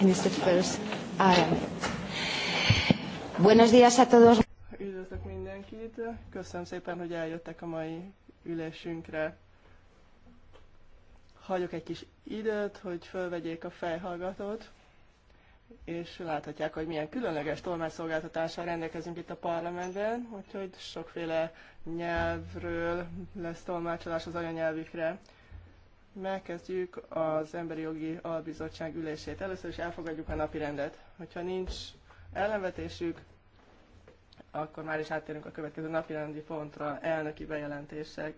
in the first RM. Buenos días a todos. Üdvözlök mindenkit. Köszönöm szépen, hogy eljöttek a mai ülésünkre. Hagyok egy kis időt, hogy fölvegyék a fejhallgatót, és láthatják, hogy milyen különleges tolmácsszolgáltatással rendelkezünk itt a parlamentben, úgyhogy sokféle nyelvről lesz tolmácsolás az anyanyelvükre megkezdjük az Emberi Jogi Albizottság ülését. Először is elfogadjuk a napi rendet. Hogyha nincs ellenvetésük, akkor már is áttérünk a következő napi rendi pontra, elnöki bejelentések.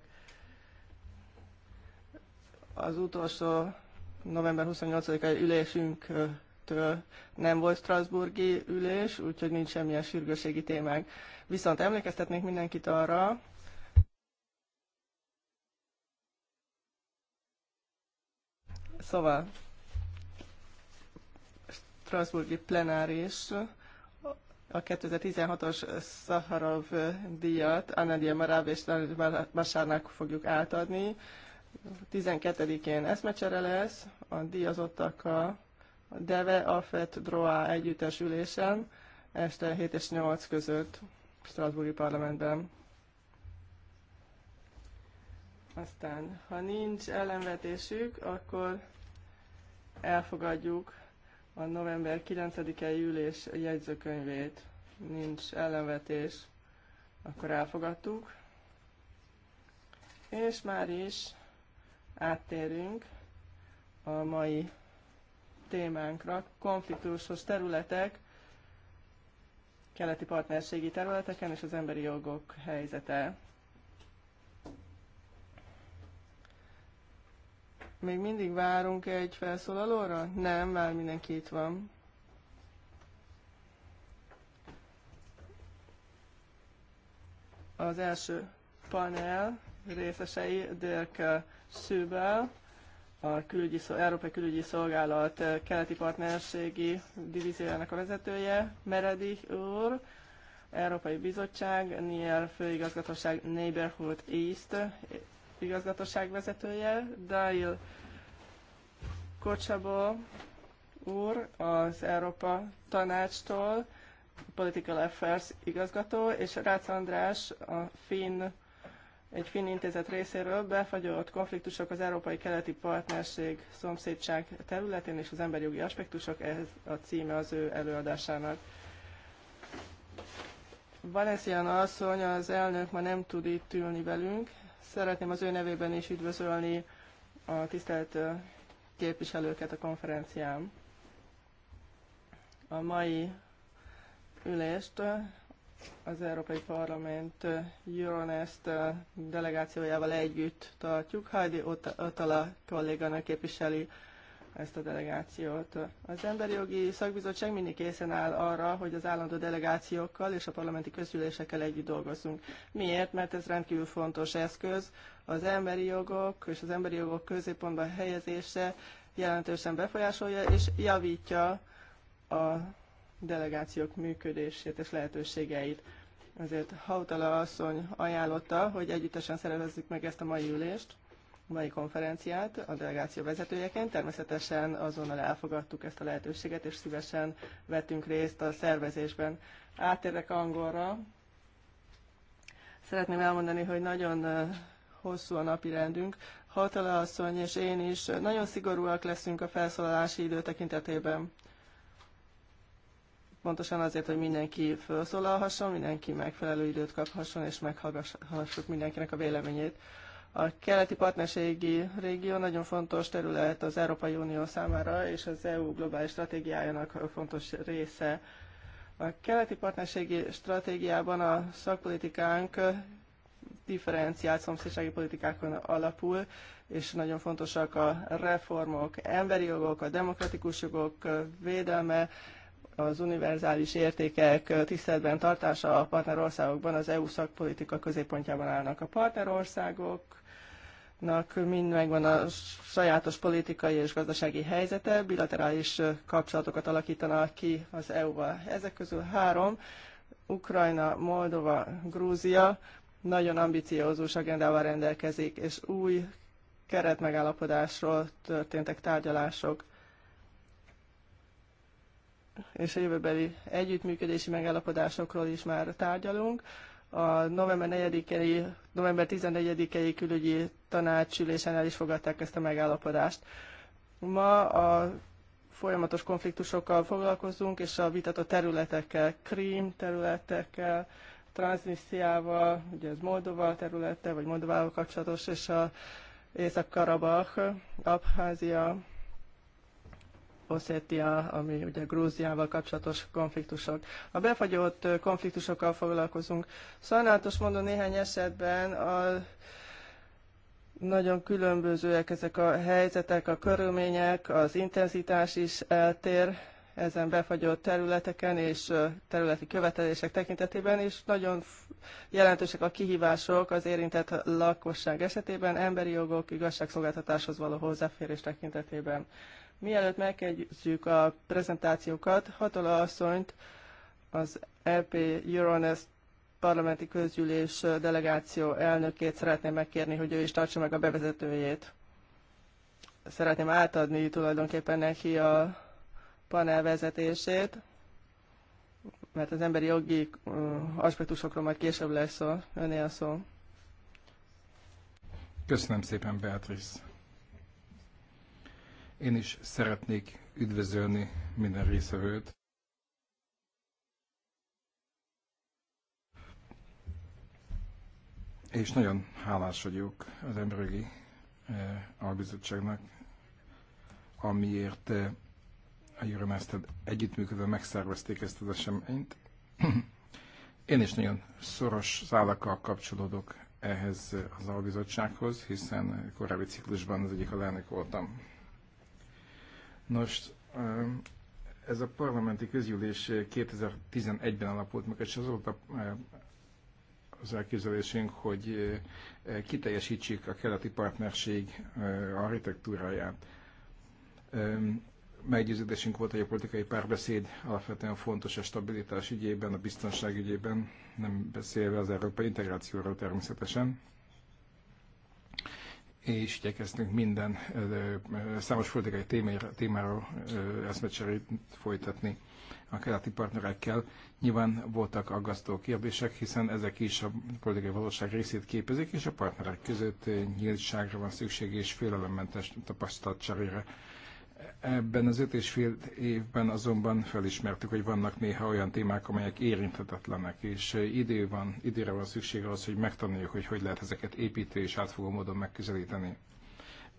Az utolsó november 28-ai ülésünktől nem volt Strasburgi ülés, úgyhogy nincs semmilyen sürgőségi témánk. Viszont emlékeztetnék mindenkit arra, Szóval Strasburgi plenáris a 2016-os Szaharov díjat Anadia Marav és Masárnak fogjuk átadni. 12-én eszmecsere lesz a díjazottakkal a Deve Afet Droa együttes ülésen este 7 és 8 között Strasburgi parlamentben. Aztán, ha nincs ellenvetésük, akkor elfogadjuk a november 9 e ülés jegyzőkönyvét. Nincs ellenvetés, akkor elfogadtuk. És már is áttérünk a mai témánkra, konfliktusos területek, keleti partnerségi területeken és az emberi jogok helyzete. Még mindig várunk egy felszólalóra? Nem, már mindenki itt van. Az első panel részesei Dirk Szübel, a külügyi, Európai Külügyi Szolgálat keleti partnerségi divíziójának a vezetője, Meredi úr, Európai Bizottság, NIR Főigazgatóság Neighborhood East igazgatóság vezetője, Dail Kocsabó úr az Európa Tanácstól, Political Affairs igazgató, és Rácz András a Finn, egy Finn intézet részéről befagyott konfliktusok az Európai Keleti Partnerség szomszédság területén és az emberjogi aspektusok, ez a címe az ő előadásának. Valencián asszony, az elnök ma nem tud itt ülni velünk, Szeretném az ő nevében is üdvözölni a tisztelt képviselőket a konferencián. A mai ülést az Európai Parlament Euronest delegációjával együtt tartjuk. Hajdi Otala kolléganő képviseli ezt a delegációt. Az Emberi Jogi Szakbizottság mindig készen áll arra, hogy az állandó delegációkkal és a parlamenti közülésekkel együtt dolgozzunk. Miért? Mert ez rendkívül fontos eszköz. Az emberi jogok és az emberi jogok középpontban helyezése jelentősen befolyásolja és javítja a delegációk működését és lehetőségeit. Ezért Hautala asszony ajánlotta, hogy együttesen szervezzük meg ezt a mai ülést mai konferenciát a delegáció vezetőjeként. Természetesen azonnal elfogadtuk ezt a lehetőséget, és szívesen vettünk részt a szervezésben. Átérek angolra. Szeretném elmondani, hogy nagyon hosszú a napi rendünk. Hatala asszony és én is nagyon szigorúak leszünk a felszólalási idő tekintetében. Pontosan azért, hogy mindenki felszólalhasson, mindenki megfelelő időt kaphasson, és meghallgassuk mindenkinek a véleményét. A keleti partnerségi régió nagyon fontos terület az Európai Unió számára, és az EU globális stratégiájának fontos része. A keleti partnerségi stratégiában a szakpolitikánk differenciált szomszédsági politikákon alapul, és nagyon fontosak a reformok, emberi jogok, a demokratikus jogok védelme, az univerzális értékek tiszteletben tartása a partnerországokban az EU szakpolitika középpontjában állnak a partnerországok, Nak mind megvan a sajátos politikai és gazdasági helyzete, bilaterális kapcsolatokat alakítanak ki az EU-val. Ezek közül három, Ukrajna, Moldova, Grúzia nagyon ambiciózus agendával rendelkezik, és új keretmegállapodásról történtek tárgyalások és a jövőbeli együttműködési megállapodásokról is már tárgyalunk a november 4-i, november 14-i külügyi tanácsülésen el is fogadták ezt a megállapodást. Ma a folyamatos konfliktusokkal foglalkozunk, és a vitatott területekkel, Krím területekkel, Transnistriával, ugye ez Moldova területe, vagy Moldovával kapcsolatos, és a Észak-Karabach, Abházia, Oszétia, ami ugye Grúziával kapcsolatos konfliktusok. A befagyott konfliktusokkal foglalkozunk. Sajnálatos mondom néhány esetben a nagyon különbözőek ezek a helyzetek, a körülmények, az intenzitás is eltér ezen befagyott területeken és területi követelések tekintetében, és nagyon jelentősek a kihívások az érintett lakosság esetében, emberi jogok, igazságszolgáltatáshoz való hozzáférés tekintetében. Mielőtt megkezdjük a prezentációkat, Hatola asszonyt az EP Euronest parlamenti közgyűlés delegáció elnökét szeretném megkérni, hogy ő is tartsa meg a bevezetőjét. Szeretném átadni tulajdonképpen neki a panel vezetését, mert az emberi jogi uh, aspektusokról majd később lesz a öné a szó. Köszönöm szépen, Beatrice. Én is szeretnék üdvözölni minden részevőt. És nagyon hálás vagyok az Emberi eh, Albizottságnak, amiért eh, a euronest együttműködve megszervezték ezt az eseményt. Én is nagyon szoros szálakkal kapcsolódok ehhez az albizottsághoz, hiszen korábbi ciklusban az egyik a lelnök voltam. Nos, um, ez a parlamenti közgyűlés 2011-ben alapult meg, és az volt a, uh, az elképzelésünk, hogy uh, kiteljesítsük a keleti partnerség uh, architektúráját. Um, meggyőződésünk volt, hogy a politikai párbeszéd alapvetően fontos a stabilitás ügyében, a biztonság ügyében, nem beszélve az európai integrációról természetesen és igyekeztünk minden számos politikai témáról eszmecserét folytatni a keleti partnerekkel. Nyilván voltak aggasztó kérdések, hiszen ezek is a politikai valóság részét képezik, és a partnerek között nyíltságra van szükség és félelemmentes tapasztalatcserére Ebben az öt és fél évben azonban felismertük, hogy vannak néha olyan témák, amelyek érinthetetlenek, és eh, idő van, időre van szükség az, hogy megtanuljuk, hogy hogy lehet ezeket építő és átfogó módon megközelíteni.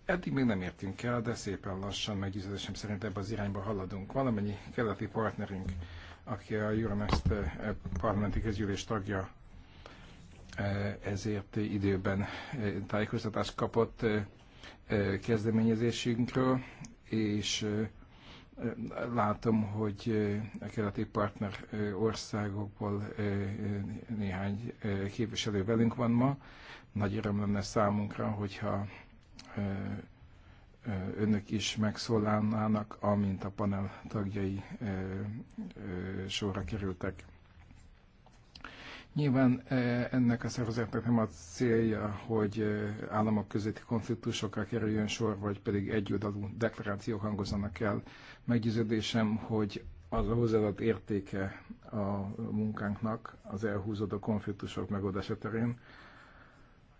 Eddig még nem értünk el, de szépen lassan, meggyőződésem szerint ebbe az irányba haladunk. Valamennyi keleti partnerünk, aki a Euronest eh, parlamenti közgyűlés tagja, eh, ezért időben tájékoztatást kapott kezdeményezésünkről és látom, hogy a keleti partner országokból néhány képviselő velünk van ma. Nagy öröm lenne számunkra, hogyha önök is megszólalnának, amint a panel tagjai sorra kerültek. Nyilván e, ennek a szervezetnek nem a célja, hogy e, államok közötti konfliktusokra kerüljön sor, vagy pedig egyoldalú deklarációk hangozanak el. Meggyőződésem, hogy az a hozzáadott értéke a munkánknak az elhúzódó konfliktusok megoldása terén,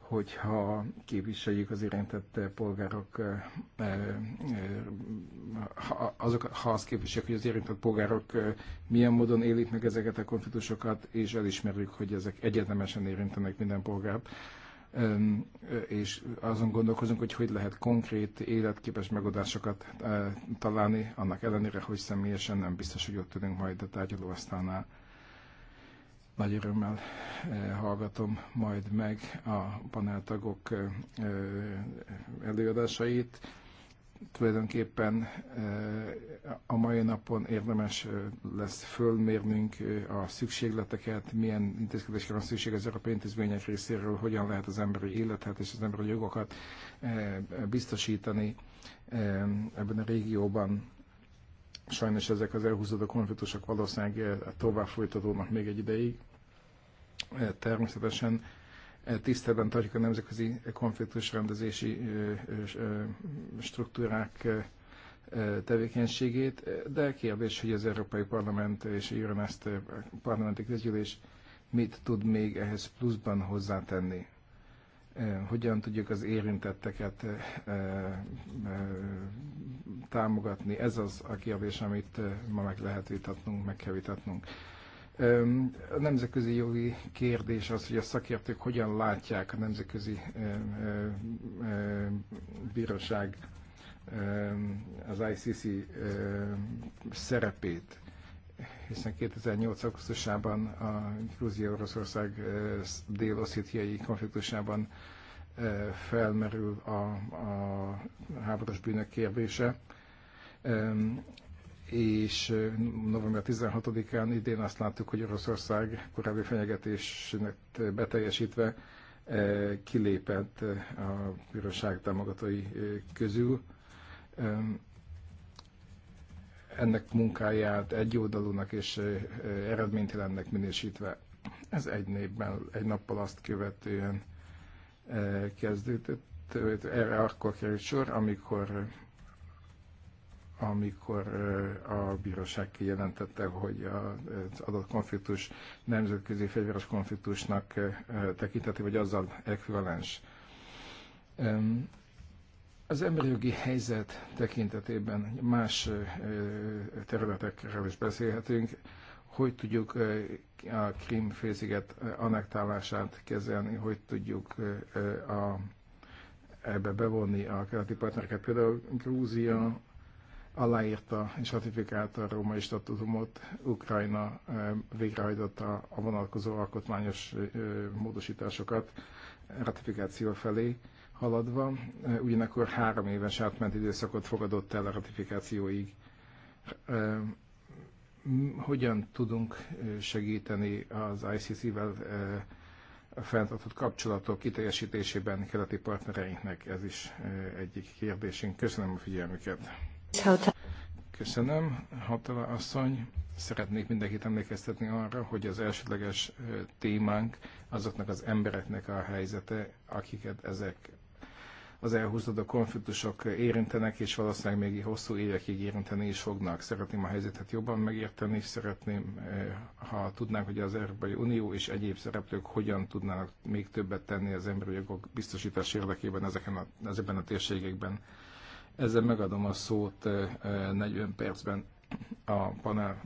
hogyha képviseljük az érintett polgárok, eh, eh, ha, azok, ha azt képviseljük, hogy az érintett polgárok eh, milyen módon élik meg ezeket a konfliktusokat, és elismerjük, hogy ezek egyetemesen érintenek minden polgárt, és azon gondolkozunk, hogy hogy lehet konkrét, életképes megoldásokat találni, annak ellenére, hogy személyesen nem biztos, hogy ott tudunk majd a tárgyalóasztalnál. Nagy örömmel eh, hallgatom majd meg a paneltagok eh, eh, előadásait. Tulajdonképpen a mai napon érdemes lesz fölmérnünk a szükségleteket, milyen intézkedésre van szükség az európai intézmények részéről, hogyan lehet az emberi életet és az emberi jogokat biztosítani ebben a régióban Sajnos ezek az elhúzódó konfliktusok valószínűleg eh, tovább folytatódnak még egy ideig. Eh, természetesen eh, tiszteletben tartjuk a nemzetközi konfliktusrendezési struktúrák tevékenységét, de kérdés, hogy az Európai Parlament és a Euronest parlamenti közgyűlés mit tud még ehhez pluszban hozzátenni. Eh, hogyan tudjuk az érintetteket eh, eh, támogatni. Ez az a kérdés, amit ma meg lehet vitatnunk, meg kell vitatnunk. A nemzetközi jogi kérdés az, hogy a szakértők hogyan látják a nemzetközi bíróság, az ICC szerepét hiszen 2008. augusztusában a Grúzia-Oroszország dél konfliktusában felmerül a, a háborús bűnök kérdése. És november 16-án idén azt láttuk, hogy Oroszország korábbi fenyegetésnek beteljesítve kilépett a bíróság támogatói közül ennek munkáját oldalúnak és eredménytelennek minősítve. Ez egy népben, egy nappal azt követően kezdődött, erre akkor került sor, amikor amikor a bíróság kijelentette, hogy az adott konfliktus nemzetközi fegyveres konfliktusnak tekinteti, vagy azzal ekvivalens. Az emberi jogi helyzet tekintetében más területekről is beszélhetünk, hogy tudjuk a Krim félsziget annektálását kezelni, hogy tudjuk a, ebbe bevonni a keleti partnereket. Például Grúzia aláírta és ratifikálta a római statutumot, Ukrajna végrehajtotta a vonatkozó alkotmányos módosításokat ratifikáció felé haladva, ugyanakkor három éves átment időszakot fogadott el a ratifikációig. Hogyan tudunk segíteni az ICC-vel fenntartott kapcsolatok kiteljesítésében keleti partnereinknek? Ez is egyik kérdésünk. Köszönöm a figyelmüket. Köszönöm, Hatala asszony. Szeretnék mindenkit emlékeztetni arra, hogy az elsődleges témánk azoknak az embereknek a helyzete, akiket ezek az elhúzódó konfliktusok érintenek, és valószínűleg még hosszú évekig érinteni is fognak. Szeretném a helyzetet jobban megérteni, és szeretném, eh, ha tudnánk, hogy az Európai Unió és egyéb szereplők hogyan tudnának még többet tenni az emberi jogok biztosítás érdekében ezeken a, ezekben a térségekben. Ezzel megadom a szót 40 eh, eh, percben a panel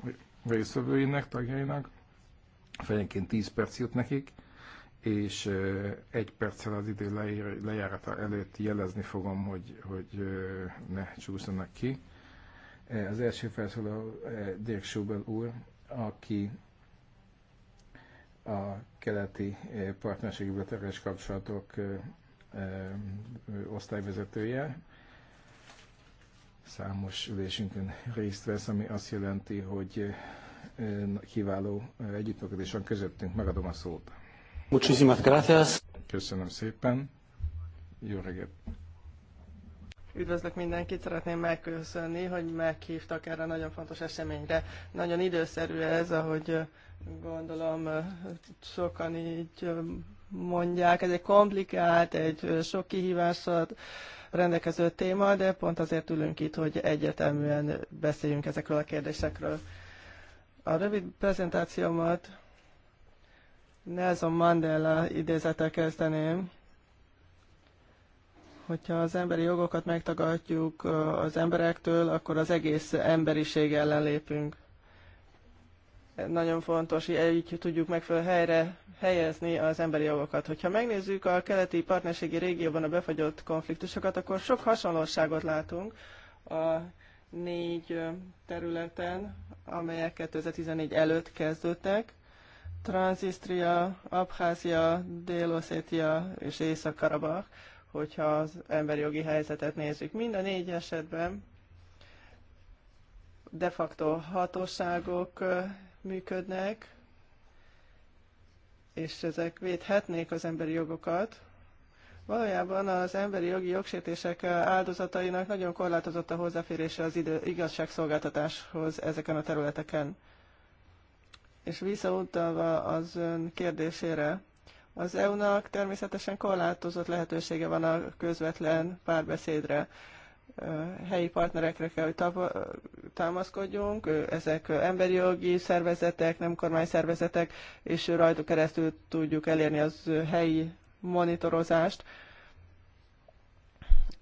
részvevőinek, tagjainak, fejenként 10 perc jut nekik és egy perccel az idő lejárata előtt jelezni fogom, hogy, hogy ne csúszanak ki. Az első felszólaló Dirk Schubel úr, aki a keleti partnerségi bilaterális kapcsolatok osztályvezetője. Számos ülésünkön részt vesz, ami azt jelenti, hogy kiváló együttműködés van közöttünk. Megadom a szót. Muchísimas gracias. Köszönöm szépen. Jó reggelt. Üdvözlök mindenkit, szeretném megköszönni, hogy meghívtak erre a nagyon fontos eseményre. Nagyon időszerű ez, ahogy gondolom sokan így mondják. Ez egy komplikált, egy sok kihívással rendelkező téma, de pont azért ülünk itt, hogy egyeteműen beszéljünk ezekről a kérdésekről. A rövid prezentációmat Nelson Mandela idézettel kezdeném. Hogyha az emberi jogokat megtagadjuk az emberektől, akkor az egész emberiség ellen lépünk. Nagyon fontos, hogy így tudjuk megfelelő helyre helyezni az emberi jogokat. Hogyha megnézzük a keleti partnerségi régióban a befagyott konfliktusokat, akkor sok hasonlóságot látunk a négy területen, amelyek 2014 előtt kezdődtek Tranzisztria, Abházia, dél és észak hogyha az emberi jogi helyzetet nézzük. Mind a négy esetben de facto hatóságok működnek, és ezek védhetnék az emberi jogokat. Valójában az emberi jogi jogsértések áldozatainak nagyon korlátozott a hozzáférése az idő, igazságszolgáltatáshoz ezeken a területeken. És visszautalva az ön kérdésére, az EU-nak természetesen korlátozott lehetősége van a közvetlen párbeszédre. Helyi partnerekre kell, hogy támaszkodjunk, ezek emberi jogi szervezetek, nem kormány szervezetek, és rajtuk keresztül tudjuk elérni az helyi monitorozást,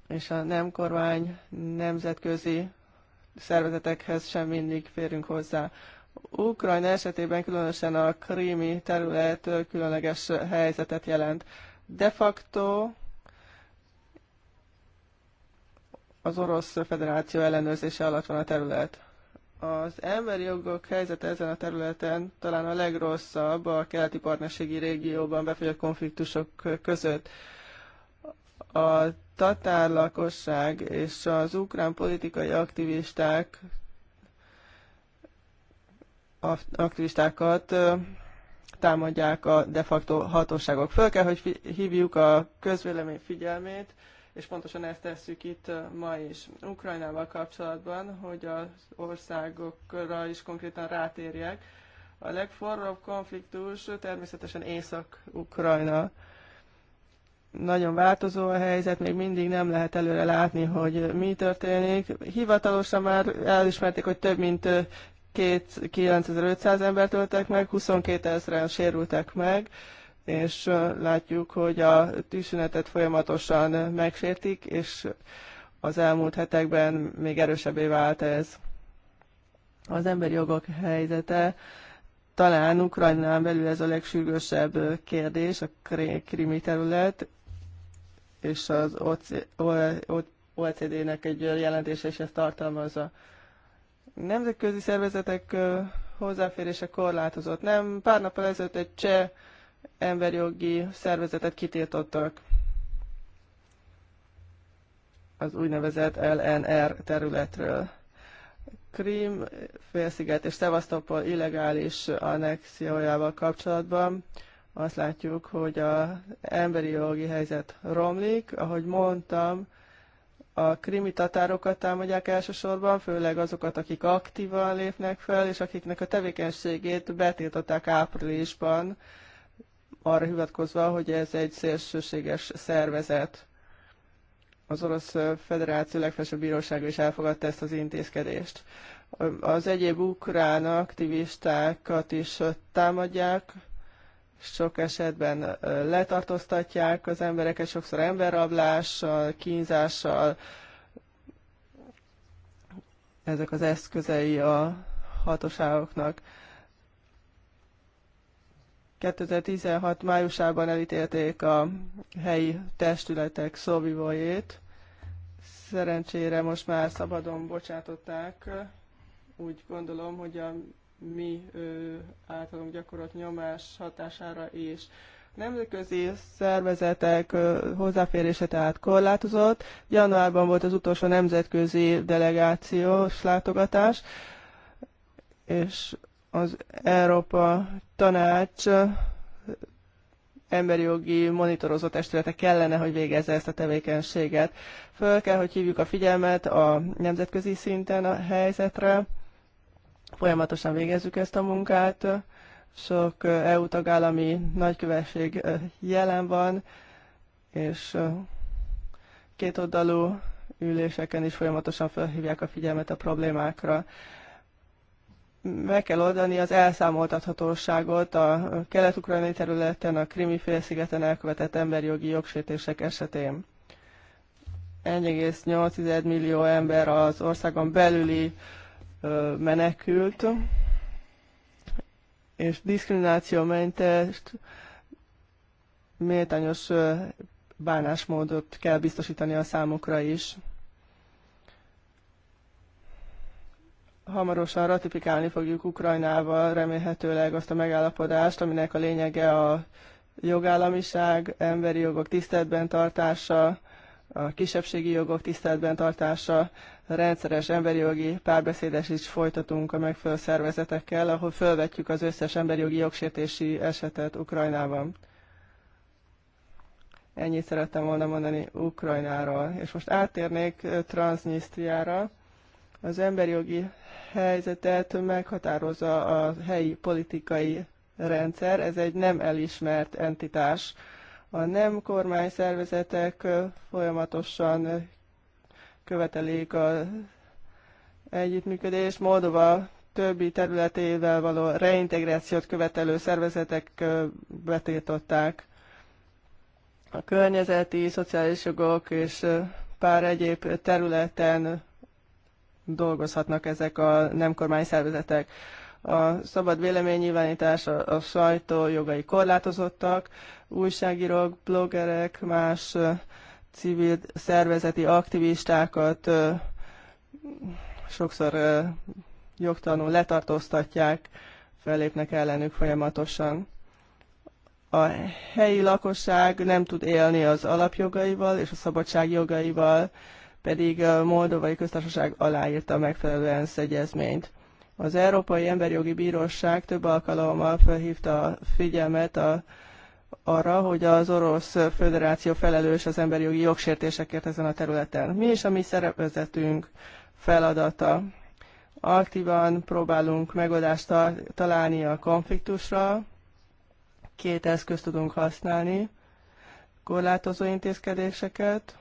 és a nem kormány nemzetközi szervezetekhez sem mindig férünk hozzá. Ukrajna esetében különösen a krími terület különleges helyzetet jelent. De facto az Orosz Federáció ellenőrzése alatt van a terület. Az emberi jogok helyzete ezen a területen talán a legrosszabb a keleti partnerségi régióban befolyott konfliktusok között. A tatár lakosság és az ukrán politikai aktivisták aktivistákat támadják a de facto hatóságok. Föl kell, hogy hívjuk a közvélemény figyelmét, és pontosan ezt tesszük itt ma is. Ukrajnával kapcsolatban, hogy az országokra is konkrétan rátérjek. A legforróbb konfliktus természetesen Észak-Ukrajna. Nagyon változó a helyzet, még mindig nem lehet előre látni, hogy mi történik. Hivatalosan már elismerték, hogy több mint 9500 embert öltek meg, 22 ezeren sérültek meg, és látjuk, hogy a tűzszünetet folyamatosan megsértik, és az elmúlt hetekben még erősebbé vált ez. Az emberi jogok helyzete talán Ukrajnán belül ez a legsürgősebb kérdés, a krimi terület, és az OECD-nek egy jelentése is ezt tartalmazza nemzetközi szervezetek hozzáférése korlátozott. Nem, pár nap ezelőtt egy cseh emberjogi szervezetet kitiltottak az úgynevezett LNR területről. Krím, félsziget és Szevasztopol illegális annexiójával kapcsolatban azt látjuk, hogy az emberi jogi helyzet romlik. Ahogy mondtam, a krimi tatárokat támadják elsősorban, főleg azokat, akik aktívan lépnek fel, és akiknek a tevékenységét betiltották áprilisban, arra hivatkozva, hogy ez egy szélsőséges szervezet. Az Orosz Federáció legfelsőbb bírósága is elfogadta ezt az intézkedést. Az egyéb ukrán aktivistákat is támadják, sok esetben letartóztatják az embereket, sokszor emberrablással, kínzással. Ezek az eszközei a hatóságoknak. 2016 májusában elítélték a helyi testületek szóvivójét. Szerencsére most már szabadon bocsátották. Úgy gondolom, hogy a mi általunk gyakorolt nyomás hatására is. nemzetközi szervezetek hozzáférése tehát korlátozott. Januárban volt az utolsó nemzetközi delegációs látogatás, és az Európa Tanács emberi jogi monitorozó testülete kellene, hogy végezze ezt a tevékenységet. Föl kell, hogy hívjuk a figyelmet a nemzetközi szinten a helyzetre, Folyamatosan végezzük ezt a munkát, sok EU tagállami nagykövetség jelen van, és kétoldalú üléseken is folyamatosan felhívják a figyelmet a problémákra. Meg kell oldani az elszámoltathatóságot a kelet-ukrajnai területen, a krimi félszigeten elkövetett emberjogi jogsértések esetén. 1,8 millió ember az országon belüli menekült, és diszkriminációmentest méltányos bánásmódot kell biztosítani a számukra is. Hamarosan ratifikálni fogjuk Ukrajnával remélhetőleg azt a megállapodást, aminek a lényege a jogállamiság, emberi jogok tiszteletben tartása, a kisebbségi jogok tiszteletben tartása, rendszeres emberi jogi párbeszédes is folytatunk a megfelelő szervezetekkel, ahol felvetjük az összes emberi jogi jogsértési esetet Ukrajnában. Ennyit szerettem volna mondani Ukrajnáról. És most áttérnék eh, Transnistriára. Az emberi jogi helyzetet meghatározza a helyi politikai rendszer. Ez egy nem elismert entitás. A nem kormány szervezetek eh, folyamatosan eh, követelik a együttműködést. Moldova többi területével való reintegrációt követelő szervezetek betiltották a környezeti, szociális jogok és pár egyéb területen dolgozhatnak ezek a nem kormány szervezetek. A szabad véleménynyilvánítás, a, a sajtó jogai korlátozottak, újságírók, bloggerek, más civil szervezeti aktivistákat sokszor jogtalanul letartóztatják, felépnek ellenük folyamatosan. A helyi lakosság nem tud élni az alapjogaival és a szabadságjogaival, pedig a Moldovai Köztársaság aláírta a megfelelő ENSZ egyezményt. Az Európai Emberjogi Bíróság több alkalommal felhívta a figyelmet a arra, hogy az Orosz Föderáció felelős az emberi jogi jogsértésekért ezen a területen. Mi is a mi szervezetünk feladata? Aktívan próbálunk megoldást találni a konfliktusra. Két eszközt tudunk használni. Korlátozó intézkedéseket,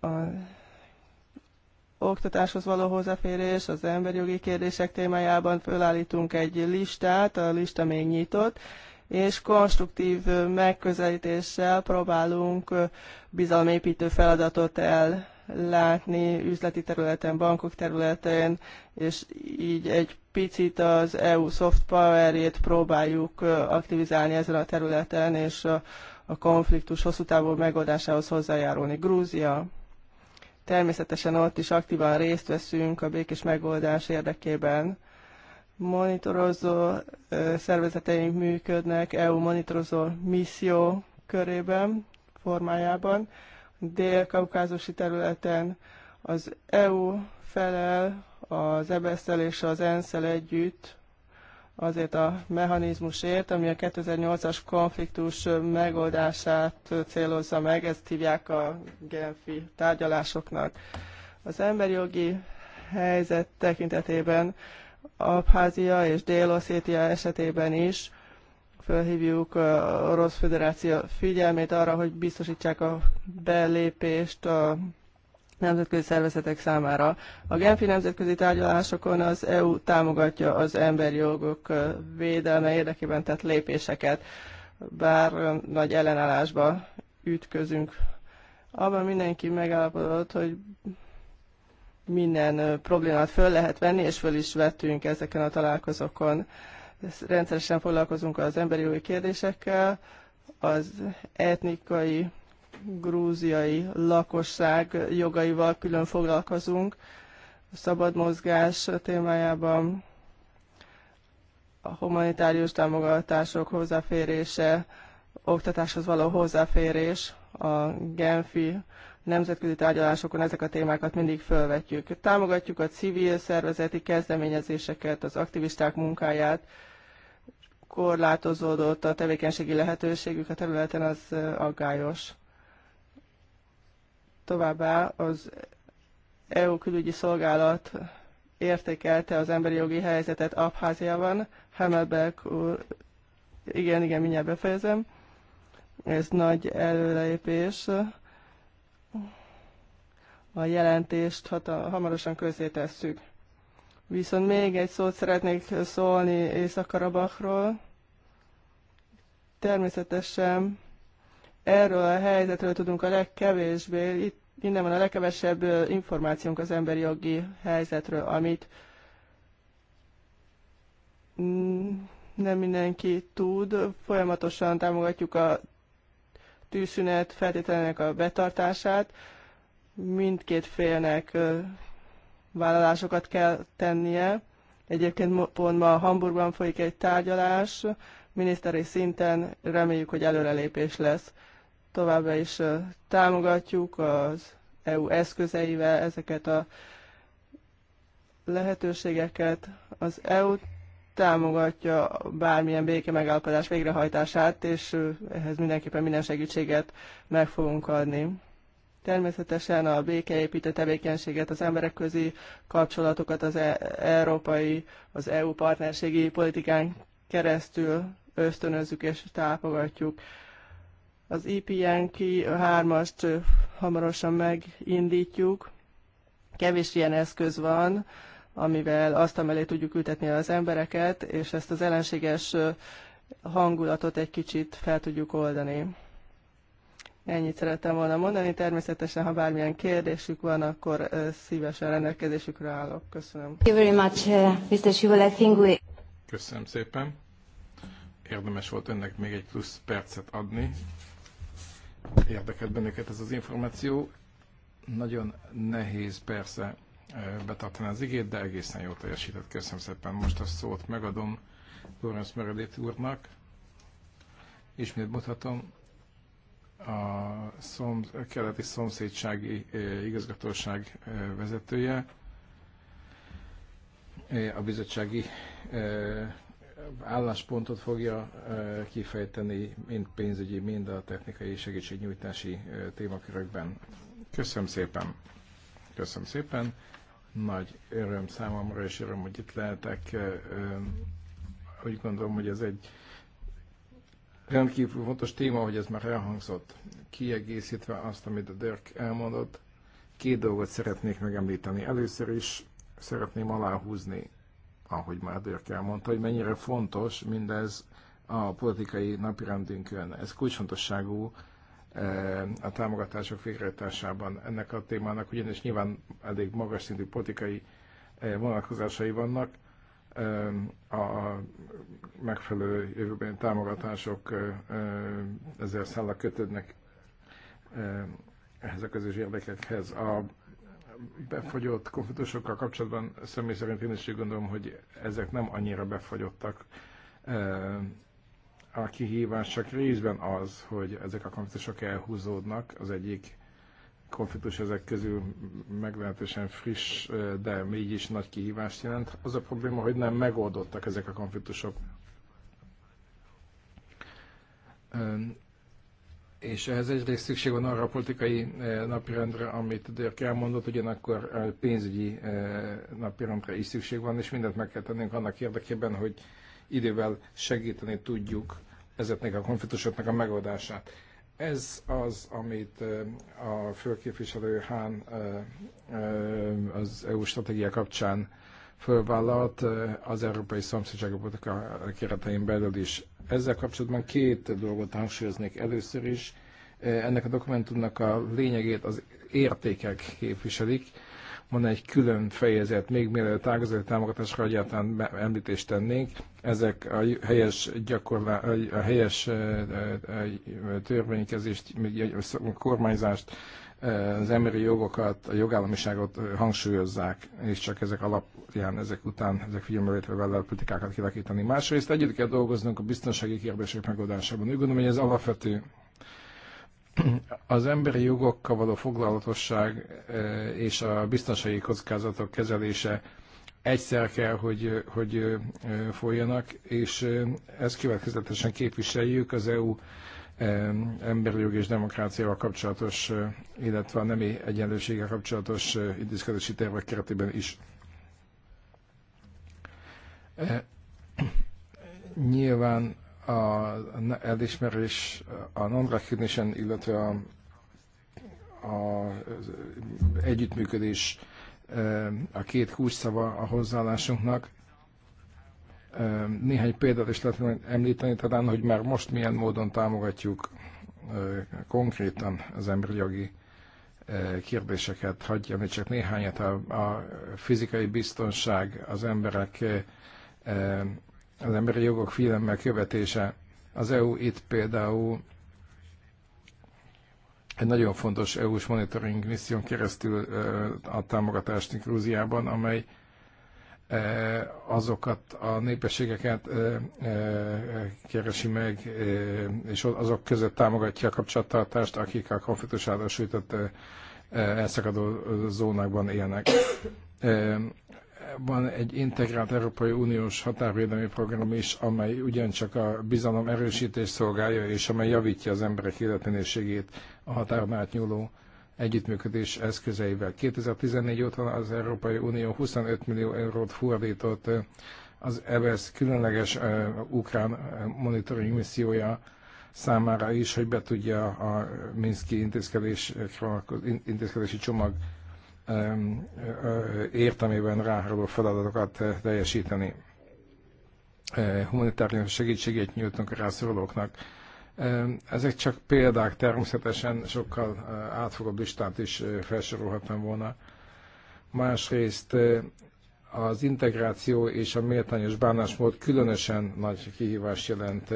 a oktatáshoz való hozzáférés, az emberi jogi kérdések témájában fölállítunk egy listát, a lista még nyitott, és konstruktív megközelítéssel próbálunk bizalomépítő feladatot ellátni üzleti területen, bankok területén, és így egy picit az EU soft power-ét próbáljuk aktivizálni ezen a területen, és a konfliktus hosszú távú megoldásához hozzájárulni. Grúzia, természetesen ott is aktívan részt veszünk a békés megoldás érdekében monitorozó szervezeteink működnek EU monitorozó misszió körében, formájában, dél-kaukázusi területen az EU felel az ebsz és az ensz együtt azért a mechanizmusért, ami a 2008-as konfliktus megoldását célozza meg, ezt hívják a genfi tárgyalásoknak. Az emberi jogi helyzet tekintetében Abházia és Dél-Oszétia esetében is felhívjuk a Orosz Föderáció figyelmét arra, hogy biztosítsák a belépést a nemzetközi szervezetek számára. A Genfi nemzetközi tárgyalásokon az EU támogatja az emberi jogok védelme érdekében tett lépéseket, bár nagy ellenállásba ütközünk. Abban mindenki megállapodott, hogy minden problémát föl lehet venni, és föl is vettünk ezeken a találkozókon. Rendszeresen foglalkozunk az emberi jogi kérdésekkel, az etnikai, grúziai lakosság jogaival külön foglalkozunk, a szabad mozgás témájában a humanitárius támogatások hozzáférése, oktatáshoz való hozzáférés, a Genfi nemzetközi tárgyalásokon ezek a témákat mindig felvetjük. Támogatjuk a civil szervezeti kezdeményezéseket, az aktivisták munkáját, korlátozódott a tevékenységi lehetőségük a területen, az aggályos. Továbbá az EU külügyi szolgálat értékelte az emberi jogi helyzetet Abháziában. Hemelbek úr, igen, igen, mindjárt befejezem. Ez nagy előrelépés a jelentést hata, hamarosan közé tesszük. Viszont még egy szót szeretnék szólni Észak-Karabachról. Természetesen erről a helyzetről tudunk a legkevésbé, itt innen van a legkevesebb információnk az emberi jogi helyzetről, amit nem mindenki tud. Folyamatosan támogatjuk a tűzszünet feltételének a betartását. Mindkét félnek vállalásokat kell tennie. Egyébként pont ma Hamburgban folyik egy tárgyalás, miniszteri szinten reméljük, hogy előrelépés lesz. Továbbá is támogatjuk az EU eszközeivel ezeket a lehetőségeket. Az EU támogatja bármilyen béke megállapodás végrehajtását, és ehhez mindenképpen minden segítséget meg fogunk adni. Természetesen a békeépítő tevékenységet, az emberek közi kapcsolatokat az e európai, az EU partnerségi politikán keresztül ösztönözzük és tápogatjuk. Az IPN-ki hármast hamarosan megindítjuk. Kevés ilyen eszköz van, amivel azt emelé tudjuk ültetni az embereket, és ezt az ellenséges hangulatot egy kicsit fel tudjuk oldani. Ennyit szerettem volna mondani. Természetesen, ha bármilyen kérdésük van, akkor szívesen rendelkezésükre állok. Köszönöm. Uh, Köszönöm szépen. Érdemes volt önnek még egy plusz percet adni. Érdekelt bennünket ez az információ. Nagyon nehéz persze betartani az igét, de egészen jól teljesített. Köszönöm szépen. Most a szót megadom Lorenz Meredith úrnak. Ismét mutatom a szom, keleti szomszédsági igazgatóság vezetője, a bizottsági álláspontot fogja kifejteni mind pénzügyi, mind a technikai segítségnyújtási témakörökben. Köszönöm szépen! Köszönöm szépen! Nagy öröm számomra, és öröm, hogy itt lehetek. Úgy gondolom, hogy ez egy rendkívül fontos téma, hogy ez már elhangzott. Kiegészítve azt, amit a Dirk elmondott, két dolgot szeretnék megemlíteni. Először is szeretném aláhúzni, ahogy már Dirk elmondta, hogy mennyire fontos mindez a politikai napirendünkön. Ez kulcsfontosságú a támogatások végrehajtásában. Ennek a témának ugyanis nyilván elég magas szintű politikai vonatkozásai vannak. A megfelelő jövőbeni támogatások ezzel szállak kötődnek ehhez a közös érdekekhez. A befagyott konfliktusokkal kapcsolatban személy szerint én is úgy gondolom, hogy ezek nem annyira befagyottak, a kihívás csak részben az, hogy ezek a konfliktusok elhúzódnak. Az egyik konfliktus ezek közül meglehetősen friss, de mégis nagy kihívást jelent. Az a probléma, hogy nem megoldottak ezek a konfliktusok. És ehhez egyrészt szükség van arra a politikai napirendre, amit Dörk elmondott, ugyanakkor a pénzügyi napirendre is szükség van, és mindent meg kell tennünk annak érdekében, hogy idővel segíteni tudjuk ezeknek a konfliktusoknak a megoldását. Ez az, amit eh, a főképviselő Hán eh, eh, az EU stratégia kapcsán fölvállalt az Európai Szomszédságok a keretein belül is. Ezzel kapcsolatban két dolgot hangsúlyoznék. Először is ennek a dokumentumnak a lényegét az értékek képviselik, van egy külön fejezet, még mielőtt ágazati támogatásra egyáltalán említést tennénk, ezek a helyes, gyakorlá, a helyes törvénykezést, kormányzást, az emberi jogokat, a jogállamiságot hangsúlyozzák, és csak ezek alapján, ezek után, ezek figyelmevételvel a politikákat kialakítani. Másrészt együtt kell dolgoznunk a biztonsági kérdések megoldásában. Úgy gondolom, hogy ez alapvető az emberi jogokkal való foglalatosság e, és a biztonsági kockázatok kezelése egyszer kell, hogy, hogy e, folyjanak, és e, ezt következetesen képviseljük az EU emberi jog és demokráciával kapcsolatos, illetve a nemi egyenlőséggel kapcsolatos intézkedési tervek keretében is. Nyilván a elismerés a non-recognition, illetve a, a, együttműködés a két kulcsszava a hozzáállásunknak. Néhány példát is lehet említeni, talán, hogy már most milyen módon támogatjuk konkrétan az emberi jogi kérdéseket. Hagyj csak néhányat, a, a fizikai biztonság, az emberek az emberi jogok figyelemmel követése. Az EU itt például egy nagyon fontos EU-s monitoring misszión keresztül a támogatást Grúziában, amely azokat a népességeket keresi meg, és azok között támogatja a kapcsolattartást, akik a konfliktus által sújtott elszakadó zónákban élnek van egy integrált Európai Uniós határvédelmi program is, amely ugyancsak a bizalom erősítés szolgálja, és amely javítja az emberek életminőségét a határon átnyúló együttműködés eszközeivel. 2014 óta az Európai Unió 25 millió eurót fordított az EBSZ e különleges uh, ukrán monitoring missziója számára is, hogy be tudja a Minszki intézkedés, intézkedési csomag értelmében ráháruló feladatokat teljesíteni. Humanitárius segítséget nyújtunk a rászorulóknak. Ezek csak példák, természetesen sokkal átfogóbb listát is felsorolhatnám volna. Másrészt az integráció és a méltányos bánásmód különösen nagy kihívást jelent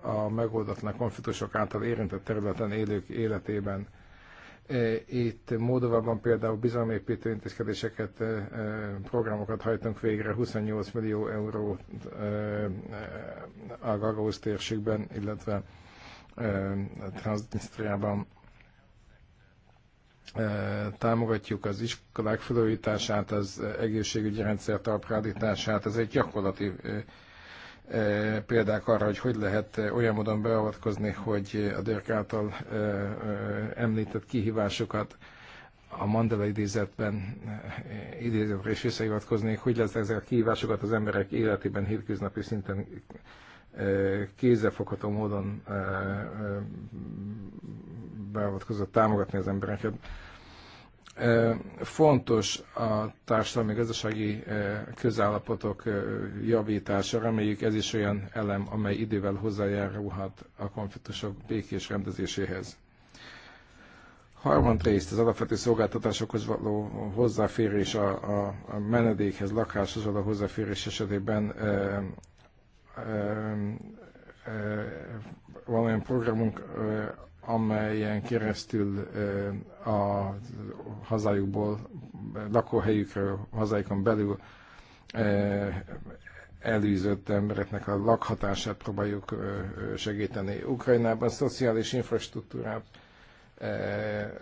a megoldatlan konfliktusok által érintett területen élők életében E, itt Módovában például bizalomépítő intézkedéseket, e, e, programokat hajtunk végre 28 millió euró a Gagóz térségben, illetve Transnistriában támogatjuk az iskolák felújítását, az egészségügyi rendszer talpraállítását. Ez egy gyakorlati E, példák arra, hogy hogy lehet e, olyan módon beavatkozni, hogy a Dörk által e, említett kihívásokat a Mandela idézetben idézetre is visszahivatkozni, hogy lehet ezek a kihívásokat az emberek életében hétköznapi szinten kézzelfogható módon beavatkozott támogatni az embereket. Fontos a társadalmi gazdasági közállapotok javítása. Reméljük ez is olyan elem, amely idővel hozzájárulhat a konfliktusok békés rendezéséhez. Harmadrészt az alapvető szolgáltatásokhoz való hozzáférés, a, a, a menedékhez, lakáshoz való hozzáférés esetében e, e, e, van olyan programunk, e, amelyen keresztül e, a hazájukból, lakóhelyükről, hazájukon belül e, elűzött embereknek a lakhatását próbáljuk e, segíteni. Ukrajnában szociális infrastruktúrát, e,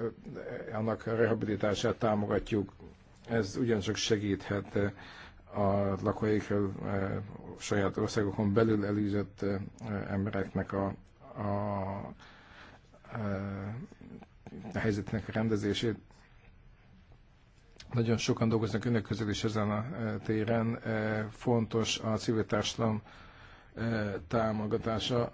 annak a rehabilitását támogatjuk. Ez ugyancsak segíthet a lakóikről saját országokon belül elűzött embereknek a, a, a a helyzetnek a rendezését. Nagyon sokan dolgoznak önök között is ezen a e, téren. E, fontos a civil társadalom e, támogatása,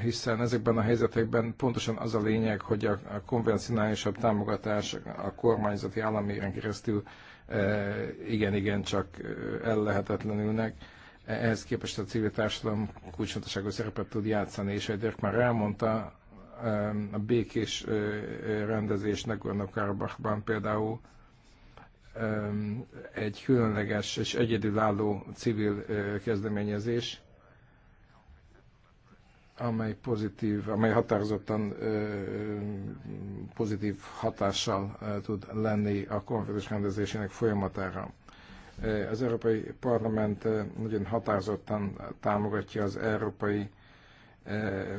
hiszen ezekben a helyzetekben pontosan az a lényeg, hogy a, konvencionálisabb támogatás a kormányzati államéren keresztül igen-igen csak ellehetetlenülnek ehhez képest a civil társadalom kulcsfontosságú szerepet tud játszani, és egy Dirk már elmondta, a békés rendezés Nagorno-Karabachban például egy különleges és egyedülálló civil kezdeményezés, amely pozitív, amely határozottan pozitív hatással tud lenni a konfliktus rendezésének folyamatára. Eh, az Európai Parlament eh, nagyon határozottan támogatja az európai eh,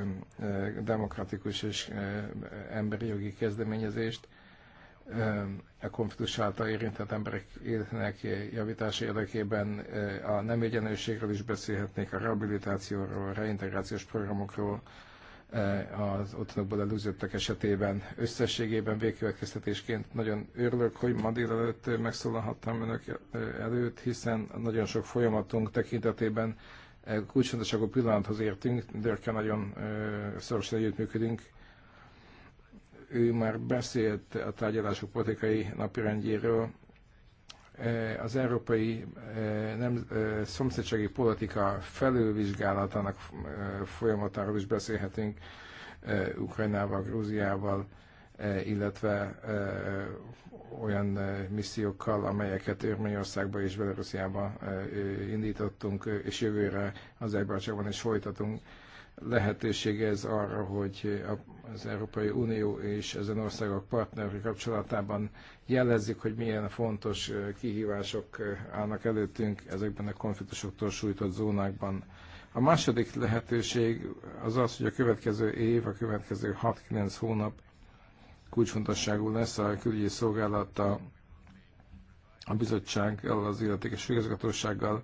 demokratikus és emberi jogi kezdeményezést a konfliktus által érintett emberek életének javítása érdekében a nem egyenlőségről is beszélhetnék, a rehabilitációról, a reintegrációs programokról, E, az otthonokból elúzottak esetében. Összességében végkövetkeztetésként nagyon örülök, hogy ma délelőtt megszólalhattam önök e, előtt, hiszen nagyon sok folyamatunk tekintetében e, kulcsfontosságú pillanathoz értünk, Dörke nagyon szorosan együttműködünk. Ő már beszélt a tárgyalások politikai napirendjéről, az európai nem, szomszédsági politika felülvizsgálatának folyamatáról is beszélhetünk Ukrajnával, Grúziával, illetve olyan missziókkal, amelyeket Örményországban és Belarusiában indítottunk, és jövőre az Erbácsakban is folytatunk lehetősége ez arra, hogy az Európai Unió és ezen országok partneri kapcsolatában jelezzük, hogy milyen fontos kihívások állnak előttünk ezekben a konfliktusoktól sújtott zónákban. A második lehetőség az az, hogy a következő év, a következő 6-9 hónap kulcsfontosságú lesz a külügyi szolgálata a bizottsággal, az illetékes igazgatósággal,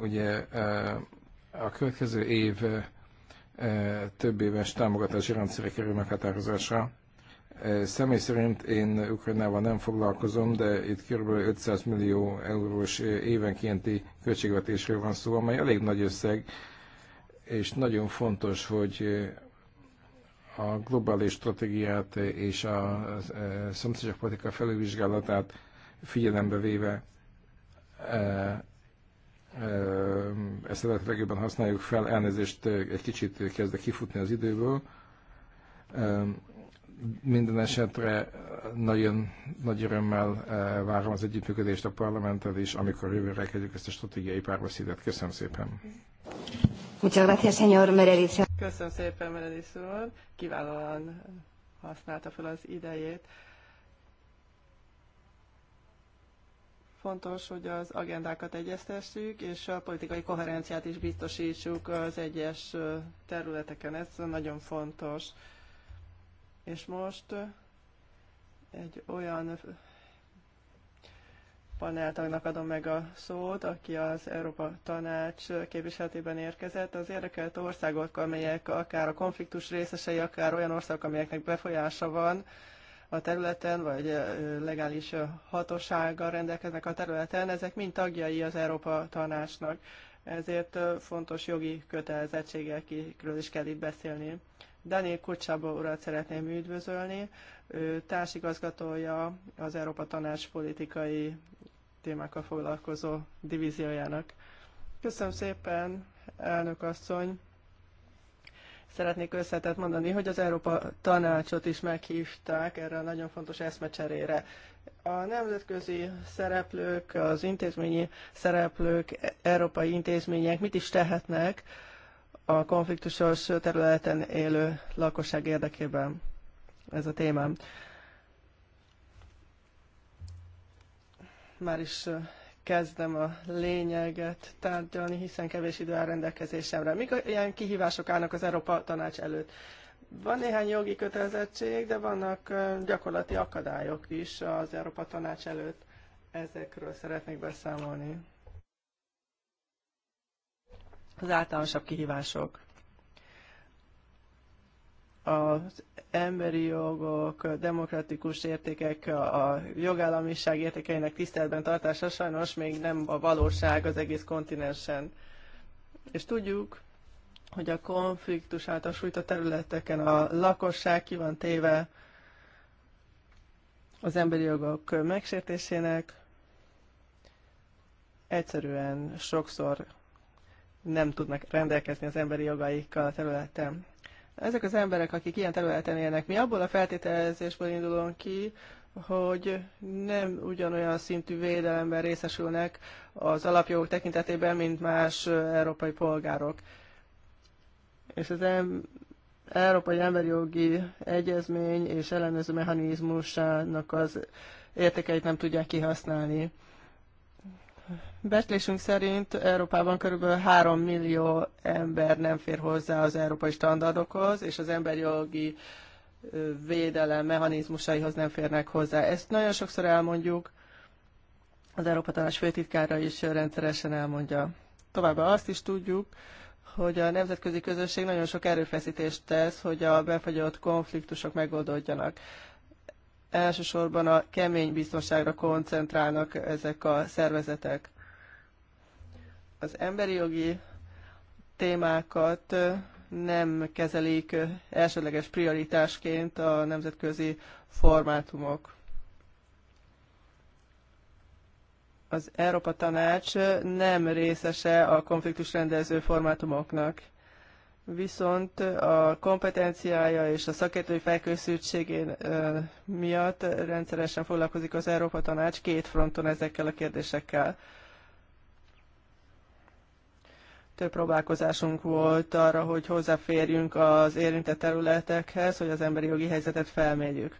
ugye a következő év több éves támogatási rendszere kerül meghatározásra. Személy szerint én Ukrajnával nem foglalkozom, de itt kb. 500 millió eurós évenkénti költségvetésről van szó, amely elég nagy összeg, és nagyon fontos, hogy a globális stratégiát és a szomszédságpolitika felülvizsgálatát figyelembe véve ezt a legjobban használjuk fel, elnézést egy kicsit kezdek kifutni az időből. Minden esetre nagyon nagy örömmel várom az együttműködést a parlamenttel is, amikor jövőre kezdjük ezt a stratégiai párbeszédet. Köszönöm szépen! Muchas gracias, señor Meredith. Köszönöm szépen, Meredith úr. Kiválóan használta fel az idejét. Fontos, hogy az agendákat egyeztessük, és a politikai koherenciát is biztosítsuk az egyes területeken. Ez nagyon fontos. És most egy olyan paneltagnak adom meg a szót, aki az Európa Tanács képviseletében érkezett. Az érdekelt országok, amelyek akár a konfliktus részesei, akár olyan országok, amelyeknek befolyása van, a területen, vagy legális hatósággal rendelkeznek a területen, ezek mind tagjai az Európa Tanácsnak. Ezért fontos jogi kötelezettségekről is kell itt beszélni. Daniel Kucsába urat szeretném üdvözölni. Ő társigazgatója az Európa Tanács politikai témákkal foglalkozó divíziójának. Köszönöm szépen, elnök asszony! szeretnék összetett mondani, hogy az Európa Tanácsot is meghívták erre a nagyon fontos eszmecserére. A nemzetközi szereplők, az intézményi szereplők, európai intézmények mit is tehetnek a konfliktusos területen élő lakosság érdekében? Ez a témám. Már is kezdem a lényeget tárgyalni, hiszen kevés idő áll rendelkezésemre. Mik ilyen kihívások állnak az Európa Tanács előtt? Van néhány jogi kötelezettség, de vannak gyakorlati akadályok is az Európa Tanács előtt. Ezekről szeretnék beszámolni. Az általánosabb kihívások az emberi jogok, demokratikus értékek, a jogállamiság értékeinek tiszteletben tartása sajnos még nem a valóság az egész kontinensen. És tudjuk, hogy a konfliktus által a területeken a lakosság ki van téve az emberi jogok megsértésének, egyszerűen sokszor nem tudnak rendelkezni az emberi jogaikkal a területen. Ezek az emberek, akik ilyen területen élnek, mi abból a feltételezésből indulunk ki, hogy nem ugyanolyan szintű védelemben részesülnek az alapjogok tekintetében, mint más európai polgárok. És az em- Európai Emberi Jogi Egyezmény és ellenőrző mechanizmusának az értékeit nem tudják kihasználni. Becslésünk szerint Európában kb. 3 millió ember nem fér hozzá az európai standardokhoz, és az emberjogi védelem mechanizmusaihoz nem férnek hozzá. Ezt nagyon sokszor elmondjuk, az Európa Tanács főtitkára is rendszeresen elmondja. Továbbá azt is tudjuk, hogy a nemzetközi közösség nagyon sok erőfeszítést tesz, hogy a befagyott konfliktusok megoldódjanak. Elsősorban a kemény biztonságra koncentrálnak ezek a szervezetek az emberi jogi témákat nem kezelik elsődleges prioritásként a nemzetközi formátumok. Az Európa Tanács nem részese a konfliktusrendező formátumoknak, viszont a kompetenciája és a szakértői felkészültségén miatt rendszeresen foglalkozik az Európa Tanács két fronton ezekkel a kérdésekkel. Több próbálkozásunk volt arra, hogy hozzáférjünk az érintett területekhez, hogy az emberi jogi helyzetet felmérjük.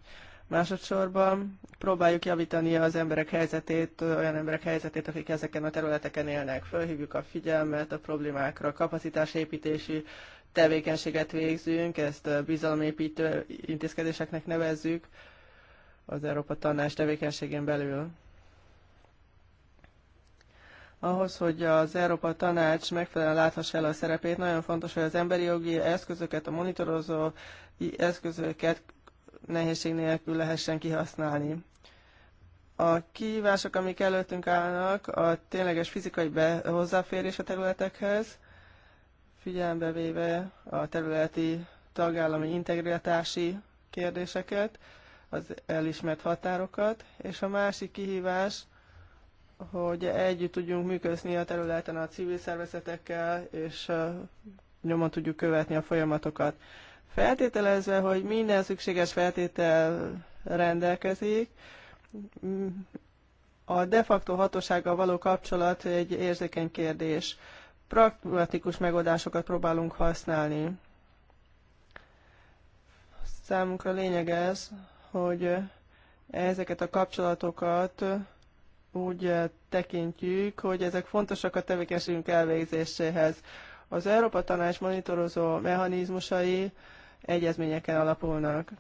Másodszorban próbáljuk javítani az emberek helyzetét, olyan emberek helyzetét, akik ezeken a területeken élnek. Fölhívjuk a figyelmet a problémákra, kapacitásépítési tevékenységet végzünk, ezt bizalomépítő intézkedéseknek nevezzük az Európa Tanács tevékenységén belül ahhoz, hogy az Európa Tanács megfelelően láthassa el a szerepét, nagyon fontos, hogy az emberi jogi eszközöket, a monitorozó eszközöket nehézség nélkül lehessen kihasználni. A kihívások, amik előttünk állnak, a tényleges fizikai hozzáférés a területekhez, figyelembe véve a területi tagállami integritási kérdéseket, az elismert határokat, és a másik kihívás hogy együtt tudjunk működni a területen a civil szervezetekkel, és nyomon tudjuk követni a folyamatokat. Feltételezve, hogy minden szükséges feltétel rendelkezik, a de facto hatósággal való kapcsolat egy érzékeny kérdés. Praktikus megoldásokat próbálunk használni. Számunkra lényeg ez, hogy ezeket a kapcsolatokat úgy eh, tekintjük, hogy ezek fontosak a tevékenységünk elvégzéséhez. Az Európa Tanács monitorozó mechanizmusai egyezményeken alapulnak.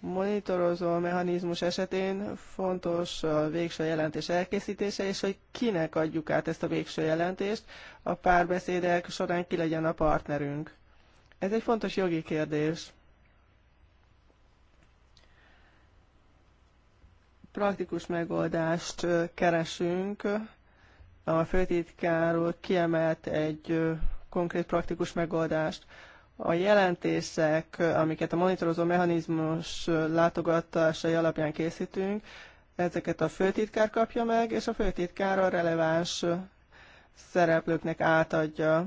Monitorozó mechanizmus esetén fontos a végső jelentés elkészítése, és hogy kinek adjuk át ezt a végső jelentést, a párbeszédek során ki legyen a partnerünk. Ez egy fontos jogi kérdés praktikus megoldást keresünk. A főtitkár úr kiemelt egy konkrét praktikus megoldást. A jelentések, amiket a monitorozó mechanizmus látogatásai alapján készítünk, ezeket a főtitkár kapja meg, és a főtitkár a releváns szereplőknek átadja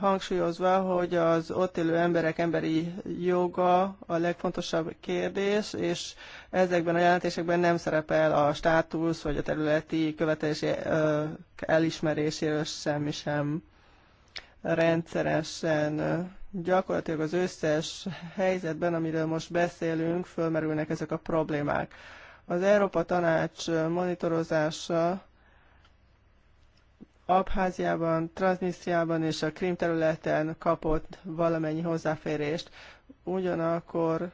hangsúlyozva, hogy az ott élő emberek emberi joga a legfontosabb kérdés, és ezekben a jelentésekben nem szerepel a státusz vagy a területi követelési elismeréséről semmi sem rendszeresen. Gyakorlatilag az összes helyzetben, amiről most beszélünk, fölmerülnek ezek a problémák. Az Európa Tanács monitorozása Abháziában, Transnistriában és a Krim területen kapott valamennyi hozzáférést. Ugyanakkor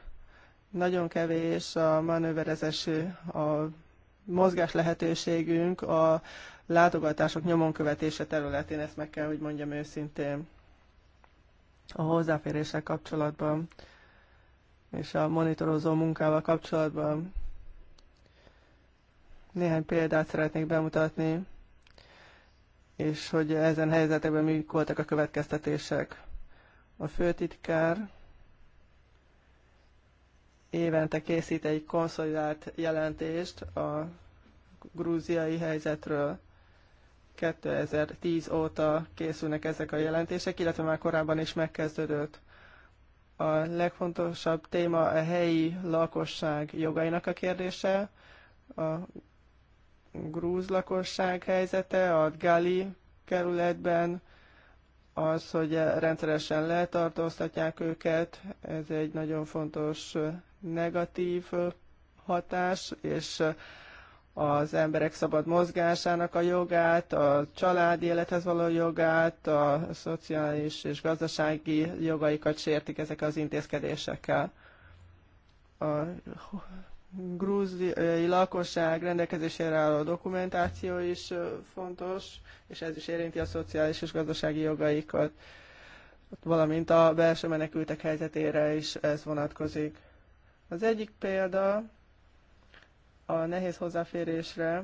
nagyon kevés a manőverezés, a mozgás lehetőségünk a látogatások nyomon követése területén, ezt meg kell, hogy mondjam őszintén, a hozzáféréssel kapcsolatban és a monitorozó munkával kapcsolatban. Néhány példát szeretnék bemutatni és hogy ezen helyzetekben mi voltak a következtetések. A főtitkár évente készít egy konszolidált jelentést a grúziai helyzetről. 2010 óta készülnek ezek a jelentések, illetve már korábban is megkezdődött. A legfontosabb téma a helyi lakosság jogainak a kérdése, a grúz lakosság helyzete a Gali kerületben, az, hogy rendszeresen letartóztatják őket, ez egy nagyon fontos negatív hatás, és az emberek szabad mozgásának a jogát, a családi élethez való jogát, a szociális és gazdasági jogaikat sértik ezek az intézkedésekkel. A grúzi lakosság rendelkezésére álló dokumentáció is fontos, és ez is érinti a szociális és gazdasági jogaikat, valamint a belső menekültek helyzetére is ez vonatkozik. Az egyik példa a nehéz hozzáférésre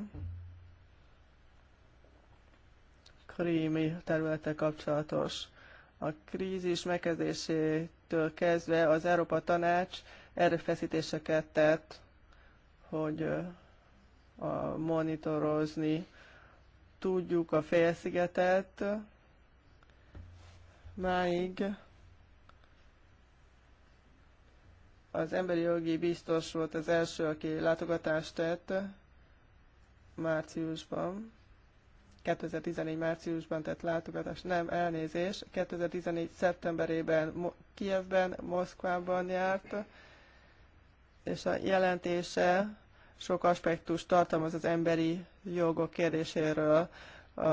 krími területe kapcsolatos. A krízis megkezdésétől kezdve az Európa Tanács erőfeszítéseket tett hogy a monitorozni tudjuk a félszigetet máig. Az emberi jogi biztos volt az első, aki látogatást tett márciusban. 2014 márciusban tett látogatást, nem elnézés, 2014 szeptemberében Kievben, Moszkvában járt, és a jelentése sok aspektus tartalmaz az emberi jogok kérdéséről, a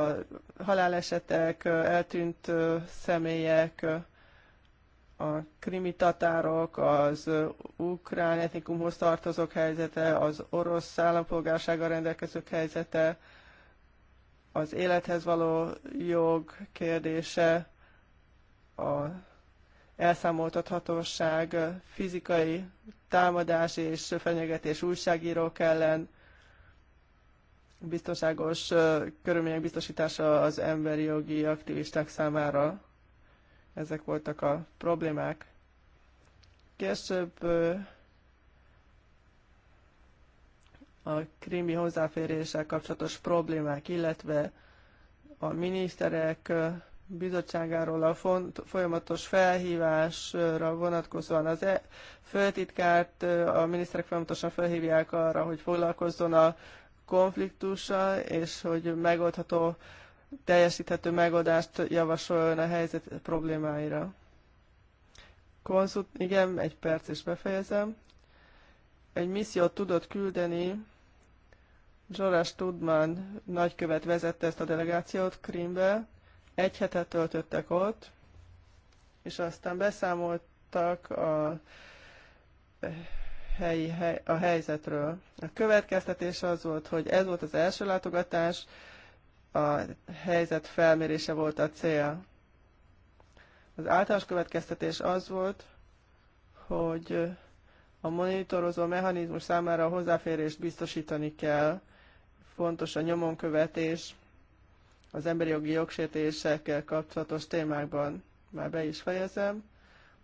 halálesetek, eltűnt személyek, a krimi tatárok, az ukrán etnikumhoz tartozók helyzete, az orosz állampolgársággal rendelkezők helyzete, az élethez való jog kérdése, a elszámoltathatóság, fizikai támadás és fenyegetés újságírók ellen, biztonságos körülmények biztosítása az emberi jogi aktivisták számára. Ezek voltak a problémák. Később a krimi hozzáféréssel kapcsolatos problémák, illetve a miniszterek bizottságáról a font, folyamatos felhívásra vonatkozóan az e, főtitkárt, a miniszterek folyamatosan felhívják arra, hogy foglalkozzon a konfliktussal, és hogy megoldható, teljesíthető megoldást javasoljon a helyzet problémáira. Konzult, igen, egy perc és befejezem. Egy missziót tudott küldeni, Zsorás Tudman nagykövet vezette ezt a delegációt Krimbe, egy hetet töltöttek ott, és aztán beszámoltak a eh, helyi, hely, a helyzetről. A következtetés az volt, hogy ez volt az első látogatás, a helyzet felmérése volt a cél. Az általános következtetés az volt, hogy a monitorozó mechanizmus számára a hozzáférést biztosítani kell, fontos a nyomonkövetés, az emberi jogi jogsértésekkel kapcsolatos témákban. Már be is fejezem.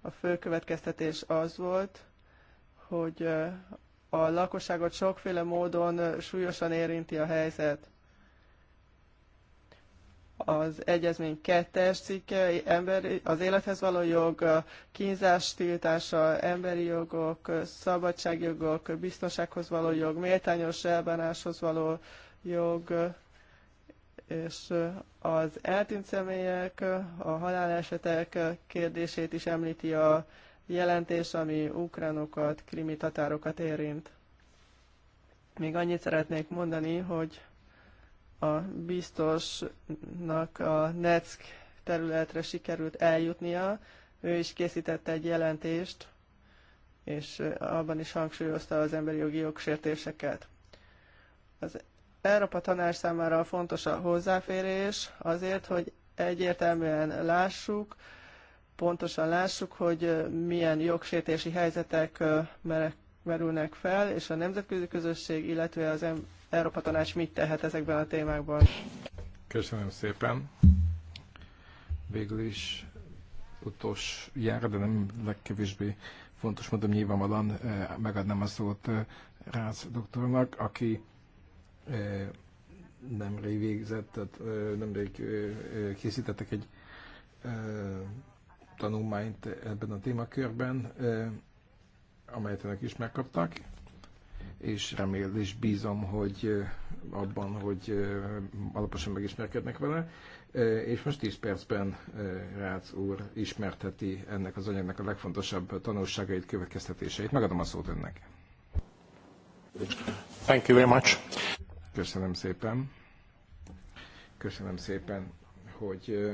A fő következtetés az volt, hogy a lakosságot sokféle módon súlyosan érinti a helyzet. Az egyezmény kettes cikke, emberi, az élethez való jog, kínzás tiltása, emberi jogok, szabadságjogok, biztonsághoz való jog, méltányos elbánáshoz való jog, és az eltűnt személyek, a halálesetek kérdését is említi a jelentés, ami ukránokat, krimi tatárokat érint. Még annyit szeretnék mondani, hogy a biztosnak a NECK területre sikerült eljutnia, ő is készítette egy jelentést, és abban is hangsúlyozta az emberi jogi jogsértéseket. Az Európa tanár számára fontos a hozzáférés azért, hogy egyértelműen lássuk, pontosan lássuk, hogy milyen jogsértési helyzetek merülnek fel, és a nemzetközi közösség, illetve az Európa Tanács mit tehet ezekben a témákban. Köszönöm szépen. Végül is utolsó jár, de nem legkevésbé fontos, mondom nyilvánvalóan megadnám a szót Rácz doktornak, aki nemrég végzett, tehát nemrég készítettek egy tanulmányt ebben a témakörben, amelyet önök is megkaptak, és remélem és bízom, hogy abban, hogy alaposan megismerkednek vele, és most 10 percben Rácz úr ismerteti ennek az anyagnak a legfontosabb tanulságait, következtetéseit. Megadom a szót önnek. Thank you very much. Köszönöm szépen. Köszönöm szépen, hogy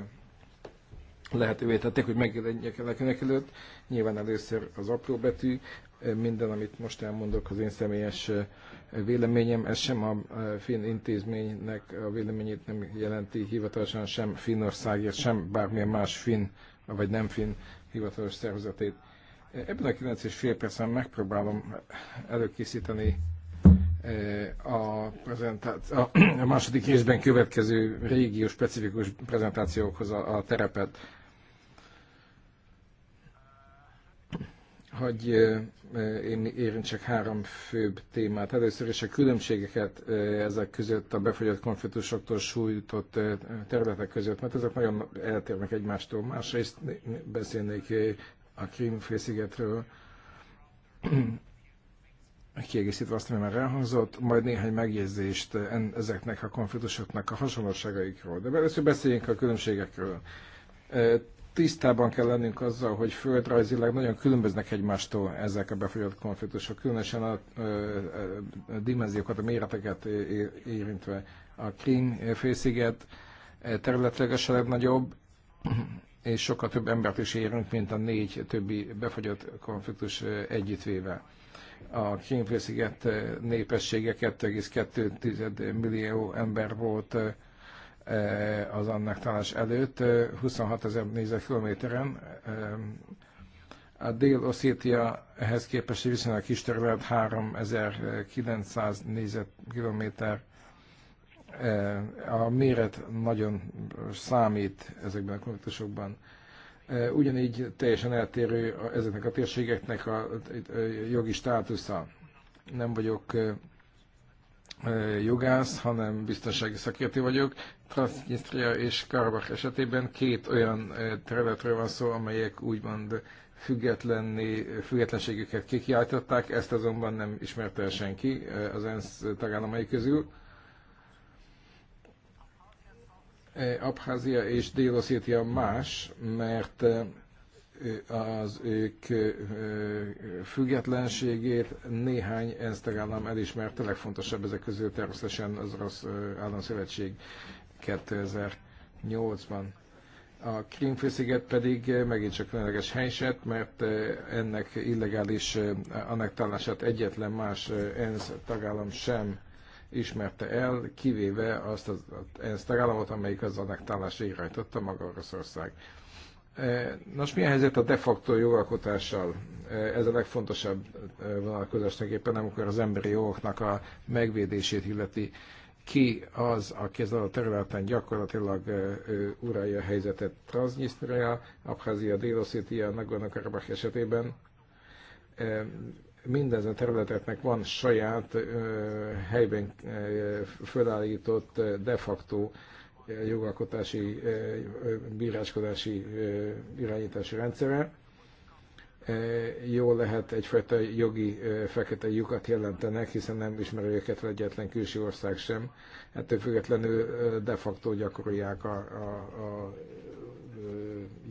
lehetővé tették, hogy megjelenjek el önök előtt. Nyilván először az apró betű, minden, amit most elmondok, az én személyes véleményem, ez sem a finn intézménynek a véleményét nem jelenti hivatalosan sem Finnországért, sem bármilyen más finn, vagy nem finn hivatalos szervezetét. Ebben a 9,5 percben megpróbálom előkészíteni a, a második részben következő régió specifikus prezentációkhoz a, a terepet. Hogy én érintsek három főbb témát. Először is a különbségeket ezek között a befogyott konfliktusoktól sújtott területek között, mert ezek nagyon eltérnek egymástól. Másrészt beszélnék a Krím félszigetről, kiegészítve azt, ami már elhangzott, majd néhány megjegyzést en, ezeknek a konfliktusoknak a hasonlóságaikról. De először beszéljünk a különbségekről. E, tisztában kell lennünk azzal, hogy földrajzilag nagyon különböznek egymástól ezek a befolyott konfliktusok, különösen a, e, e, dimenziókat, a méreteket érintve. A Krim félsziget területleg a legnagyobb, és sokkal több embert is érünk, mint a négy többi befogyott konfliktus együttvéve a Kínfélsziget eh, népessége 2,2 millió ember volt eh, az annak találás előtt, 26 eh, ezer négyzetkilométeren. A Dél-Oszétia ehhez képest egy viszonylag kis terület, 3900 négyzetkilométer. A méret nagyon számít ezekben a konfliktusokban. Eh, ugyanígy teljesen eltérő ezeknek a térségeknek a eh, jogi státusza. Nem vagyok eh, jogász, hanem biztonsági szakértő vagyok. Transnistria és Karabach esetében két olyan területről van szó, amelyek úgymond függetlenné, függetlenségüket kikiáltották, ezt azonban nem ismerte senki az ENSZ tagállamai közül Abházia és dél más, mert az ők függetlenségét néhány ENSZ tagállam elismerte, legfontosabb ezek közül természetesen az Orosz Államszövetség 2008-ban. A Krímfősziget pedig megint csak különleges helyzet, mert ennek illegális annektálását egyetlen más ENSZ tagállam sem ismerte el, kivéve azt az, az ENSZ tagállamot, amelyik az annektálásra végrehajtotta maga Oroszország. E, nos, milyen helyzet a de facto jogalkotással? E, ez a legfontosabb e, vonalkozás éppen, amikor az emberi jogoknak a megvédését illeti. Ki az, aki ezzel a területen gyakorlatilag uralja a helyzetet? Transnistria, Abházia, Délosszétia, nagorno karabakh esetében mindezen területeknek van saját helyben fölállított de facto jogalkotási, bíráskodási irányítási rendszere. Jól lehet egyfajta jogi fekete lyukat jelentenek, hiszen nem ismeri őket egyetlen külső ország sem. Ettől függetlenül de facto gyakorolják a, a, a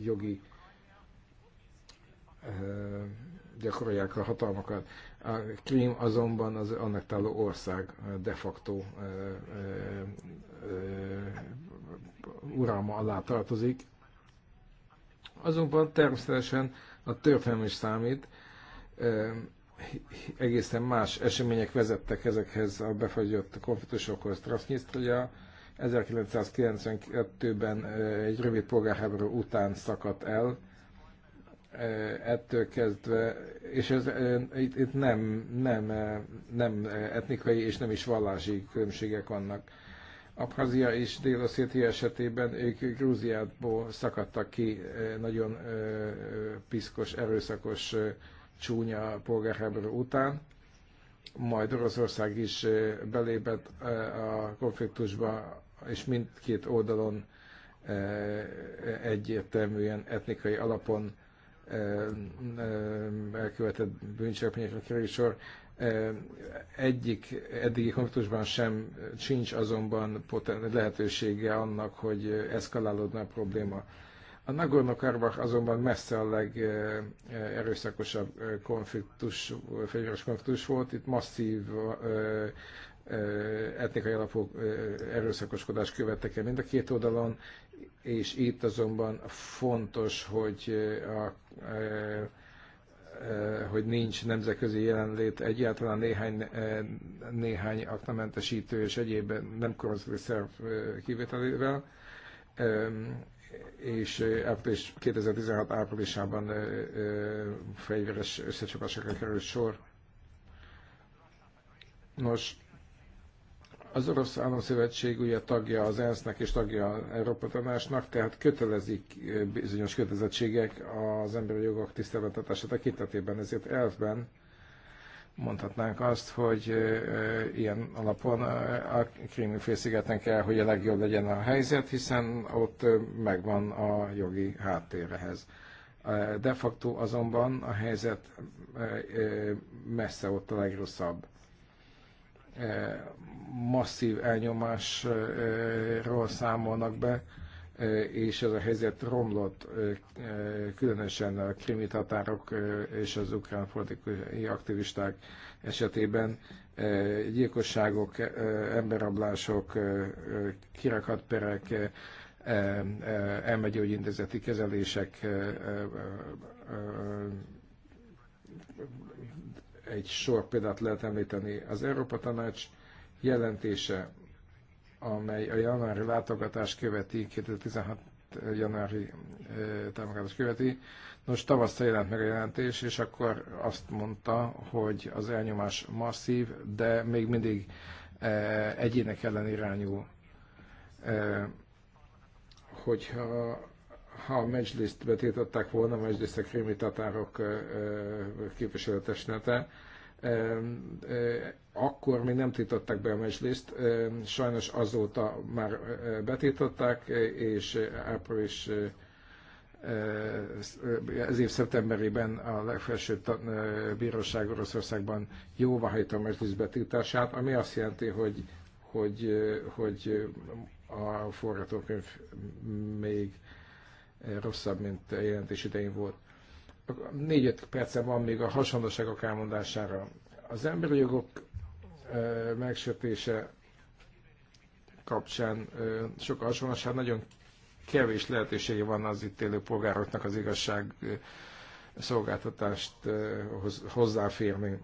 jogi gyakorolják a hatalmakat. A Krím azonban az annak táló ország eh, de facto eh, eh, uralma alá tartozik. Azonban természetesen a történelem is számít, egészen más események vezettek ezekhez a befagyott konfliktusokhoz. Transnistria 1992-ben egy rövid polgárháború után szakadt el, ettől kezdve, és ez, itt, itt nem, nem, nem etnikai és nem is vallási különbségek vannak. Abházia és dél esetében ők Grúziából szakadtak ki nagyon piszkos, erőszakos, csúnya polgárháború után, majd Oroszország is belépett a konfliktusba, és mindkét oldalon egyértelműen etnikai alapon elkövetett bűncselekményekre kerül sor. Egyik eddigi konfliktusban sem sincs azonban lehetősége annak, hogy eszkalálódna a probléma. A Nagorno-Karabakh azonban messze a legerőszakosabb konfliktus, fegyveres konfliktus volt. Itt masszív etnikai alapú erőszakoskodás követtek el mind a két oldalon, és itt azonban fontos, hogy, a, hogy nincs nemzetközi jelenlét, egyáltalán néhány, néhány aktamentesítő és egyéb nem kormányzati szerv kivételével, és április, 2016 áprilisában fegyveres összecsapásokra került sor. Nos, az Orosz Államszövetség ugye tagja az ENSZ-nek és tagja az Európa Tanácsnak, tehát kötelezik eh, bizonyos kötelezettségek az emberi jogok tiszteletetése tekintetében, ezért elfben mondhatnánk azt, hogy eh, eh, ilyen alapon a krími félszigeten kell, hogy a legjobb legyen a helyzet, hiszen ott megvan a jogi háttérehez. De facto azonban a helyzet messze ott a legrosszabb. Eh, masszív elnyomásról számolnak be, eh, és ez a helyzet romlott, eh, különösen a krimi tatárok és az ukrán politikai aktivisták esetében. Gyilkosságok, emberrablások, kirakatperek, elmegyógyintézeti kezelések egy sor példát lehet említeni. Az Európa Tanács jelentése, amely a januári látogatás követi, 2016 januári eh, támogatás követi. Nos, tavasszal jelent meg a jelentés, és akkor azt mondta, hogy az elnyomás masszív, de még mindig eh, egyének ellen irányú eh, hogyha ha a medzsliszt betiltották volna, a medzsliszt a krimi tatárok képviseletesnete, akkor még nem tiltották be a medzsliszt, sajnos azóta már betiltották, és április ez év szeptemberében a legfelsőbb bíróság Oroszországban jóváhagyta a medzsliszt betiltását, ami azt jelenti, hogy, hogy, hogy a forgatókönyv még rosszabb, mint jelentés idején volt. Négy-öt percem van még a hasonlóságok elmondására. Az emberi jogok megsértése kapcsán sok hasonlóság, nagyon kevés lehetősége van az itt élő polgároknak az igazság szolgáltatást hozzáférni.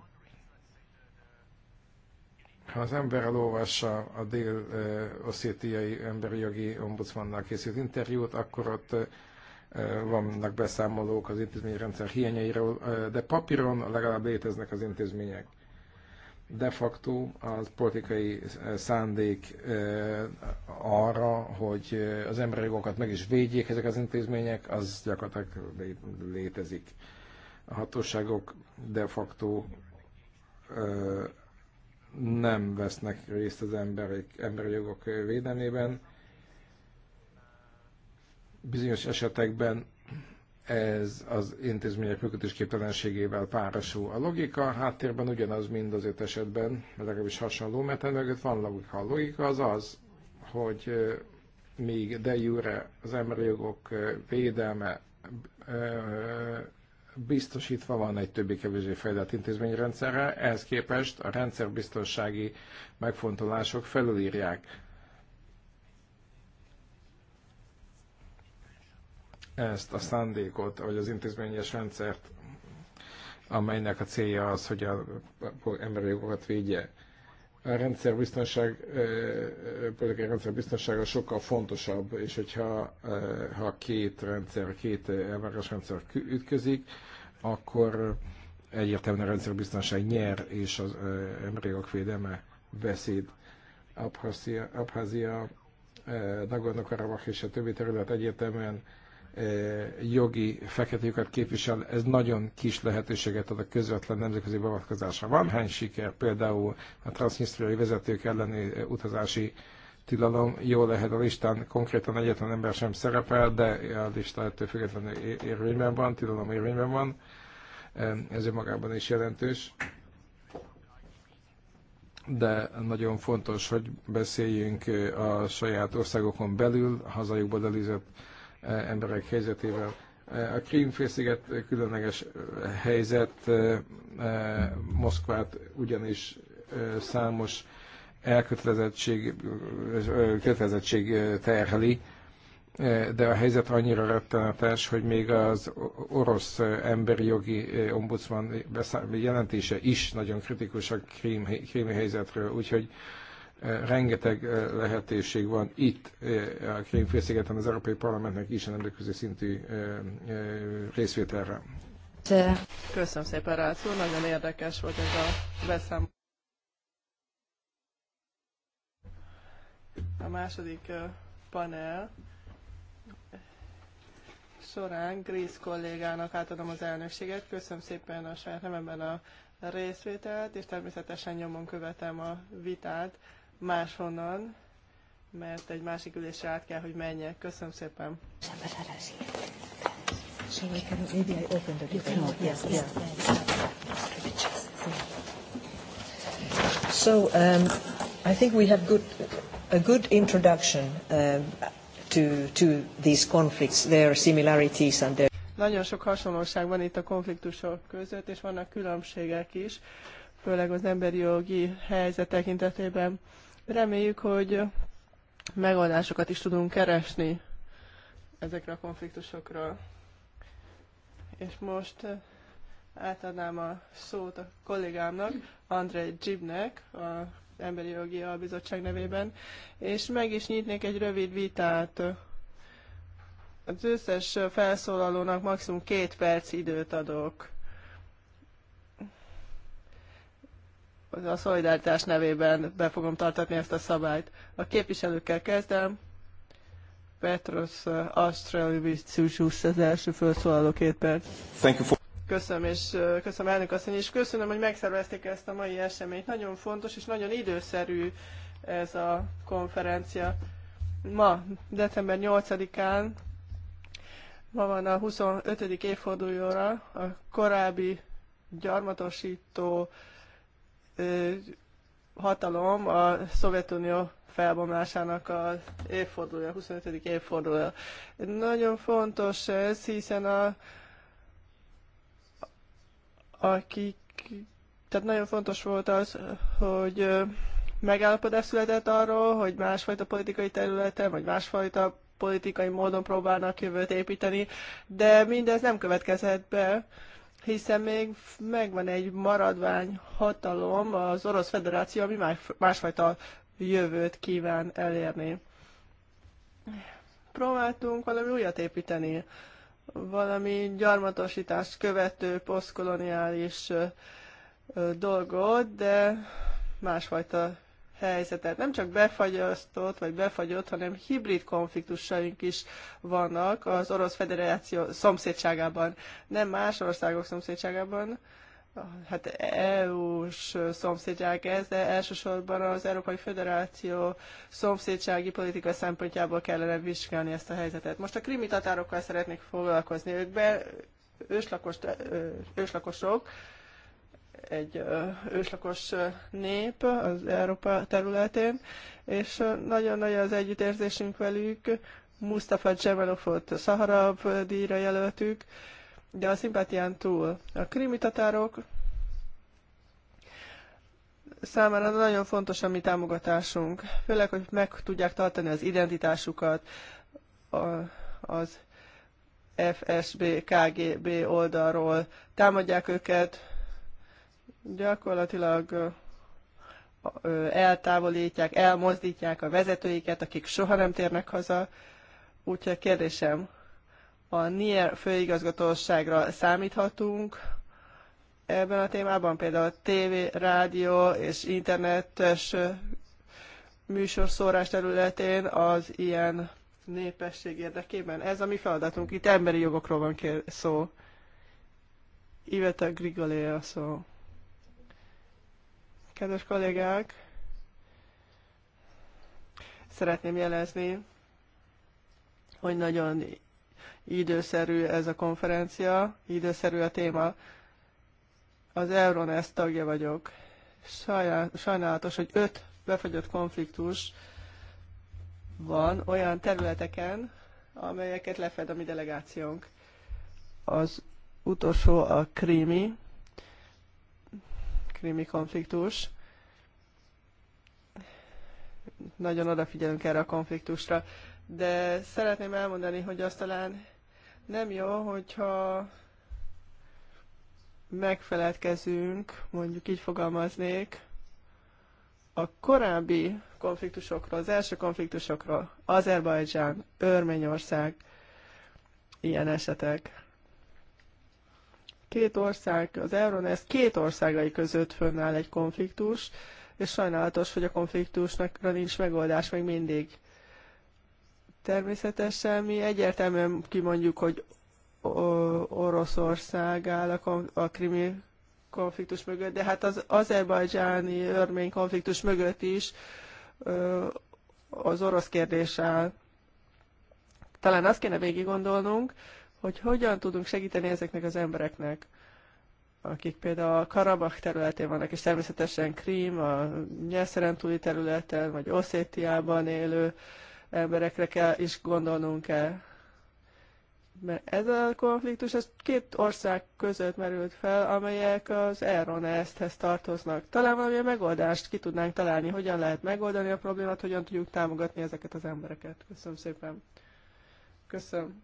Ha az ember elolvassa a dél-oszétiai emberi jogi ombudsmannal készült interjút, akkor ott vannak beszámolók az intézményrendszer hiányairól, de papíron legalább léteznek az intézmények. De facto az politikai szándék arra, hogy az emberi jogokat meg is védjék ezek az intézmények, az gyakorlatilag létezik. A hatóságok de facto nem vesznek részt az emberi, emberi jogok védelmében, Bizonyos esetekben ez az intézmények működésképtelenségével párosul. A logika háttérben ugyanaz mind az öt esetben, legalábbis hasonló, mert emögött van logika. A logika az az, hogy míg de jure az emberi jogok védelme biztosítva van egy többi kevésbé fejlett intézményrendszerre, ehhez képest a rendszerbiztonsági megfontolások felülírják ezt a szándékot, vagy az intézményes rendszert, amelynek a célja az, hogy a emberi jogokat védje. A rendszerbiztonság, politikai biztonsága sokkal fontosabb, és hogyha ha két rendszer, két elvárás rendszer ütközik, akkor egyértelműen a rendszerbiztonság nyer, és az emberi jogok védelme veszít. Abházia, Abházia Nagorno-Karabakh és a többi terület egyértelműen jogi feketéket képvisel, ez nagyon kis lehetőséget ad a közvetlen nemzetközi beavatkozásra. Van hány siker, például a transznisztriai vezetők elleni utazási tilalom, jó lehet a listán, konkrétan egyetlen ember sem szerepel, de a lista ettől függetlenül érvényben van, tilalom érvényben van, ez önmagában is jelentős. De nagyon fontos, hogy beszéljünk a saját országokon belül, hazajukba delizett emberek helyzetével. A Krímfélsziget különleges helyzet, Moszkvát ugyanis számos elkötelezettség kötelezettség terheli, de a helyzet annyira rettenetes, hogy még az orosz emberi jogi ombudsman jelentése is nagyon kritikus a krími helyzetről, úgyhogy rengeteg lehetőség van itt a Krémfélszigeten az Európai Parlamentnek is a nemzetközi szintű részvételre. Köszönöm szépen rá, szó, nagyon érdekes volt ez a beszám. A második panel során Grész kollégának átadom az elnökséget. Köszönöm szépen a saját nevemben a részvételt, és természetesen nyomon követem a vitát máshonnan, mert egy másik ülésre át kell, hogy menjek. Köszönöm szépen. So open So um, I think we have good, a good introduction um, to, to these conflicts, their similarities and their... Nagyon sok hasonlóság van itt a konfliktusok között, és vannak különbségek is, főleg az emberi jogi helyzet tekintetében. Reméljük, hogy megoldásokat is tudunk keresni ezekre a konfliktusokra. És most eh, átadnám a szót a kollégámnak, André Dzsibnek, a Emberi Jogi Albizottság nevében, és meg is nyitnék egy rövid vitát. Az összes felszólalónak maximum két perc időt adok. a szolidaritás nevében be fogom tartatni ezt a szabályt. A képviselőkkel kezdem. Petros uh, Astralivicius az első felszólaló két perc. Thank you for Köszönöm, és uh, köszönöm elnök asszony, és köszönöm, hogy megszervezték ezt a mai eseményt. Nagyon fontos és nagyon időszerű ez a konferencia. Ma, december 8-án, ma van a 25. évfordulóra a korábbi gyarmatosító hatalom a Szovjetunió felbomlásának a évfordulója, 25. évfordulója. Nagyon fontos ez, hiszen a, akik, tehát nagyon fontos volt az, hogy megállapodás született arról, hogy másfajta politikai területen, vagy másfajta politikai módon próbálnak jövőt építeni, de mindez nem következett be, hiszen még megvan egy maradvány hatalom az Orosz Federáció, ami másfajta jövőt kíván elérni. Próbáltunk valami újat építeni, valami gyarmatosítást követő posztkoloniális dolgot, de másfajta helyzetet. Nem csak befagyasztott vagy befagyott, hanem hibrid konfliktusaink is vannak az Orosz Federáció szomszédságában. Nem más országok szomszédságában, hát EU-s szomszédság ez, de elsősorban az Európai Föderáció szomszédsági politika szempontjából kellene vizsgálni ezt a helyzetet. Most a krimi tatárokkal szeretnék foglalkozni. Ők be, őslakos, őslakosok, egy őslakos nép az Európa területén, és nagyon nagy az együttérzésünk velük. Mustafa Dzsemelovot Szaharab díjra jelöltük, de a szimpátián túl a krimi tatárok számára nagyon fontos a mi támogatásunk, főleg, hogy meg tudják tartani az identitásukat, a, az FSB, KGB oldalról támadják őket, gyakorlatilag eltávolítják, elmozdítják a vezetőiket, akik soha nem térnek haza. Úgyhogy kérdésem, a NIER főigazgatóságra számíthatunk ebben a témában, például TV, rádió és internetes műsorszórás területén az ilyen népesség érdekében. Ez a mi feladatunk, itt emberi jogokról van szó. Iveta Grigolé a szó. Kedves kollégák, szeretném jelezni, hogy nagyon időszerű ez a konferencia, időszerű a téma. Az Euronest tagja vagyok. Sajnálatos, hogy öt befagyott konfliktus van olyan területeken, amelyeket lefed a mi delegációnk. Az utolsó a krími, krimi konfliktus. Nagyon odafigyelünk erre a konfliktusra. De szeretném elmondani, hogy azt talán nem jó, hogyha megfeledkezünk, mondjuk így fogalmaznék, a korábbi konfliktusokról, az első konfliktusokról, Azerbajdzsán, Örményország, ilyen esetek. Két ország, az Euronest két országai között fönnáll egy konfliktus, és sajnálatos, hogy a konfliktusnak nincs megoldás még mindig. Természetesen mi egyértelműen kimondjuk, hogy Oroszország áll a, a krimi konfliktus mögött, de hát az azerbajdzsáni örmény konfliktus mögött is ö, az orosz kérdés áll. Talán azt kéne végig gondolnunk, hogy hogyan tudunk segíteni ezeknek az embereknek, akik például a Karabakh területén vannak, és természetesen Krím, a nyelszeren túli területen, vagy Oszétiában élő emberekre kell is gondolnunk kell. Mert ez a konfliktus ez két ország között merült fel, amelyek az Euronest-hez tartoznak. Talán valamilyen megoldást ki tudnánk találni, hogyan lehet megoldani a problémát, hogyan tudjuk támogatni ezeket az embereket. Köszönöm szépen. Köszönöm.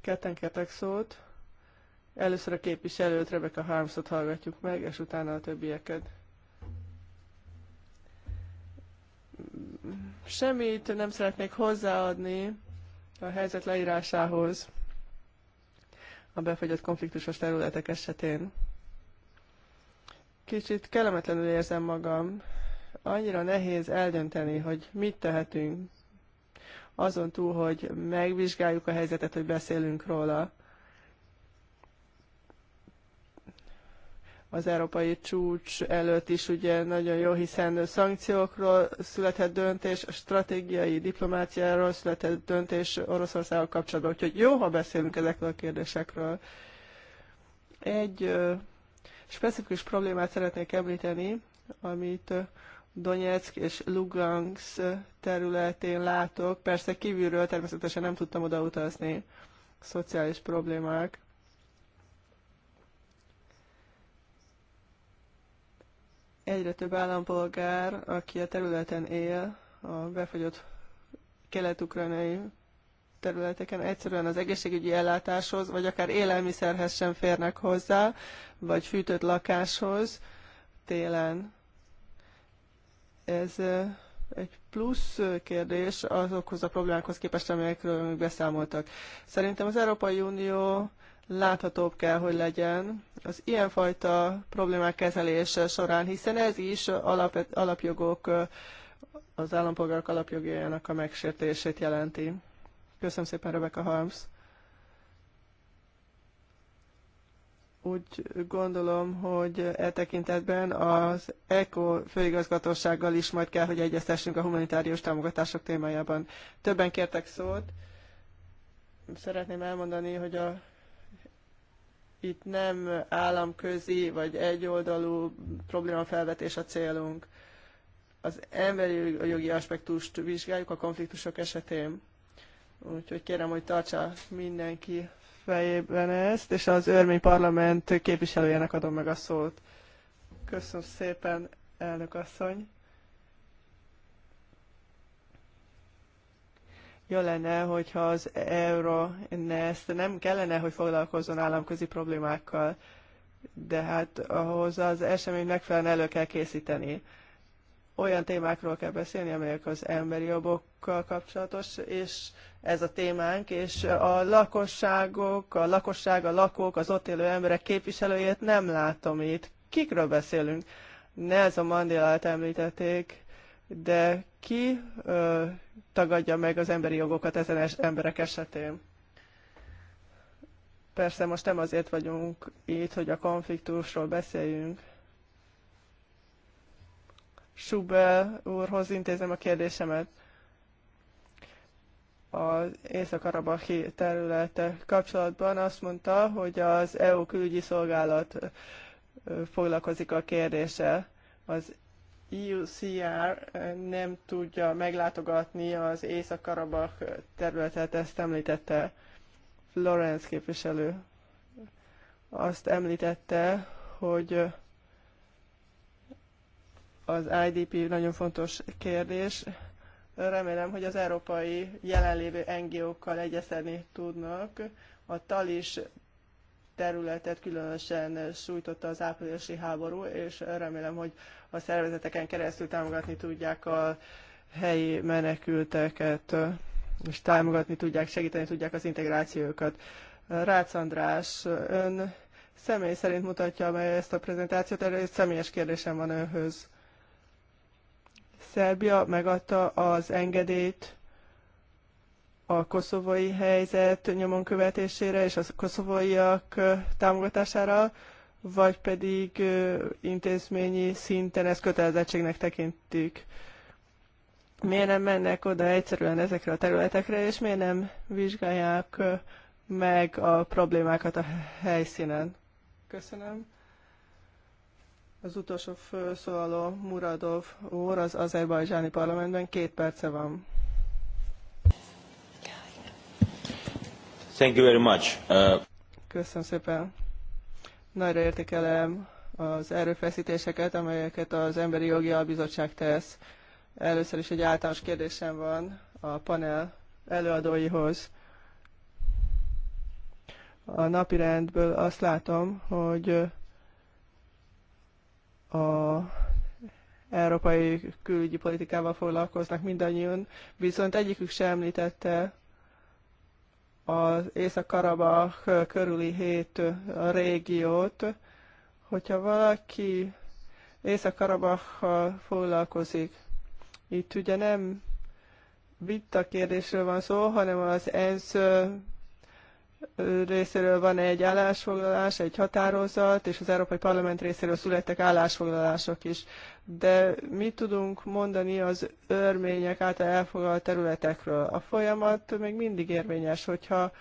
Ketten kértek szót. Először a képviselőt, Rebecca Harmsot hallgatjuk meg, és utána a többieket. Semmit nem szeretnék hozzáadni a helyzet leírásához a befagyott konfliktusos területek esetén. Kicsit kellemetlenül érzem magam. Annyira nehéz eldönteni, hogy mit tehetünk, azon túl, hogy megvizsgáljuk a helyzetet, hogy beszélünk róla. Az európai csúcs előtt is ugye nagyon jó, hiszen szankciókról született döntés, stratégiai diplomáciáról született döntés Oroszországgal kapcsolatban. Úgyhogy jó, ha beszélünk ezekről a kérdésekről. Egy specifikus problémát szeretnék említeni, amit Donetsk és Lugansk területén látok. Persze kívülről természetesen nem tudtam oda utazni. Szociális problémák. Egyre több állampolgár, aki a területen él, a befagyott kelet-ukrajnai területeken egyszerűen az egészségügyi ellátáshoz, vagy akár élelmiszerhez sem férnek hozzá, vagy fűtött lakáshoz télen ez egy plusz kérdés azokhoz a problémákhoz képest, amelyekről beszámoltak. Szerintem az Európai Unió láthatóbb kell, hogy legyen az ilyenfajta problémák kezelése során, hiszen ez is alap, alapjogok, az állampolgárok alapjogjának a megsértését jelenti. Köszönöm szépen, Rebecca Harms. úgy gondolom, hogy e tekintetben az ECO főigazgatósággal is majd kell, hogy egyeztessünk a humanitárius támogatások témájában. Többen kértek szót. Szeretném elmondani, hogy a, itt nem államközi vagy egyoldalú problémafelvetés a célunk. Az emberi jogi aspektust vizsgáljuk a konfliktusok esetén. Úgyhogy kérem, hogy tartsa mindenki fejében ezt, és az örmény parlament képviselőjének adom meg a szót. Köszönöm szépen, elnök asszony. Jó lenne, hogyha az euró ezt nem kellene, hogy foglalkozzon államközi problémákkal, de hát ahhoz az esemény megfelelően elő kell készíteni olyan témákról kell beszélni, amelyek az emberi jogokkal kapcsolatos, és ez a témánk, és a lakosságok, a lakosság, a lakók, az ott élő emberek képviselőjét nem látom itt. Kikről beszélünk? Ne ez a Mandélát említették, de ki ö, tagadja meg az emberi jogokat ezen es emberek esetén? Persze most nem azért vagyunk itt, hogy a konfliktusról beszéljünk. Schubel úrhoz intézem a kérdésemet az Észak-Arabahi területe kapcsolatban azt mondta, hogy az EU külügyi szolgálat foglalkozik a kérdéssel. Az EUCR nem tudja meglátogatni az Észak-Karabakh területet, ezt említette Florence képviselő. Azt említette, hogy az IDP nagyon fontos kérdés, Remélem, hogy az európai jelenlévő NGO-kkal egyeztetni tudnak. A talis területet különösen sújtotta az áprilisi háború, és remélem, hogy a szervezeteken keresztül támogatni tudják a helyi menekülteket, és támogatni tudják, segíteni tudják az integrációkat. Rácz András, ön személy szerint mutatja meg ezt a prezentációt, erre egy személyes kérdésem van önhöz. Szerbia megadta az engedélyt a koszovói helyzet nyomon követésére és a koszovóiak támogatására, vagy pedig intézményi szinten ezt kötelezettségnek tekintik. Miért nem mennek oda egyszerűen ezekre a területekre, és miért nem vizsgálják meg a problémákat a helyszínen? Köszönöm. Az utolsó felszólaló Muradov úr az azerbajdzsáni parlamentben két perce van. Thank you very much. Uh... Köszönöm szépen. Nagyra értékelem az erőfeszítéseket, amelyeket az Emberi Jogi Albizottság tesz. Először is egy általános kérdésem van a panel előadóihoz. A napirendből azt látom, hogy a európai külügyi politikával foglalkoznak mindannyian, viszont egyikük sem említette az észak karabakh körüli hét a régiót. Hogyha valaki észak karabakhal foglalkozik, itt ugye nem vita kérdésről van szó, hanem az ENSZ részéről van egy állásfoglalás, egy határozat, és az Európai Parlament részéről születtek állásfoglalások is. De mit tudunk mondani az örmények által elfoglalt területekről? A folyamat még mindig érvényes, hogyha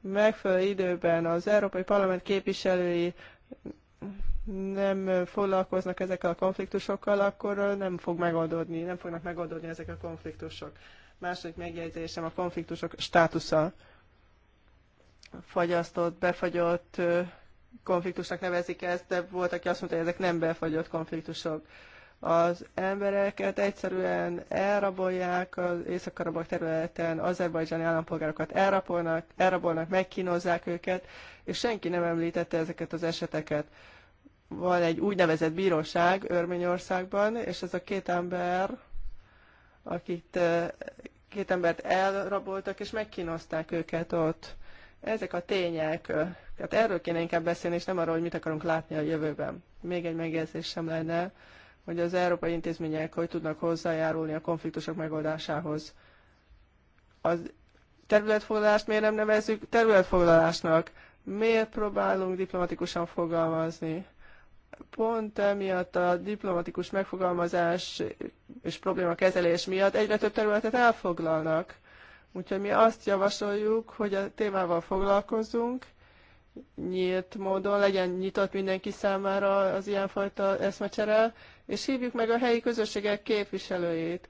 megfelelő időben az Európai Parlament képviselői nem foglalkoznak ezekkel a konfliktusokkal, akkor nem fog megoldódni, nem fognak megoldódni ezek a konfliktusok. Második megjegyzésem a konfliktusok státusza fagyasztott, befagyott konfliktusnak nevezik ezt, de volt, aki azt mondta, hogy ezek nem befagyott konfliktusok. Az embereket egyszerűen elrabolják az észak területen, azerbajdzsáni állampolgárokat elrabolnak, elrabolnak, megkínozzák őket, és senki nem említette ezeket az eseteket. Van egy úgynevezett bíróság Örményországban, és ez a két ember, akit két embert elraboltak, és megkínozták őket ott ezek a tények, tehát erről kéne inkább beszélni, és nem arról, hogy mit akarunk látni a jövőben. Még egy megjegyzés sem lenne, hogy az európai intézmények hogy tudnak hozzájárulni a konfliktusok megoldásához. Az területfoglalást miért nem nevezzük területfoglalásnak? Miért próbálunk diplomatikusan fogalmazni? Pont emiatt a diplomatikus megfogalmazás és probléma kezelés miatt egyre több területet elfoglalnak. Úgyhogy mi azt javasoljuk, hogy a témával foglalkozunk, nyílt módon legyen nyitott mindenki számára az ilyenfajta eszmecsere, és hívjuk meg a helyi közösségek képviselőjét.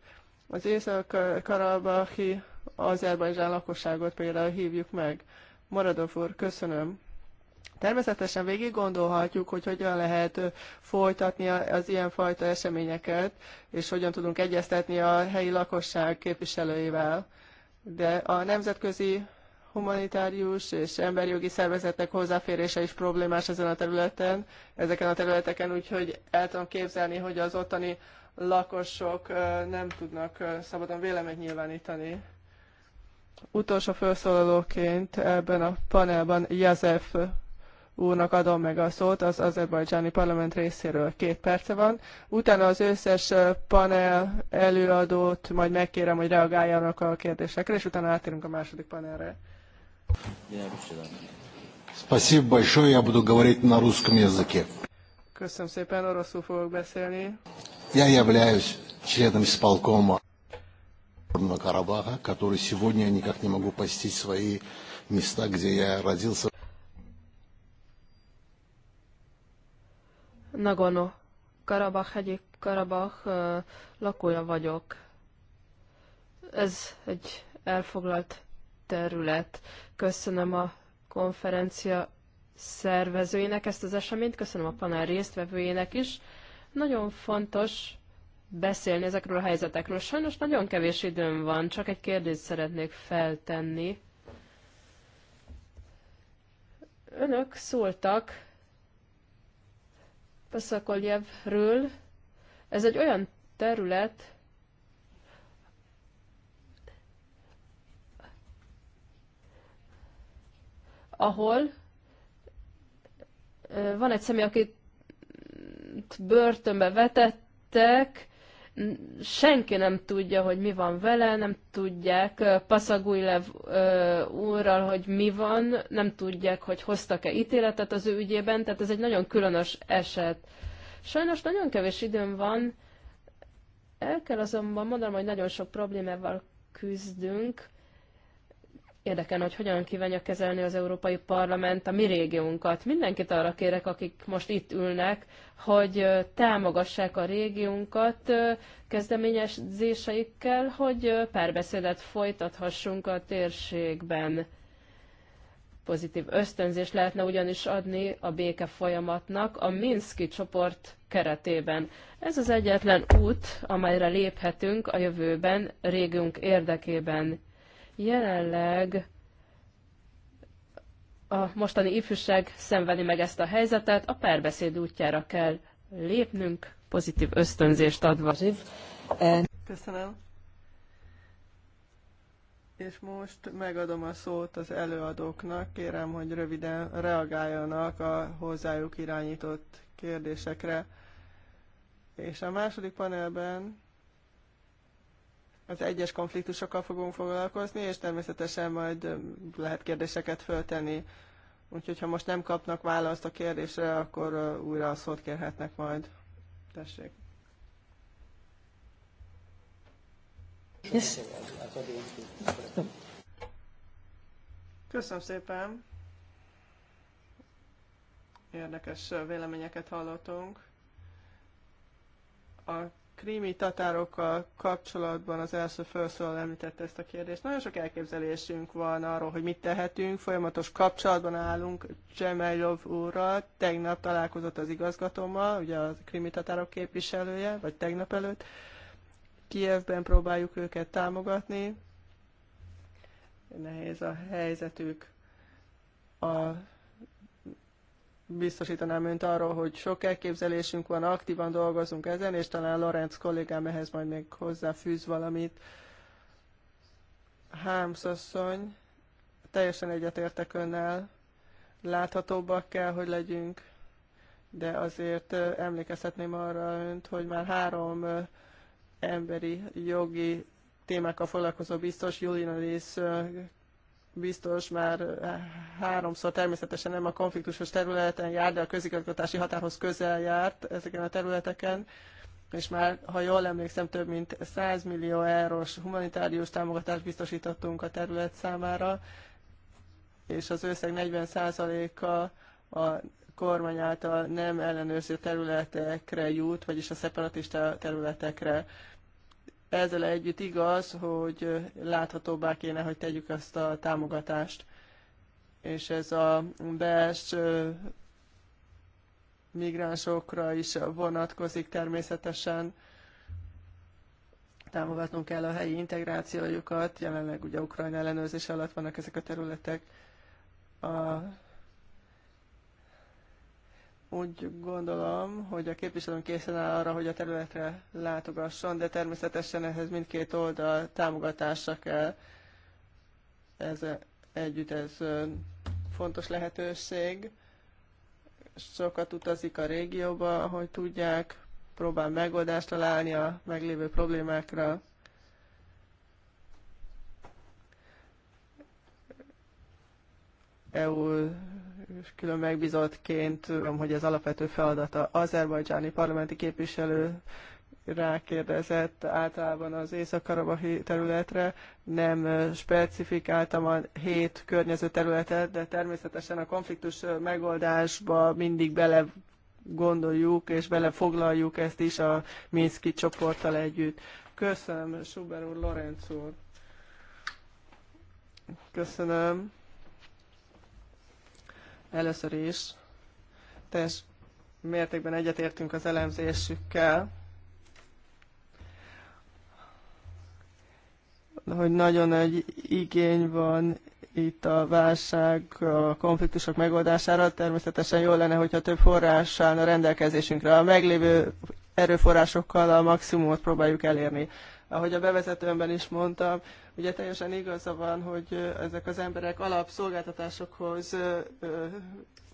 Az észak-karabahi azerbajdzsán lakosságot például hívjuk meg. Maradov úr, köszönöm. Természetesen végig gondolhatjuk, hogy hogyan lehet folytatni az ilyenfajta eseményeket, és hogyan tudunk egyeztetni a helyi lakosság képviselőivel de a nemzetközi humanitárius és emberi jogi szervezetek hozzáférése is problémás ezen a területen, ezeken a területeken, úgyhogy el tudom képzelni, hogy az ottani lakosok nem tudnak szabadon véleményt nyilvánítani. Utolsó felszólalóként ebben a panelban Jezef úrnak adom meg a szót az azerbajdzsáni parlament részéről. Két perce van. Utána az összes panel előadót majd megkérem, hogy reagáljanak a kérdésekre, és utána átérünk a második panelre. Спасибо большое, я буду говорить на русском языке. Köszönöm szépen, oroszul fogok beszélni. Я являюсь членом исполкома Карабаха, который сегодня никак не могу посетить свои места, где я родился. Nagono, Karabach hegyi Karabach lakója vagyok. Ez egy elfoglalt terület. Köszönöm a konferencia szervezőinek ezt az eseményt, köszönöm a panel résztvevőjének is. Nagyon fontos beszélni ezekről a helyzetekről. Sajnos nagyon kevés időm van, csak egy kérdést szeretnék feltenni. Önök szóltak Peszakoljevről. Ez egy olyan terület, ahol van egy személy, akit börtönbe vetettek, senki nem tudja, hogy mi van vele, nem tudják Paszagújlev úrral, hogy mi van, nem tudják, hogy hoztak-e ítéletet az ő ügyében, tehát ez egy nagyon különös eset. Sajnos nagyon kevés időm van, el kell azonban mondanom, hogy nagyon sok problémával küzdünk, Érdekelne, hogy hogyan kívánja kezelni az Európai Parlament a mi régiónkat. Mindenkit arra kérek, akik most itt ülnek, hogy támogassák a régiónkat kezdeményezéseikkel, hogy párbeszédet folytathassunk a térségben. Pozitív ösztönzés lehetne ugyanis adni a béke folyamatnak a Minszki csoport keretében. Ez az egyetlen út, amelyre léphetünk a jövőben régiónk érdekében Jelenleg a mostani ifjúság szenvedi meg ezt a helyzetet, a párbeszéd útjára kell lépnünk, pozitív ösztönzést adva. Köszönöm. És most megadom a szót az előadóknak. Kérem, hogy röviden reagáljanak a hozzájuk irányított kérdésekre. És a második panelben az egyes konfliktusokkal fogunk foglalkozni, és természetesen majd lehet kérdéseket föltenni. Úgyhogy ha most nem kapnak választ a kérdésre, akkor újra a szót kérhetnek majd. Tessék. Köszönöm szépen. Érdekes véleményeket hallottunk. A krími tatárokkal kapcsolatban az első felszólal említette ezt a kérdést. Nagyon sok elképzelésünk van arról, hogy mit tehetünk. Folyamatos kapcsolatban állunk Csemeljov úrral. Tegnap találkozott az igazgatómmal, ugye a krími tatárok képviselője, vagy tegnap előtt. Kievben próbáljuk őket támogatni. Nehéz a helyzetük. A biztosítanám önt arról, hogy sok elképzelésünk van, aktívan dolgozunk ezen, és talán Lorenz kollégám ehhez majd még hozzáfűz valamit. Hámszasszony, teljesen egyetértek önnel, láthatóbbak kell, hogy legyünk, de azért emlékezhetném arra önt, hogy már három emberi jogi témákkal foglalkozó biztos Julina biztos már eh, háromszor természetesen nem a konfliktusos területen jár, de a közigazgatási határhoz közel járt ezeken a területeken, és már, ha jól emlékszem, több mint 100 millió eurós humanitárius támogatást biztosítottunk a terület számára, és az összeg 40%-a a kormány által nem ellenőrző területekre jut, vagyis a szeparatista területekre. Ezzel együtt igaz, hogy láthatóbbá kéne, hogy tegyük ezt a támogatást. És ez a belső migránsokra is vonatkozik természetesen. Támogatnunk kell a helyi integrációjukat, jelenleg ugye Ukrajna ellenőrzés alatt vannak ezek a területek. A úgy gondolom, hogy a képviselőm készen áll arra, hogy a területre látogasson, de természetesen ehhez mindkét oldal támogatása kell. Ez együtt ez fontos lehetőség. Sokat utazik a régióba, hogy tudják, próbál megoldást találni a meglévő problémákra. EU és külön tudom, hogy ez alapvető feladata azerbajdzsáni parlamenti képviselő rákérdezett általában az észak területre, nem specifikáltam a hét környező területet, de természetesen a konfliktus megoldásba mindig bele gondoljuk és belefoglaljuk ezt is a Minszki csoporttal együtt. Köszönöm, Schuber úr, Lorenz úr. Köszönöm. Először is teljes mértékben egyetértünk az elemzésükkel, hogy nagyon nagy igény van itt a válság, a konfliktusok megoldására. Természetesen jó lenne, hogyha több forrás állna rendelkezésünkre. A meglévő erőforrásokkal a maximumot próbáljuk elérni. Ahogy a bevezetőmben is mondtam, Ugye teljesen igaza van, hogy ezek az emberek alapszolgáltatásokhoz,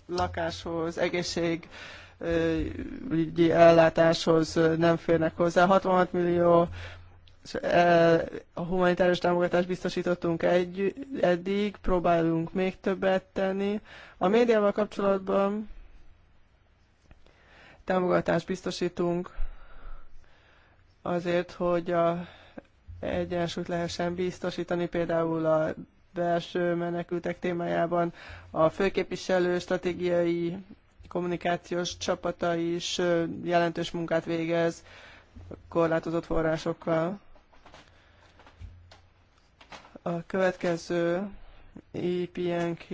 lakáshoz, egészség, ügyi ellátáshoz nem férnek hozzá. 66 millió a humanitárius támogatást biztosítottunk egy, eddig, próbálunk még többet tenni. A médiával kapcsolatban támogatást biztosítunk azért, hogy a egyensúlyt lehessen biztosítani, például a belső menekültek témájában a főképviselő stratégiai kommunikációs csapata is jelentős munkát végez korlátozott forrásokkal. A következő EPNK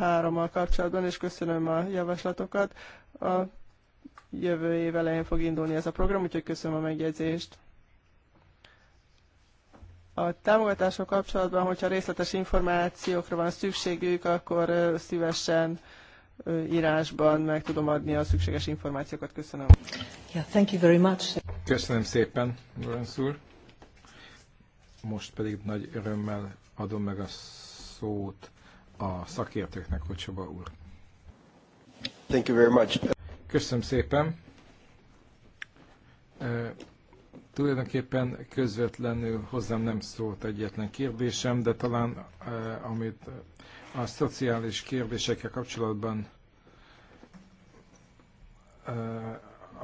3-mal kapcsolatban, és köszönöm a javaslatokat. A jövő év elején fog indulni ez a program, úgyhogy köszönöm a megjegyzést. A támogatások kapcsolatban, hogyha részletes információkra van szükségük, akkor szívesen írásban meg tudom adni a szükséges információkat. Köszönöm. Yeah, thank you very much. Köszönöm szépen, Lorenz úr. Most pedig nagy örömmel adom meg a szót a szakértőknek, hogy Soba úr. Thank you very much. Köszönöm szépen. Tulajdonképpen közvetlenül hozzám nem szólt egyetlen kérdésem, de talán eh, amit a szociális kérdésekkel kapcsolatban eh,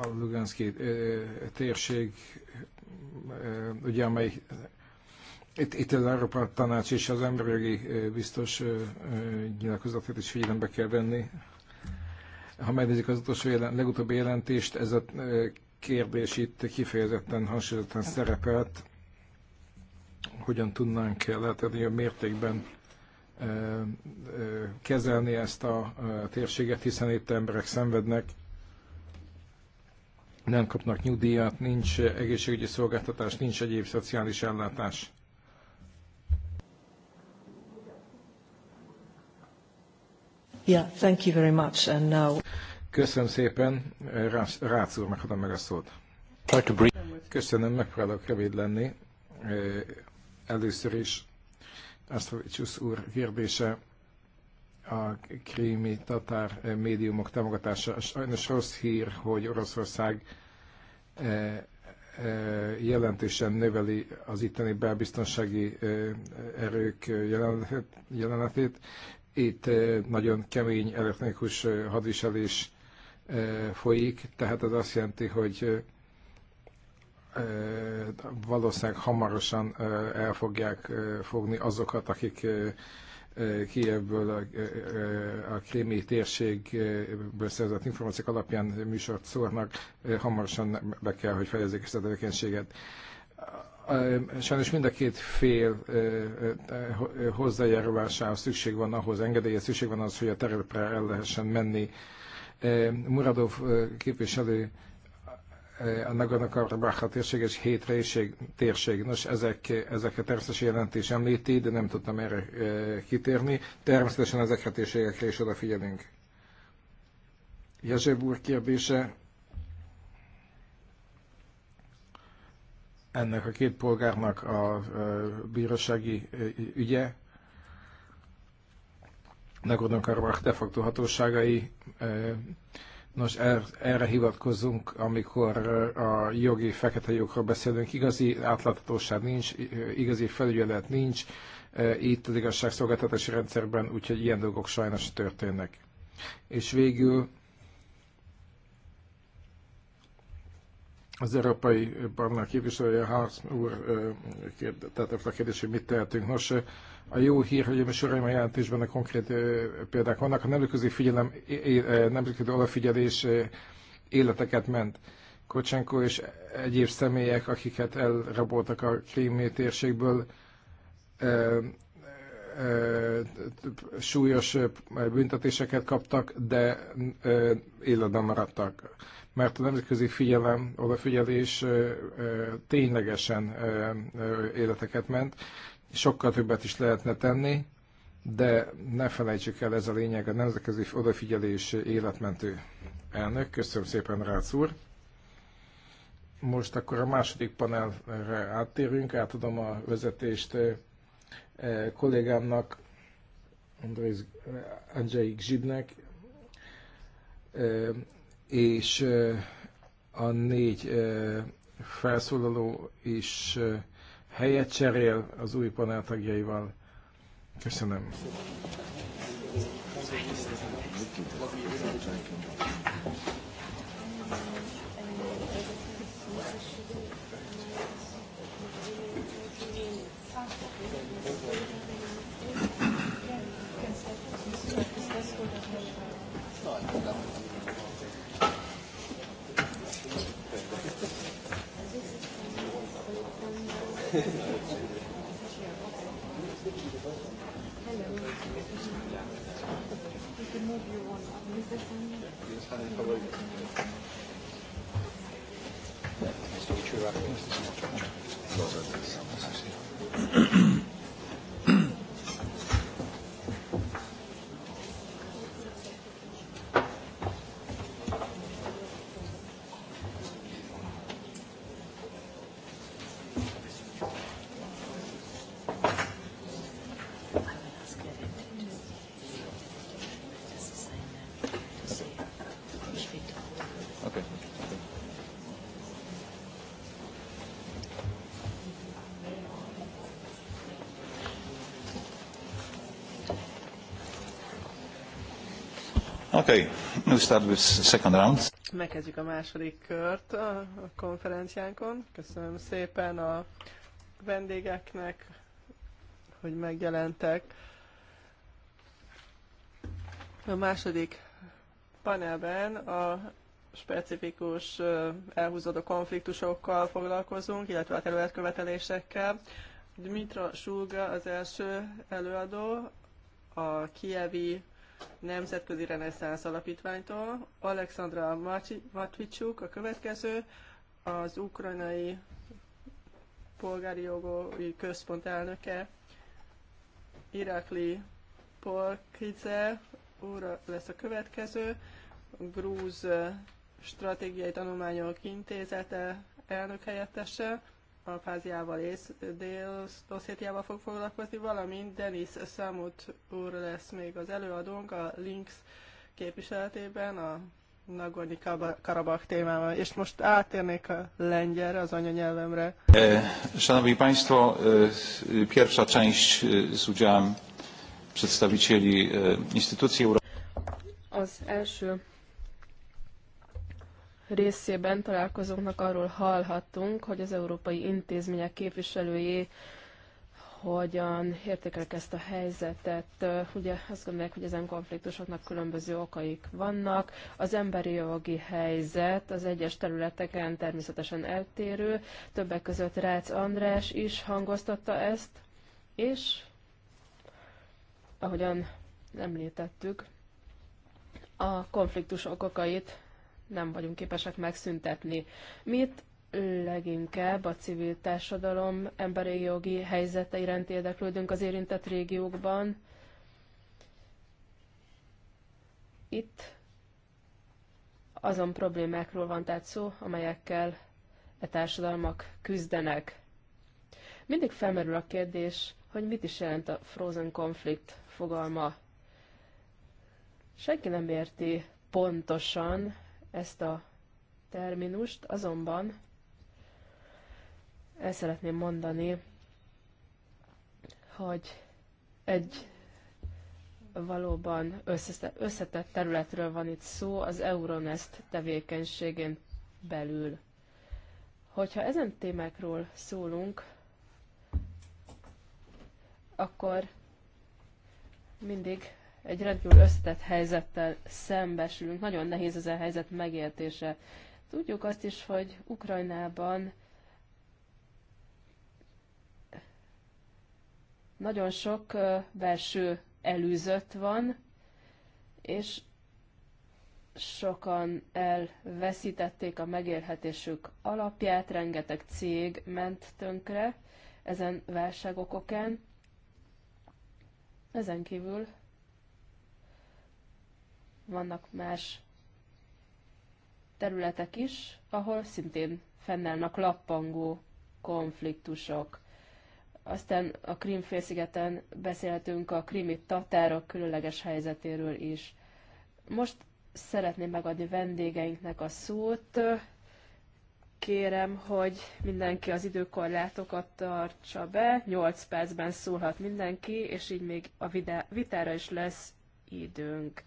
a Luganszki eh, térség, ugye amely itt, itt az Európa Tanács és az emberi biztos nyilatkozatot is figyelembe kell venni. Ha megnézik az utolsó jelen, legutóbbi jelentést, ez a kérdés itt kifejezetten hasonlóan szerepelt, hogyan tudnánk lehetően a mértékben kezelni ezt a térséget, hiszen itt emberek szenvednek, nem kapnak nyugdíjat, nincs egészségügyi szolgáltatás, nincs egyéb szociális ellátás. Yeah, thank you very much. And now... Köszönöm szépen, Rácz úr, meghatom meg a szót. Köszönöm, megpróbálok rövid lenni. Először is Asztrovicsus úr kérdése a krími tatár médiumok támogatása. Sajnos rossz hír, hogy Oroszország jelentősen növeli az itteni belbiztonsági erők jelenetét. Itt nagyon kemény elektronikus hadviselés folyik, tehát ez azt jelenti, hogy valószínűleg hamarosan el fogják fogni azokat, akik Kievből a, a krémi térségből szerzett információk alapján műsort szórnak, hamarosan be kell, hogy fejezzék ezt a tevékenységet. Sajnos mind a két fél hozzájárulásához szükség van ahhoz, engedélye szükség van az, hogy a területre el lehessen menni Muradov képviselő a Nagorno-Karabakh térség és hét résség, térség. Nos, ezek, ezek a természetes jelentés említi, de nem tudtam erre kitérni. Természetesen ezekre a térségekre is odafigyelünk. Jezseb úr kérdése. Ennek a két polgárnak a bírósági ügye Nagorno-Karabakh de facto hatóságai. E, nos, er, erre hivatkozunk, amikor a jogi fekete lyukról beszélünk. Igazi átláthatóság nincs, igazi felügyelet nincs e, itt az igazságszolgáltatási rendszerben, úgyhogy ilyen dolgok sajnos történnek. És végül az Európai Parlament képviselője Harz úr e, tehát a kérdés, hogy mit tehetünk. Nos, a jó hír, hogy a soraim a jelentésben a konkrét példák vannak. A nemzetközi figyelem, nemzetközi olafigyelés életeket ment. Kocsenko és egyéb személyek, akiket elraboltak a krími térségből, súlyos büntetéseket kaptak, de életben maradtak. Mert a nemzetközi figyelem, odafigyelés ténylegesen életeket ment sokkal többet is lehetne tenni, de ne felejtsük el, ez a lényeg, a nemzetközi odafigyelés életmentő elnök. Köszönöm szépen, Rácz úr. Most akkor a második panelre áttérünk, átadom a vezetést eh, kollégámnak, eh, Andrzej Gzsibnek, eh, és a négy felszólaló is helyet cserél az új panel tagjaival. Köszönöm. Okay, we start with second round. Megkezdjük a második kört a konferenciánkon. Köszönöm szépen a vendégeknek, hogy megjelentek. A második panelben a specifikus elhúzódó konfliktusokkal foglalkozunk, illetve a területkövetelésekkel. Dmitra Sulga az első előadó, a Kievi Nemzetközi Reneszánsz Alapítványtól. Alexandra Matvicsuk a következő, az ukrajnai polgári jogi központ elnöke, Irakli Polkice úra lesz a következő, Grúz Stratégiai Tanulmányok Intézete elnök helyettese, Abháziával és Dél-Oszétiával fog foglalkozni, valamint Denis Samut úr lesz még az előadónk a Lynx képviseletében a Nagorni Karabakh témával. És most átérnék a lengyelre, az anyanyelvemre. Eh, szanowni Państwo, eh, pierwsza część eh, z udziałem przedstawicieli instytucji Az első részében találkozónak arról hallhattunk, hogy az európai intézmények képviselői hogyan értékelik ezt a helyzetet. Ugye azt gondolják, hogy ezen konfliktusoknak különböző okaik vannak. Az emberi jogi helyzet az egyes területeken természetesen eltérő. Többek között Rácz András is hangoztatta ezt, és ahogyan említettük, a konfliktus okokait nem vagyunk képesek megszüntetni. Mit leginkább a civil társadalom emberi jogi helyzete iránt érdeklődünk az érintett régiókban. Itt azon problémákról van tehát szó, amelyekkel e társadalmak küzdenek. Mindig felmerül a kérdés, hogy mit is jelent a frozen konflikt fogalma. Senki nem érti pontosan, ezt a terminust, azonban el szeretném mondani, hogy egy valóban összetett területről van itt szó az Euronest tevékenységén belül. Hogyha ezen témákról szólunk, akkor mindig egy rendkívül összetett helyzettel szembesülünk. Nagyon nehéz ez a helyzet megértése. Tudjuk azt is, hogy Ukrajnában nagyon sok belső elűzött van, és sokan elveszítették a megélhetésük alapját, rengeteg cég ment tönkre ezen válságok okán. Ezen kívül vannak más területek is, ahol szintén fennállnak lappangó konfliktusok. Aztán a Krímfélszigeten beszélhetünk a krimi tatárok különleges helyzetéről is. Most szeretném megadni vendégeinknek a szót. Kérem, hogy mindenki az időkorlátokat tartsa be, 8 percben szólhat mindenki, és így még a vitára is lesz időnk.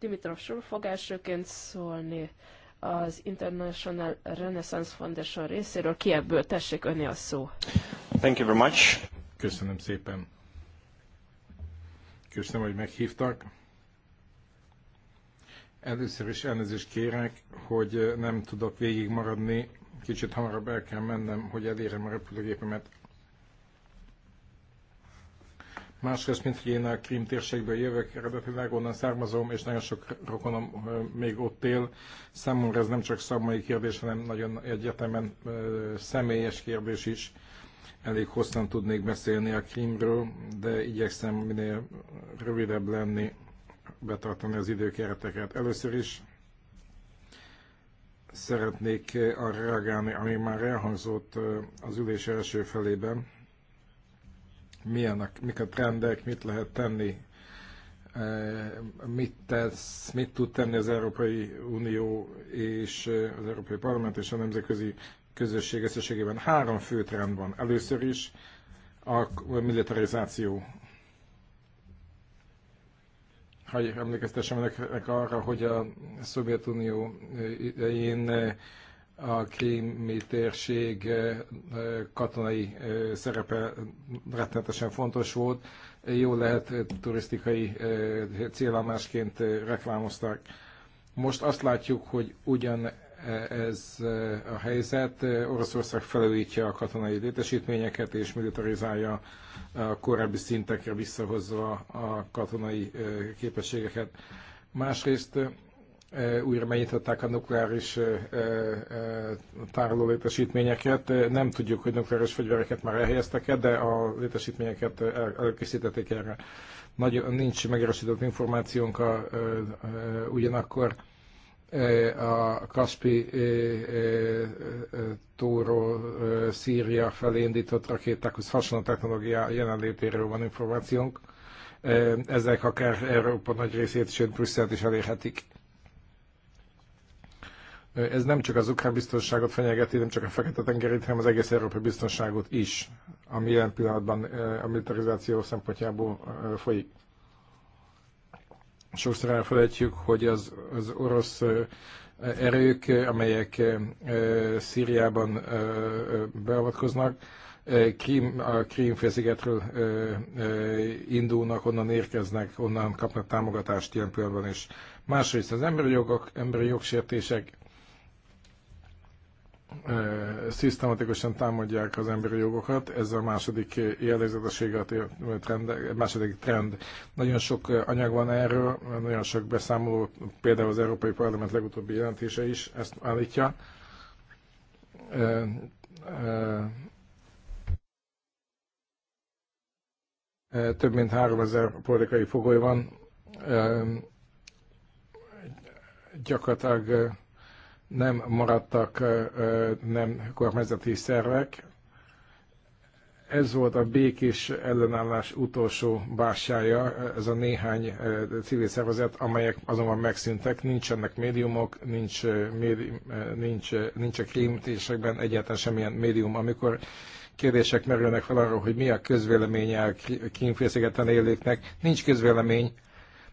Dimitrov, fog elsőként szólni az International Renaissance Foundation részéről. Ki ebből? Tessék önni a szó. Thank you very much. Köszönöm szépen. Köszönöm, hogy meghívtak. Először is elnézést kérek, hogy nem tudok végigmaradni. Kicsit hamarabb el kell mennem, hogy elérem a repülőgépemet. Másrészt, mint hogy én a Krím térségből jövök, eredetileg onnan származom, és nagyon sok rokonom még ott él. Számomra ez nem csak szakmai kérdés, hanem nagyon egyetemen személyes kérdés is. Elég hosszan tudnék beszélni a Krímről, de igyekszem minél rövidebb lenni, betartani az időkereteket. Először is szeretnék arra reagálni, ami már elhangzott az ülés első felében milyen a, mik a trendek, mit lehet tenni, e, mit tesz, mit tud tenni az Európai Unió és e, az Európai Parlament és a nemzetközi közösség összességében. Három fő trend van. Először is a militarizáció. ha emlékeztessem ennek arra, hogy a Szovjetunió idején e, a krími térség katonai szerepe rettenetesen fontos volt. Jó lehet turisztikai célállásként reklámozták. Most azt látjuk, hogy ugyan ez a helyzet. Oroszország felújítja a katonai létesítményeket és militarizálja a korábbi szintekre visszahozva a katonai képességeket. Másrészt újra megnyitották a nukleáris tároló létesítményeket. Nem tudjuk, hogy nukleáris fegyvereket már elhelyeztek -e, de a létesítményeket előkészítették erre. Nagy, nincs megerősített információnk a, a, a, ugyanakkor a Kaspi tóról Szíria felé indított rakétákhoz hasonló technológia jelenlétéről van információnk. Ezek akár Európa nagy részét, sőt Brüsszelt is elérhetik ez nem csak az ukrán biztonságot fenyegeti, nem csak a fekete tengerét, hanem az egész európai biztonságot is, ami jelen pillanatban a militarizáció szempontjából folyik. Sokszor elfelejtjük, hogy az, az orosz erők, amelyek Szíriában beavatkoznak, Krím, a Krímfélszigetről indulnak, onnan érkeznek, onnan kapnak támogatást ilyen pillanatban is. Másrészt az emberi jogok, emberi jogsértések szisztematikusan támadják az emberi jogokat. Ez a második jellegzetessége a trend, második trend. Nagyon sok anyag van erről, nagyon sok beszámoló, például az Európai Parlament legutóbbi jelentése is ezt állítja. Több mint 3000 politikai fogoly van. Gyakorlatilag nem maradtak nem kormányzati szervek. Ez volt a békés ellenállás utolsó bástyája, ez a néhány civil szervezet, amelyek azonban megszűntek, nincsenek médiumok, nincs, médi, nincs, nincs a krímtésekben egyáltalán semmilyen médium. Amikor kérdések merülnek fel arról, hogy mi a közvéleménye a kínfélszigeten élőknek, nincs közvélemény,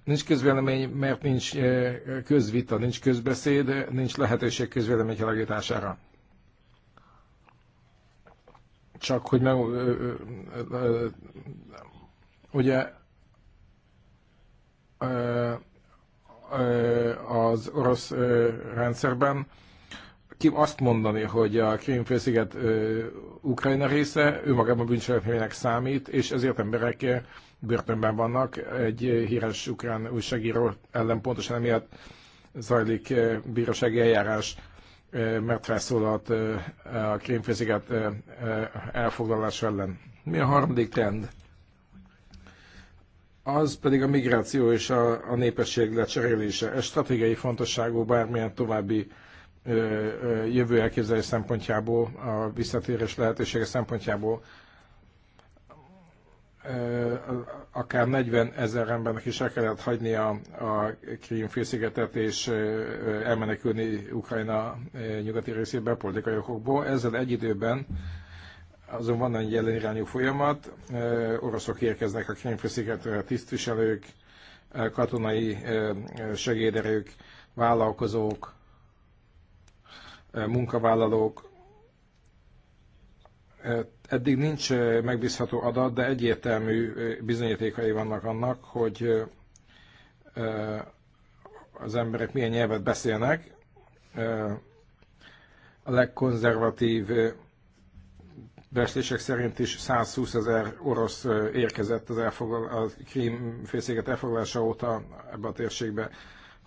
Nincs közvélemény, mert nincs eh, közvita, nincs közbeszéd, nincs lehetőség közvélemény kialakítására. Csak hogy meg, ugye az orosz rendszerben ki azt mondani, hogy a Krímfélsziget Ukrajna része, ő magában bűncselekménynek számít, és ezért emberek börtönben vannak. Egy híres ukrán újságíró ellen pontosan emiatt zajlik eh, bírósági eljárás, eh, mert felszólalt eh, a krémfésziget elfoglalás ellen. Mi a harmadik trend? Az pedig a migráció és a, a népesség lecserélése. Ez stratégiai fontosságú bármilyen további jövő elképzelés szempontjából, a visszatérés lehetősége szempontjából akár 40 ezer embernek is el kellett hagyni a, a Krím félszigetet és elmenekülni Ukrajna nyugati részébe politikai okokból. Ezzel egy időben azon van egy jelenirányú folyamat, oroszok érkeznek a Krím félszigetre, tisztviselők, katonai segéderők, vállalkozók, munkavállalók, Eddig nincs megbízható adat, de egyértelmű bizonyítékai vannak annak, hogy az emberek milyen nyelvet beszélnek. A legkonzervatív beszélések szerint is 120 ezer orosz érkezett az elfogal, a Krím félszéget elfoglalása óta ebbe a térségbe.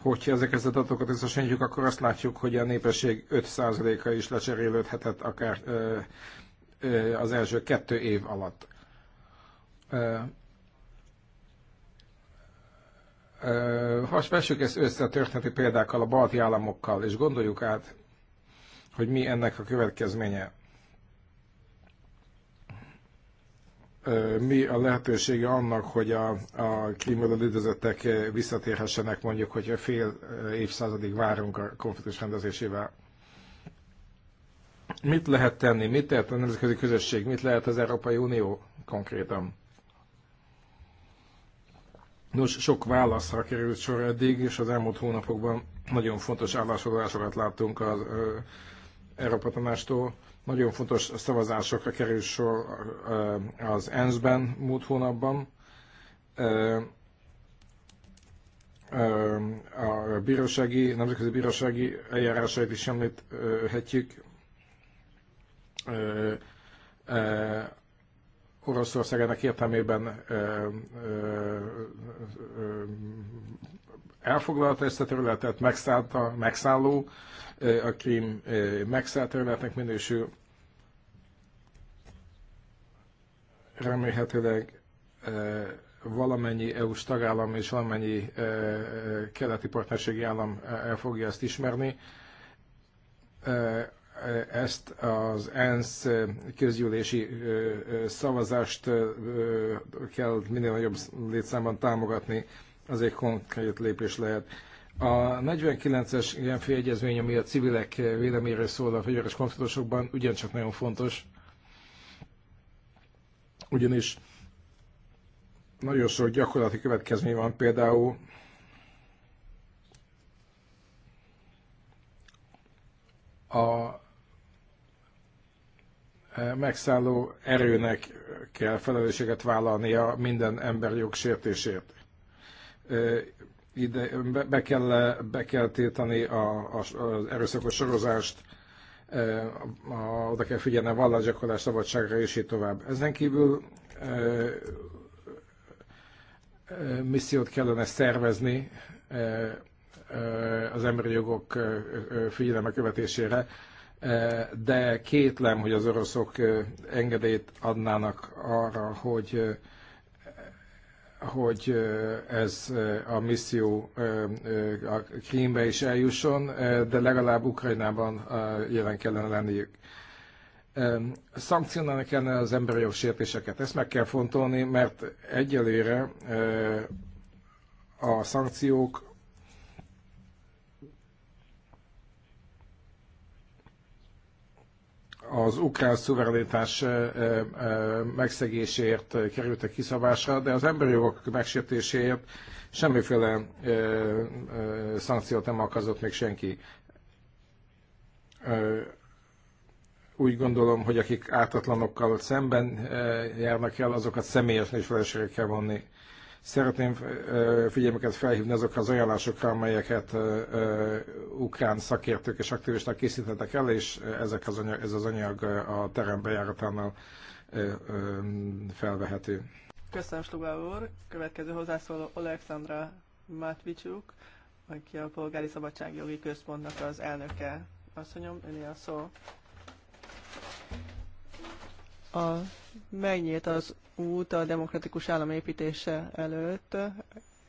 Hogyha ezeket az adatokat összesítjük, akkor azt látjuk, hogy a népesség 5%-a is lecserélődhetett akár az első kettő év alatt. Ha vessük ezt össze a történeti példákkal, a balti államokkal, és gondoljuk át, hogy mi ennek a következménye. Mi a lehetősége annak, hogy a, a krímről üldözöttek visszatérhessenek, mondjuk, hogy fél évszázadig várunk a konfliktus rendezésével? Mit lehet tenni? Mit tehet a nemzetközi közösség? Mit lehet az Európai Unió konkrétan? Nos, sok válaszra került sor eddig, és az elmúlt hónapokban nagyon fontos állásolásokat láttunk az Európa Tanástól. Nagyon fontos szavazásokra került sor az ENSZ-ben múlt hónapban. A bírósági, nemzetközi bírósági eljárásait is említhetjük. Oroszország ennek értelmében elfoglalta ezt a területet, megszállta, megszálló, a Krím megszállt területnek minősül. Remélhetőleg valamennyi EU-s tagállam és valamennyi keleti partnerségi állam el fogja ezt ismerni ezt az ENSZ közgyűlési szavazást kell minél nagyobb létszámban támogatni, az egy konkrét lépés lehet. A 49-es Genfi Egyezmény, ami a civilek véleményre szól a fegyveres konfliktusokban, ugyancsak nagyon fontos, ugyanis nagyon sok gyakorlati következmény van, például a Eh, megszálló erőnek kell felelősséget vállalnia minden ember jogsértésért. Eh, ide be kell, be kell tiltani a, a, az erőszakos sorozást, a, eh, a, oda kell figyelni a vallásgyakorlás szabadságra, és így tovább. Ezen kívül e, e, missziót kellene szervezni e, az emberi jogok figyelme követésére Eh, de kétlem, hogy az oroszok eh, engedélyt adnának arra, hogy eh, hogy ez a misszió a Krímbe is eljusson, de legalább Ukrajnában jelen kellene lenniük. Szankcionálni kellene az emberi jogsértéseket. Ezt meg kell fontolni, mert egyelőre a szankciók az ukrán szuverenitás megszegéséért kerültek kiszabásra, de az emberi jogok megsértéséért semmiféle szankciót nem alkalmazott még senki. Úgy gondolom, hogy akik ártatlanokkal szemben járnak el, azokat személyesen is felelősségre kell vonni. Szeretném figyelmüket felhívni azokra az ajánlásokra, amelyeket ukrán szakértők és aktivisták készítettek el, és ezek az anyag, ez az anyag a terem bejáratánál felvehető. Köszönöm, Slugá úr. Következő hozzászóló Alexandra Matvicsuk, aki a Polgári Szabadságjogi Központnak az elnöke. Asszonyom, öné a szó a, megnyílt az út a demokratikus állam építése előtt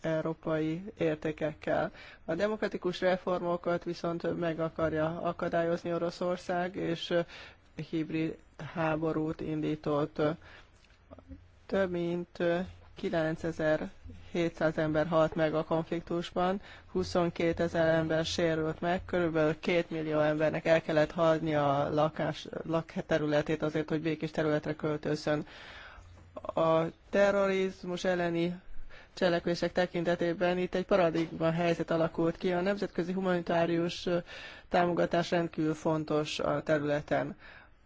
európai értékekkel. A demokratikus reformokat viszont meg akarja akadályozni Oroszország, és hibrid háborút indított. Több mint 9700 ember halt meg a konfliktusban, 22 ezer ember sérült meg, körülbelül 2 millió embernek el kellett hagyni a lakás, lakterületét azért, hogy békés területre költözön. A terrorizmus elleni cselekvések tekintetében itt egy paradigma helyzet alakult ki. A nemzetközi humanitárius támogatás rendkívül fontos a területen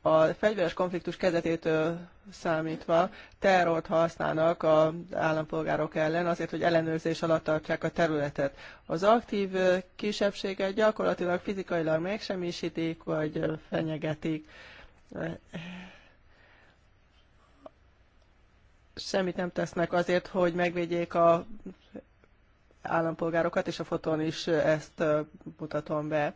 a fegyveres konfliktus kezdetétől számítva terrort használnak az állampolgárok ellen azért, hogy ellenőrzés alatt tartsák a területet. Az aktív kisebbséget gyakorlatilag fizikailag megsemmisítik, vagy fenyegetik. Semmit nem tesznek azért, hogy megvédjék a állampolgárokat, és a fotón is ezt mutatom be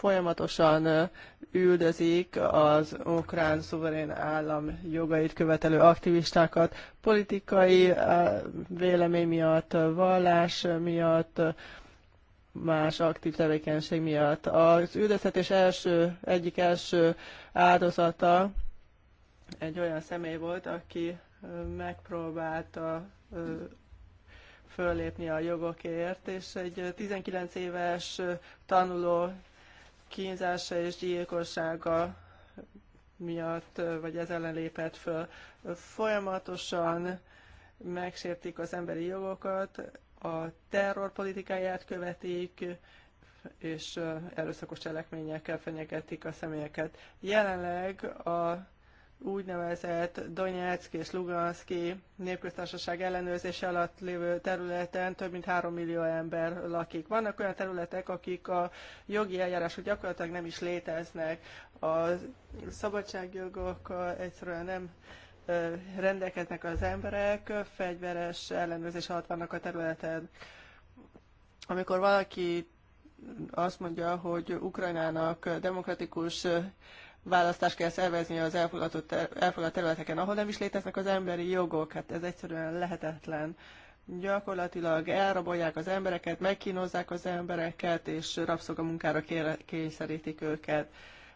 folyamatosan üldözik az ukrán szuverén állam jogait követelő aktivistákat politikai vélemény miatt, vallás miatt, más aktív tevékenység miatt. Az üldözhetés első, egyik első áldozata egy olyan személy volt, aki megpróbálta fölépni a jogokért, és egy 19 éves tanuló kínzása és gyilkossága miatt, vagy ez ellen lépett föl. Folyamatosan megsértik az emberi jogokat, a terrorpolitikáját követik, és erőszakos cselekményekkel fenyegetik a személyeket. Jelenleg a úgynevezett Donetsk és Luganszki népköztársaság ellenőrzése alatt lévő területen több mint 3 millió ember lakik. Vannak olyan területek, akik a jogi eljárások gyakorlatilag nem is léteznek. A szabadságjogok egyszerűen nem rendelkeznek az emberek, fegyveres ellenőrzés alatt vannak a területen. Amikor valaki azt mondja, hogy Ukrajnának demokratikus választást kell szervezni az elfoglalt, elfogadott területeken, ahol nem is léteznek az emberi jogok. Hát ez egyszerűen lehetetlen. Gyakorlatilag elrabolják az embereket, megkínozzák az embereket, és rabszolgamunkára kényszerítik őket.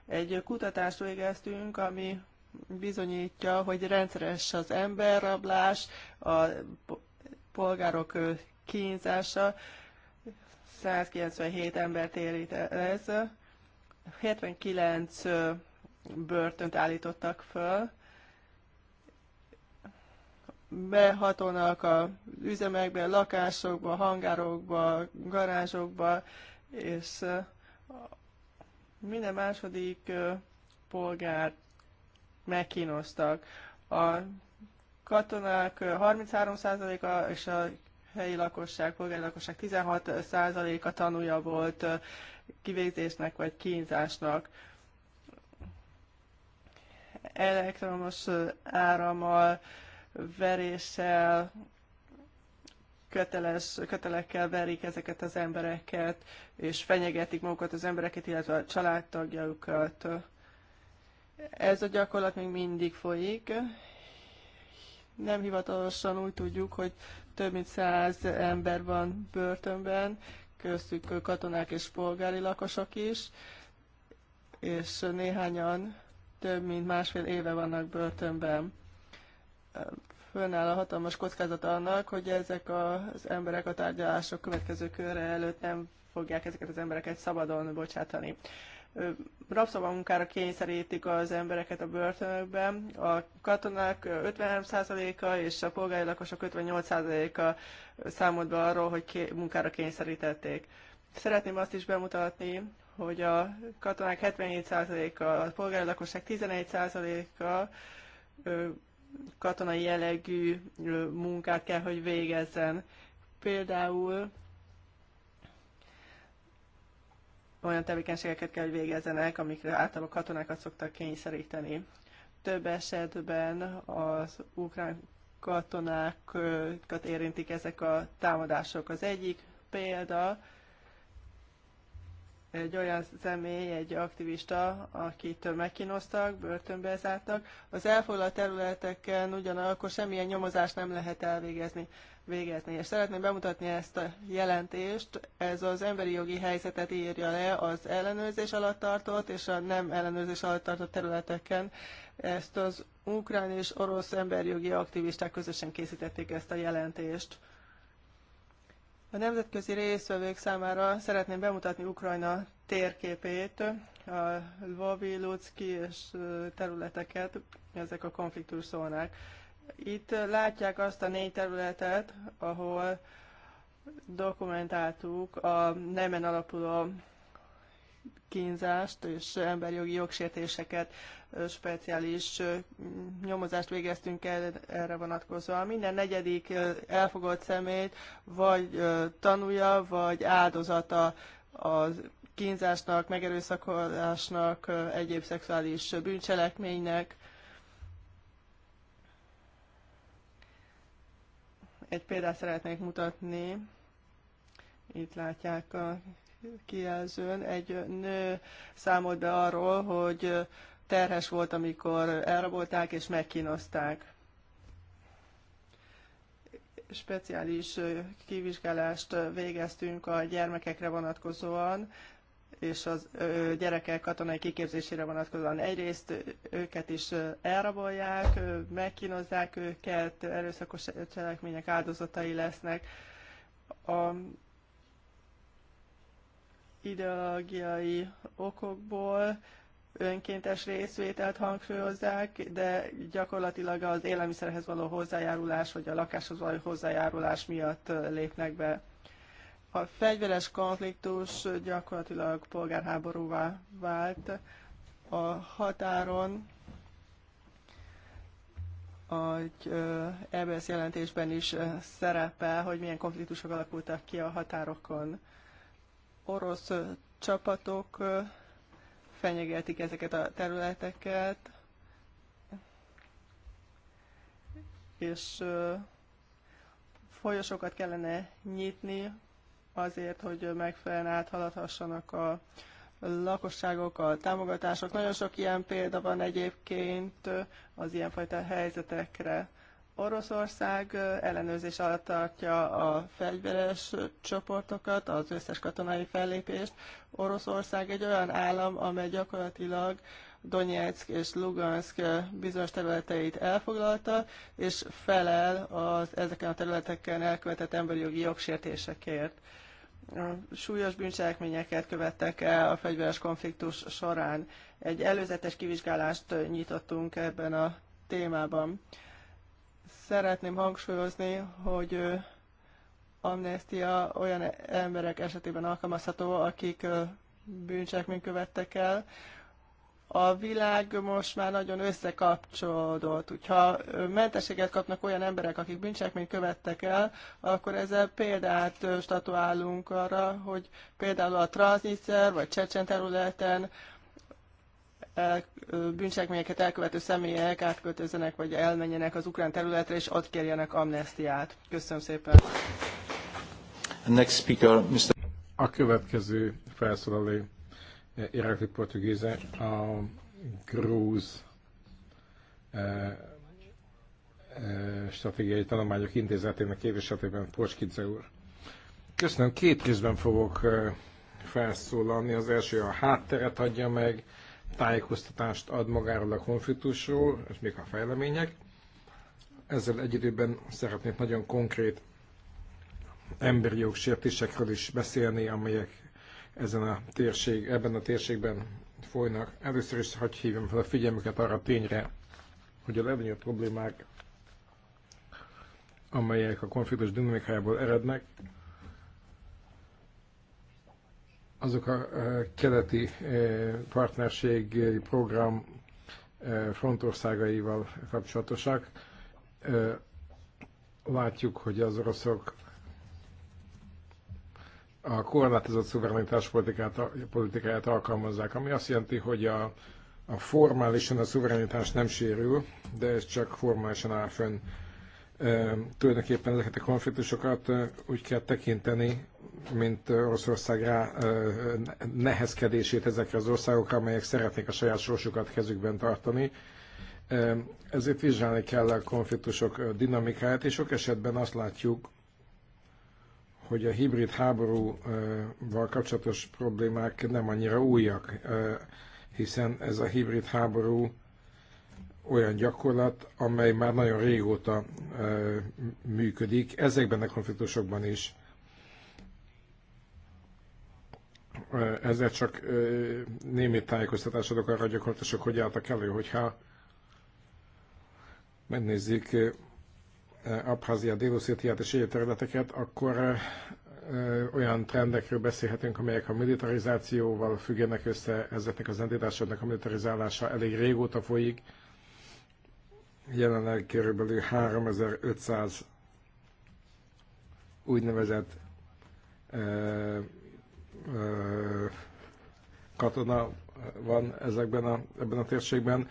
Egy kutatást végeztünk, ami bizonyítja, hogy rendszeres az emberrablás, a polgárok kínzása, 197 embert érít e- ez, 79 börtönt állítottak föl. Behatolnak a üzemekbe, lakásokba, hangárokba, garázsokba, és minden második polgár megkínoztak. A katonák 33%-a és a helyi lakosság, polgári lakosság 16%-a tanulja volt kivégzésnek vagy kínzásnak elektromos árammal, veréssel, köteles, kötelekkel verik ezeket az embereket, és fenyegetik magukat az embereket, illetve a családtagjaukat. Ez a gyakorlat még mindig folyik. Nem hivatalosan úgy tudjuk, hogy több mint száz ember van börtönben, köztük katonák és polgári lakosok is, és néhányan több mint másfél éve vannak börtönben. Fönnáll a hatalmas kockázat annak, hogy ezek az emberek a tárgyalások következő körre előtt nem fogják ezeket az embereket szabadon bocsátani. munkára kényszerítik az embereket a börtönökben. A katonák 53%-a és a polgári lakosok 58%-a számolt be arról, hogy munkára kényszerítették. Szeretném azt is bemutatni, hogy a katonák 77%-a, a polgári lakosság 11%-a katonai jellegű munkát kell, hogy végezzen. Például olyan tevékenységeket kell, hogy végezzenek, amikre általában katonákat szoktak kényszeríteni. Több esetben az ukrán katonákat érintik ezek a támadások. Az egyik példa egy olyan személy, egy aktivista, akit megkínoztak, börtönbe zártak. Az elfoglalt területeken ugyanakkor semmilyen nyomozást nem lehet elvégezni. Végezni. És szeretném bemutatni ezt a jelentést. Ez az emberi jogi helyzetet írja le az ellenőrzés alatt tartott és a nem ellenőrzés alatt tartott területeken. Ezt az ukrán és orosz emberi jogi aktivisták közösen készítették ezt a jelentést. A nemzetközi részvevők számára szeretném bemutatni Ukrajna térképét, a Lvovi, Lucki és területeket, ezek a konfliktus szónák. Itt látják azt a négy területet, ahol dokumentáltuk a nemen alapuló kínzást és emberjogi jogsértéseket, speciális nyomozást végeztünk el erre vonatkozóan. Minden negyedik elfogott szemét vagy tanulja, vagy áldozata az kínzásnak, megerőszakolásnak, egyéb szexuális bűncselekménynek. Egy példát szeretnék mutatni. Itt látják a kijelzőn egy nő számolt be arról, hogy terhes volt, amikor elrabolták és megkínozták. Speciális kivizsgálást végeztünk a gyermekekre vonatkozóan, és az gyerekek katonai kiképzésére vonatkozóan. Egyrészt őket is elrabolják, megkínozzák őket, erőszakos cselekmények áldozatai lesznek. A ideológiai okokból önkéntes részvételt hangsúlyozzák, de gyakorlatilag az élelmiszerhez való hozzájárulás, vagy a lakáshoz való hozzájárulás miatt lépnek be. A fegyveres konfliktus gyakorlatilag polgárháborúvá vált a határon, a EBS jelentésben is szerepel, hogy milyen konfliktusok alakultak ki a határokon orosz csapatok fenyegetik ezeket a területeket, és folyosokat kellene nyitni azért, hogy megfelelően áthaladhassanak a lakosságok, a támogatások. Nagyon sok ilyen példa van egyébként az ilyenfajta helyzetekre. Oroszország ellenőrzés alatt tartja a fegyveres csoportokat, az összes katonai fellépést. Oroszország egy olyan állam, amely gyakorlatilag Donetsk és Lugansk bizonyos területeit elfoglalta, és felel az ezeken a területeken elkövetett emberi jogi jogsértésekért. Súlyos bűncselekményeket követtek el a fegyveres konfliktus során. Egy előzetes kivizsgálást nyitottunk ebben a témában szeretném hangsúlyozni, hogy amnestia olyan emberek esetében alkalmazható, akik bűncselekményt követtek el. A világ most már nagyon összekapcsolódott. Ha mentességet kapnak olyan emberek, akik bűncselekményt követtek el, akkor ezzel példát statuálunk arra, hogy például a transzniszer vagy csecsen területen bűncselekményeket elkövető személyek átköltözzenek, vagy elmenjenek az ukrán területre, és ott kérjenek amnestiát. Köszönöm szépen. Next speaker, Mr. A következő felszólaló irakli portugéze a grúz e, e, stratégiai tanulmányok intézetének képviseletében Porskidze úr. Köszönöm, két részben fogok e, felszólalni. Az első a hátteret adja meg, tájékoztatást ad magáról a konfliktusról, és még a fejlemények. Ezzel egy időben szeretnék nagyon konkrét emberi jogsértésekről is beszélni, amelyek ezen a térség, ebben a térségben folynak. Először is hagyj hívjam fel a figyelmüket arra a tényre, hogy a legnagyobb problémák, amelyek a konfliktus dinamikájából erednek, azok a e, keleti e, partnerségi program e, frontországaival kapcsolatosak. Látjuk, hogy az oroszok a korlátozott szuverenitás politikát, politikáját alkalmazzák, ami azt jelenti, hogy a, a formálisan a szuverenitás nem sérül, de ez csak formálisan áll fönn tulajdonképpen ezeket a konfliktusokat úgy kell tekinteni, mint Oroszország rá nehezkedését ezekre az országokra, amelyek szeretnék a saját sorsukat kezükben tartani. Ezért vizsgálni kell a konfliktusok dinamikáját, és sok esetben azt látjuk, hogy a hibrid háborúval kapcsolatos problémák nem annyira újak, hiszen ez a hibrid háború olyan gyakorlat, amely már nagyon régóta működik, ezekben a konfliktusokban is. Ezzel csak némi tájékoztatást adok arra, hogy a konfliktusok hogy álltak elő, hogyha megnézzük Abházia, Délosszétiát és egyéb területeket, akkor olyan trendekről beszélhetünk, amelyek a militarizációval függenek össze, ezeknek az entitásoknak a militarizálása elég régóta folyik, Jelenleg körülbelül 3500 úgynevezett ö, ö, katona van ezekben a, ebben a térségben.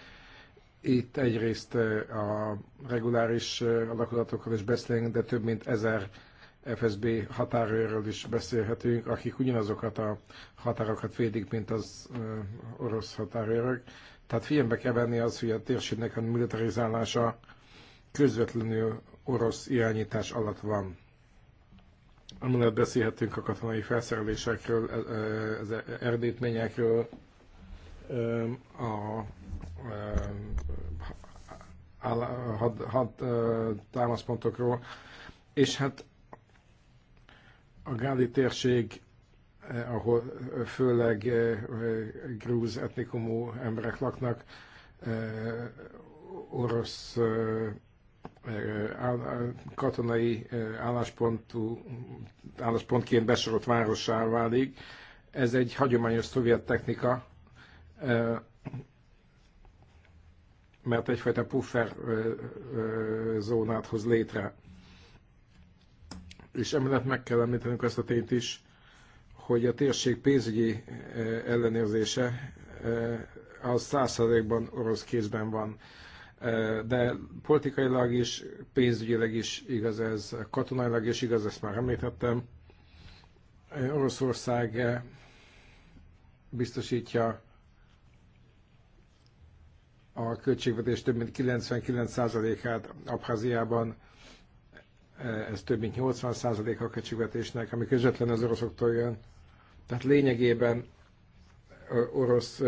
Itt egyrészt a reguláris alakulatokról is beszélünk, de több mint ezer FSB határőről is beszélhetünk, akik ugyanazokat a határokat védik, mint az orosz határőrök. Tehát figyelme kell venni az, hogy a térségnek a militarizálása közvetlenül orosz irányítás alatt van. Amellett beszélhetünk a katonai felszerelésekről, az e- e- e- erdítményekről, a had, had, támaszpontokról, és hát a Gáli térség Eh, ahol eh, főleg eh, grúz etnikumú emberek laknak, orosz katonai álláspontú, álláspontként besorolt várossá válik. Ez egy hagyományos szovjet technika, mert egyfajta puffer zónát hoz létre. És emellett meg kell említenünk azt a tényt is, hogy a térség pénzügyi eh, ellenőrzése eh, az százszerzékban orosz kézben van. Eh, de politikailag is, pénzügyileg is igaz ez, katonailag is igaz, ezt már említettem. Oroszország biztosítja a költségvetés több mint 99%-át Abháziában, ez több mint 80%-a a költségvetésnek, ami közvetlenül az oroszoktól jön tehát lényegében orosz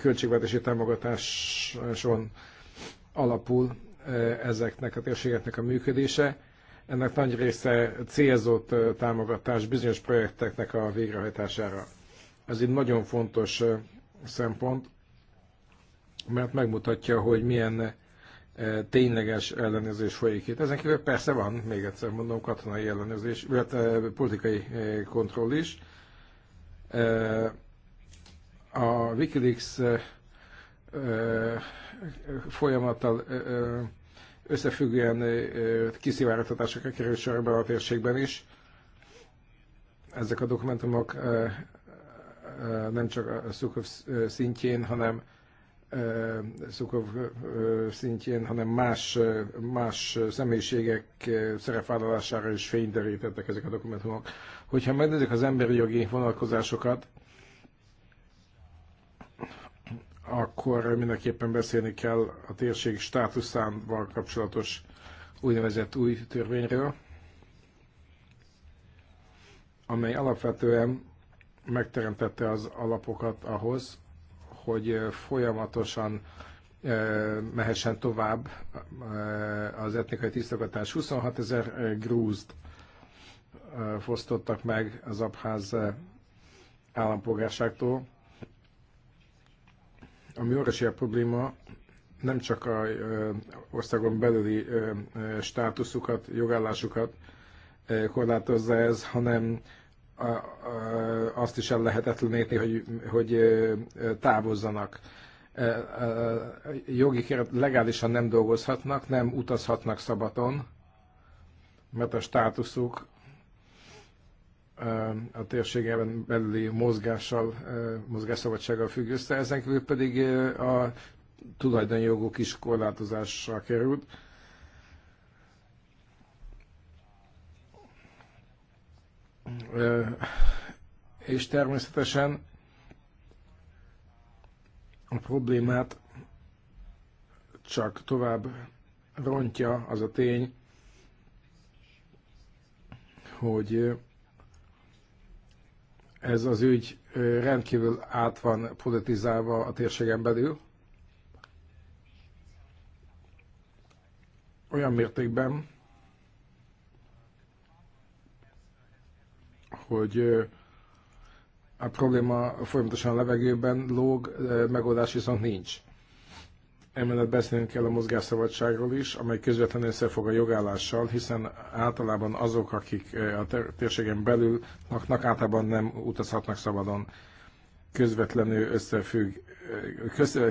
költségvetési támogatáson alapul ezeknek a térségeknek a működése. Ennek nagy része célzott támogatás bizonyos projekteknek a végrehajtására. Ez egy nagyon fontos szempont, mert megmutatja, hogy milyen tényleges ellenőrzés folyik itt. Ezen kívül persze van, még egyszer mondom, katonai ellenőrzés, illetve politikai kontroll is, a Wikileaks folyamattal összefüggően kiszivárogtatásokra került sor a térségben is. Ezek a dokumentumok nem csak a Szukov szintjén, hanem Szukov szintjén, hanem más, más személyiségek szerepvállalására is fényderítettek ezek a dokumentumok. Hogyha megnézzük az emberi jogi vonalkozásokat, akkor mindenképpen beszélni kell a térség státuszával kapcsolatos úgynevezett új törvényről, amely alapvetően megteremtette az alapokat ahhoz, hogy folyamatosan mehessen tovább az etnikai tisztogatás. 26 ezer grúzt fosztottak meg az abház állampolgárságtól. Ami óriási a probléma, nem csak a országon belüli státuszukat, jogállásukat korlátozza ez, hanem azt is el lehetetlenítni, hogy, hogy távozzanak. Jogi keret legálisan nem dolgozhatnak, nem utazhatnak szabaton, mert a státuszuk a térségében belüli mozgással, mozgásszabadsággal függ össze, ezen kívül pedig a tulajdonjogok is korlátozásra került És természetesen a problémát csak tovább rontja az a tény, hogy ez az ügy rendkívül át van politizálva a térségen belül. Olyan mértékben, hogy a probléma folyamatosan a levegőben lóg, megoldás viszont nincs. Emellett beszélnünk kell a mozgásszabadságról is, amely közvetlenül összefog a jogállással, hiszen általában azok, akik a térségen belül laknak, általában nem utazhatnak szabadon. Közvetlenül összefügg,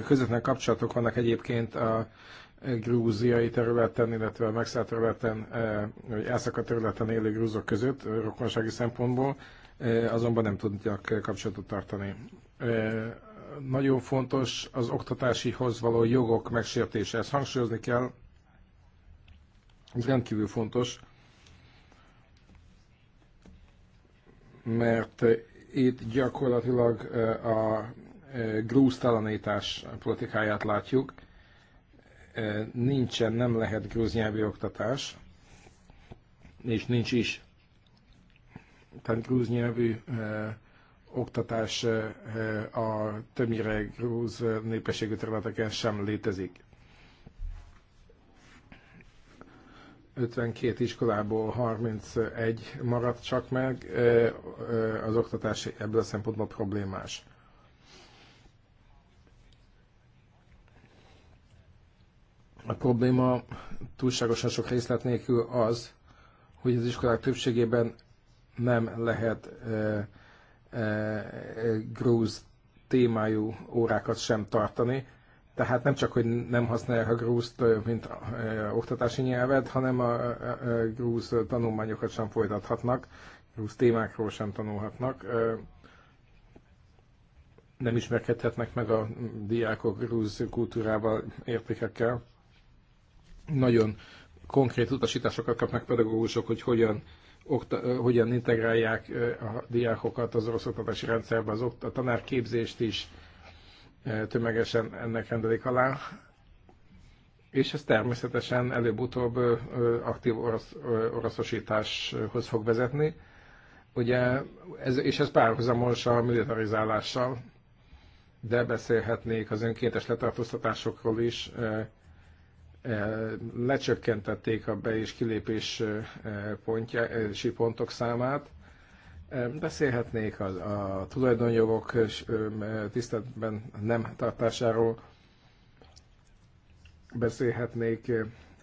közvetlen kapcsolatok vannak egyébként a grúziai területen, illetve a megszállt területen, eh, vagy elszakadt területen élő grúzok között eh, rokonsági szempontból, eh, azonban nem tudják kapcsolatot tartani. Nagyon fontos az oktatásihoz való jogok megsértése. Ezt hangsúlyozni kell, ez rendkívül fontos, mert itt gyakorlatilag a grúztalanítás politikáját látjuk, nincsen, nem lehet grúz nyelvi oktatás, és nincs is. Tehát grúz nyelvű oktatás a többnyire grúz népességű területeken sem létezik. 52 iskolából 31 maradt csak meg, az oktatás ebből a szempontból problémás. A probléma túlságosan sok részlet nélkül az, hogy az iskolák többségében nem lehet e, e, grúz témájú órákat sem tartani. Tehát nem csak, hogy nem használják a grúzt, mint e, oktatási nyelvet, hanem a e, e, grúz tanulmányokat sem folytathatnak, grúz témákról sem tanulhatnak. E, nem ismerkedhetnek meg a diákok grúz kultúrával, értékekkel nagyon konkrét utasításokat kapnak pedagógusok, hogy hogyan, okta, hogyan integrálják a diákokat az orosz oktatási rendszerbe, az okta, a tanárképzést is tömegesen ennek rendelik alá. És ez természetesen előbb-utóbb aktív orosz, oroszosításhoz fog vezetni. Ugye, ez, és ez párhuzamos a militarizálással, de beszélhetnék az önkéntes letartóztatásokról is, E, lecsökkentették a be- és kilépés e, e, pontjási pontok számát. Beszélhetnék a, a tulajdonjogok tiszteletben nem tartásáról, beszélhetnék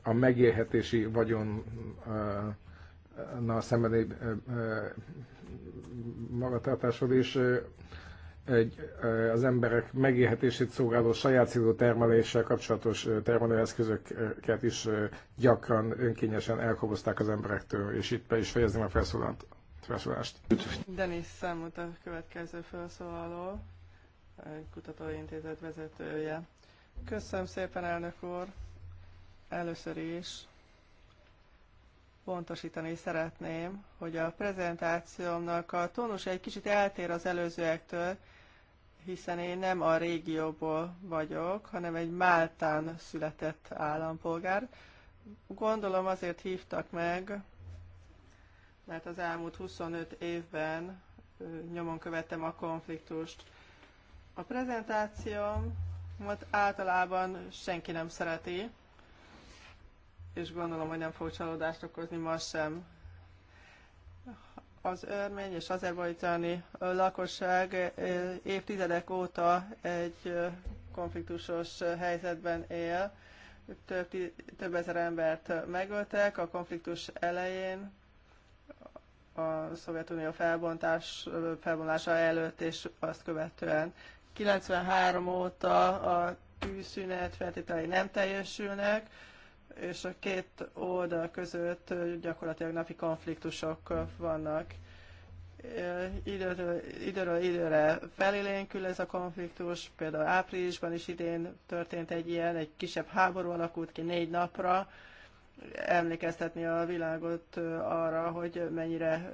a megélhetési vagyonnal szembeni magatartásról, és egy, az emberek megélhetését szolgáló saját célú termeléssel kapcsolatos termelőeszközöket is gyakran önkényesen elkobozták az emberektől, és itt be is fejezném a felszólalást. felszólást. Denis számot a következő felszólaló, kutatóintézet vezetője. Köszönöm szépen, elnök úr! Először is pontosítani szeretném, hogy a prezentációmnak a tónus egy kicsit eltér az előzőektől, hiszen én nem a régióból vagyok, hanem egy Máltán született állampolgár. Gondolom azért hívtak meg, mert az elmúlt 25 évben nyomon követtem a konfliktust. A prezentációmat általában senki nem szereti, és gondolom, hogy nem fog csalódást okozni ma sem az örmény és azerbajdzsáni lakosság eh, évtizedek óta egy eh, konfliktusos eh, helyzetben él. Több, több ezer embert megöltek a konfliktus elején, a Szovjetunió felbontás, felbomlása előtt és azt követően. 93 óta a tűzszünet feltételei nem teljesülnek, és a két oldal között gyakorlatilag napi konfliktusok vannak. Időről, időről időre felélénkül ez a konfliktus, például áprilisban is idén történt egy ilyen, egy kisebb háború alakult ki négy napra, emlékeztetni a világot arra, hogy mennyire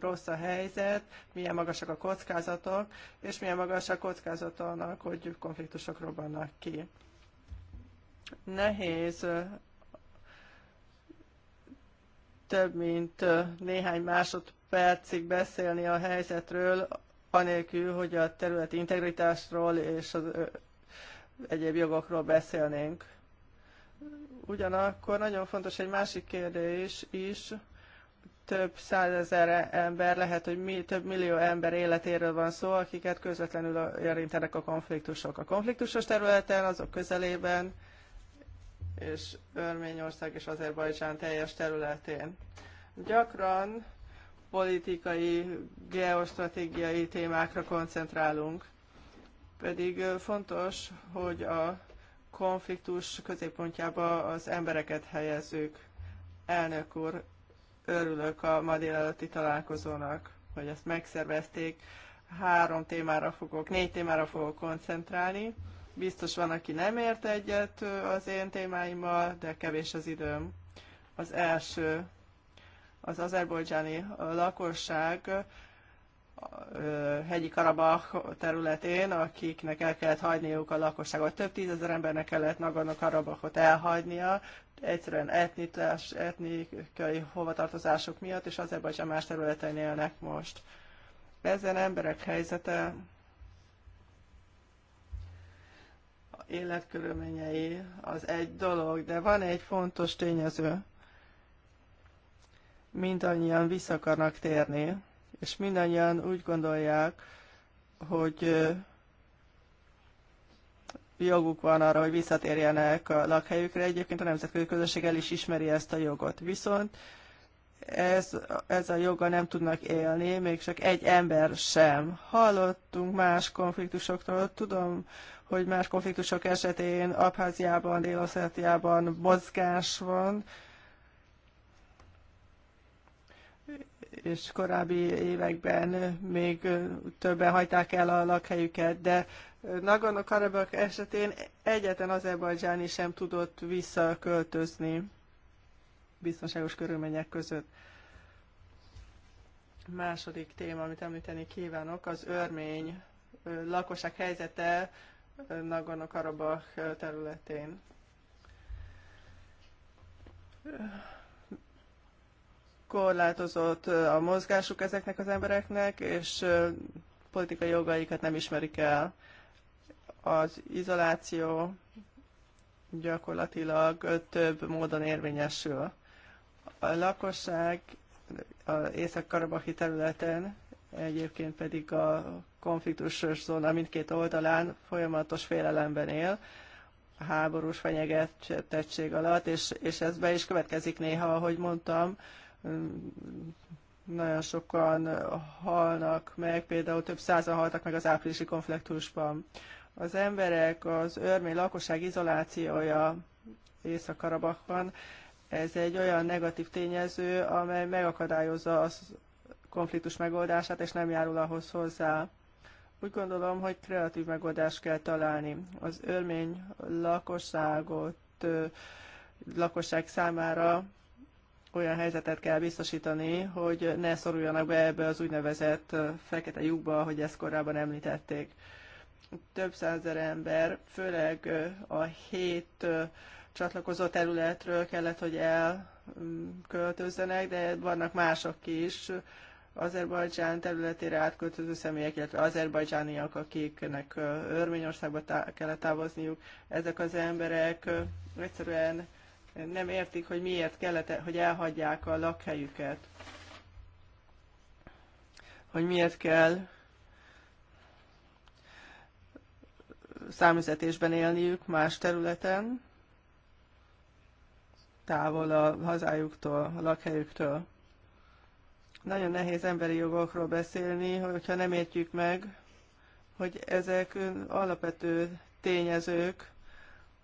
rossz a helyzet, milyen magasak a kockázatok, és milyen magas a kockázat annak, hogy konfliktusok robbannak ki nehéz több mint néhány másodpercig beszélni a helyzetről, anélkül, hogy a területi integritásról és az egyéb jogokról beszélnénk. Ugyanakkor nagyon fontos egy másik kérdés is, több százezer ember, lehet, hogy mi, több millió ember életéről van szó, akiket közvetlenül érintenek a konfliktusok. A konfliktusos területen, azok közelében, és Örményország és Azerbajdzsán teljes területén. Gyakran politikai, geostratégiai témákra koncentrálunk, pedig fontos, hogy a konfliktus középpontjába az embereket helyezzük. Elnök úr, örülök a ma délelőtti találkozónak, hogy ezt megszervezték. Három témára fogok, négy témára fogok koncentrálni. Biztos van, aki nem ért egyet az én témáimmal, de kevés az időm. Az első, az azerbajdzsáni lakosság hegyi Karabach területén, akiknek el kellett hagyniuk a lakosságot. Több tízezer embernek kellett Nagorno-Karabachot elhagynia, egyszerűen etnitás, etnikai hovatartozások miatt, és Azerbajdzsán más területen élnek most. Ezen emberek helyzete életkörülményei, az egy dolog, de van egy fontos tényező. Mindannyian vissza akarnak térni, és mindannyian úgy gondolják, hogy joguk van arra, hogy visszatérjenek a lakhelyükre. Egyébként a nemzetközi közösség el is ismeri ezt a jogot. Viszont ez, ez a joga nem tudnak élni, még csak egy ember sem. Hallottunk más konfliktusoktól, tudom, hogy más konfliktusok esetén Abháziában, dél mozgás van, és korábbi években még többen hagyták el a lakhelyüket, de Nagorno-Karabakh esetén egyetlen Azerbajdzsáni sem tudott visszaköltözni biztonságos körülmények között. Második téma, amit említeni kívánok, az örmény lakosság helyzete Nagorno-Karabakh területén. Korlátozott a mozgásuk ezeknek az embereknek, és politikai jogaikat nem ismerik el. Az izoláció gyakorlatilag több módon érvényesül. A lakosság az észak-karabahi területen egyébként pedig a konfliktusos zóna mindkét oldalán folyamatos félelemben él, háborús fenyegetettség alatt, és, és ez be is következik néha, ahogy mondtam, mm, nagyon sokan halnak meg, például több százan haltak meg az áprilisi konfliktusban. Az emberek, az örmény lakosság izolációja Észak-Karabakban, ez egy olyan negatív tényező, amely megakadályozza az konfliktus megoldását, és nem járul ahhoz hozzá. Úgy gondolom, hogy kreatív megoldást kell találni. Az örmény lakosságot, lakosság számára olyan helyzetet kell biztosítani, hogy ne szoruljanak be ebbe az úgynevezett fekete lyukba, hogy ezt korábban említették. Több százer ember, főleg a hét csatlakozó területről kellett, hogy elköltözzenek, de vannak mások is, Azerbajdzsán területére átköltöző személyek, illetve azerbajdzsániak, akiknek Örményországba tá- kellett távozniuk, ezek az emberek egyszerűen nem értik, hogy miért kellett, hogy elhagyják a lakhelyüket, hogy miért kell számüzetésben élniük más területen, távol a hazájuktól, a lakhelyüktől. Nagyon nehéz emberi jogokról beszélni, hogyha nem értjük meg, hogy ezek alapvető tényezők,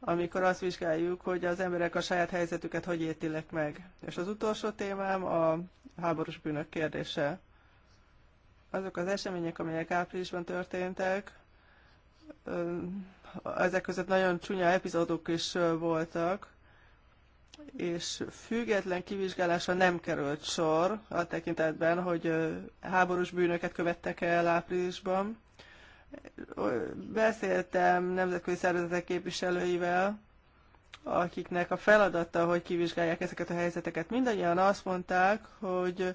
amikor azt vizsgáljuk, hogy az emberek a saját helyzetüket hogy értilek meg. És az utolsó témám a háborús bűnök kérdése. Azok az események, amelyek áprilisban történtek, ezek között nagyon csúnya epizódok is voltak, és független kivizsgálása nem került sor a tekintetben, hogy háborús bűnöket követtek el áprilisban. Beszéltem nemzetközi szervezetek képviselőivel, akiknek a feladata, hogy kivizsgálják ezeket a helyzeteket. Mindannyian azt mondták, hogy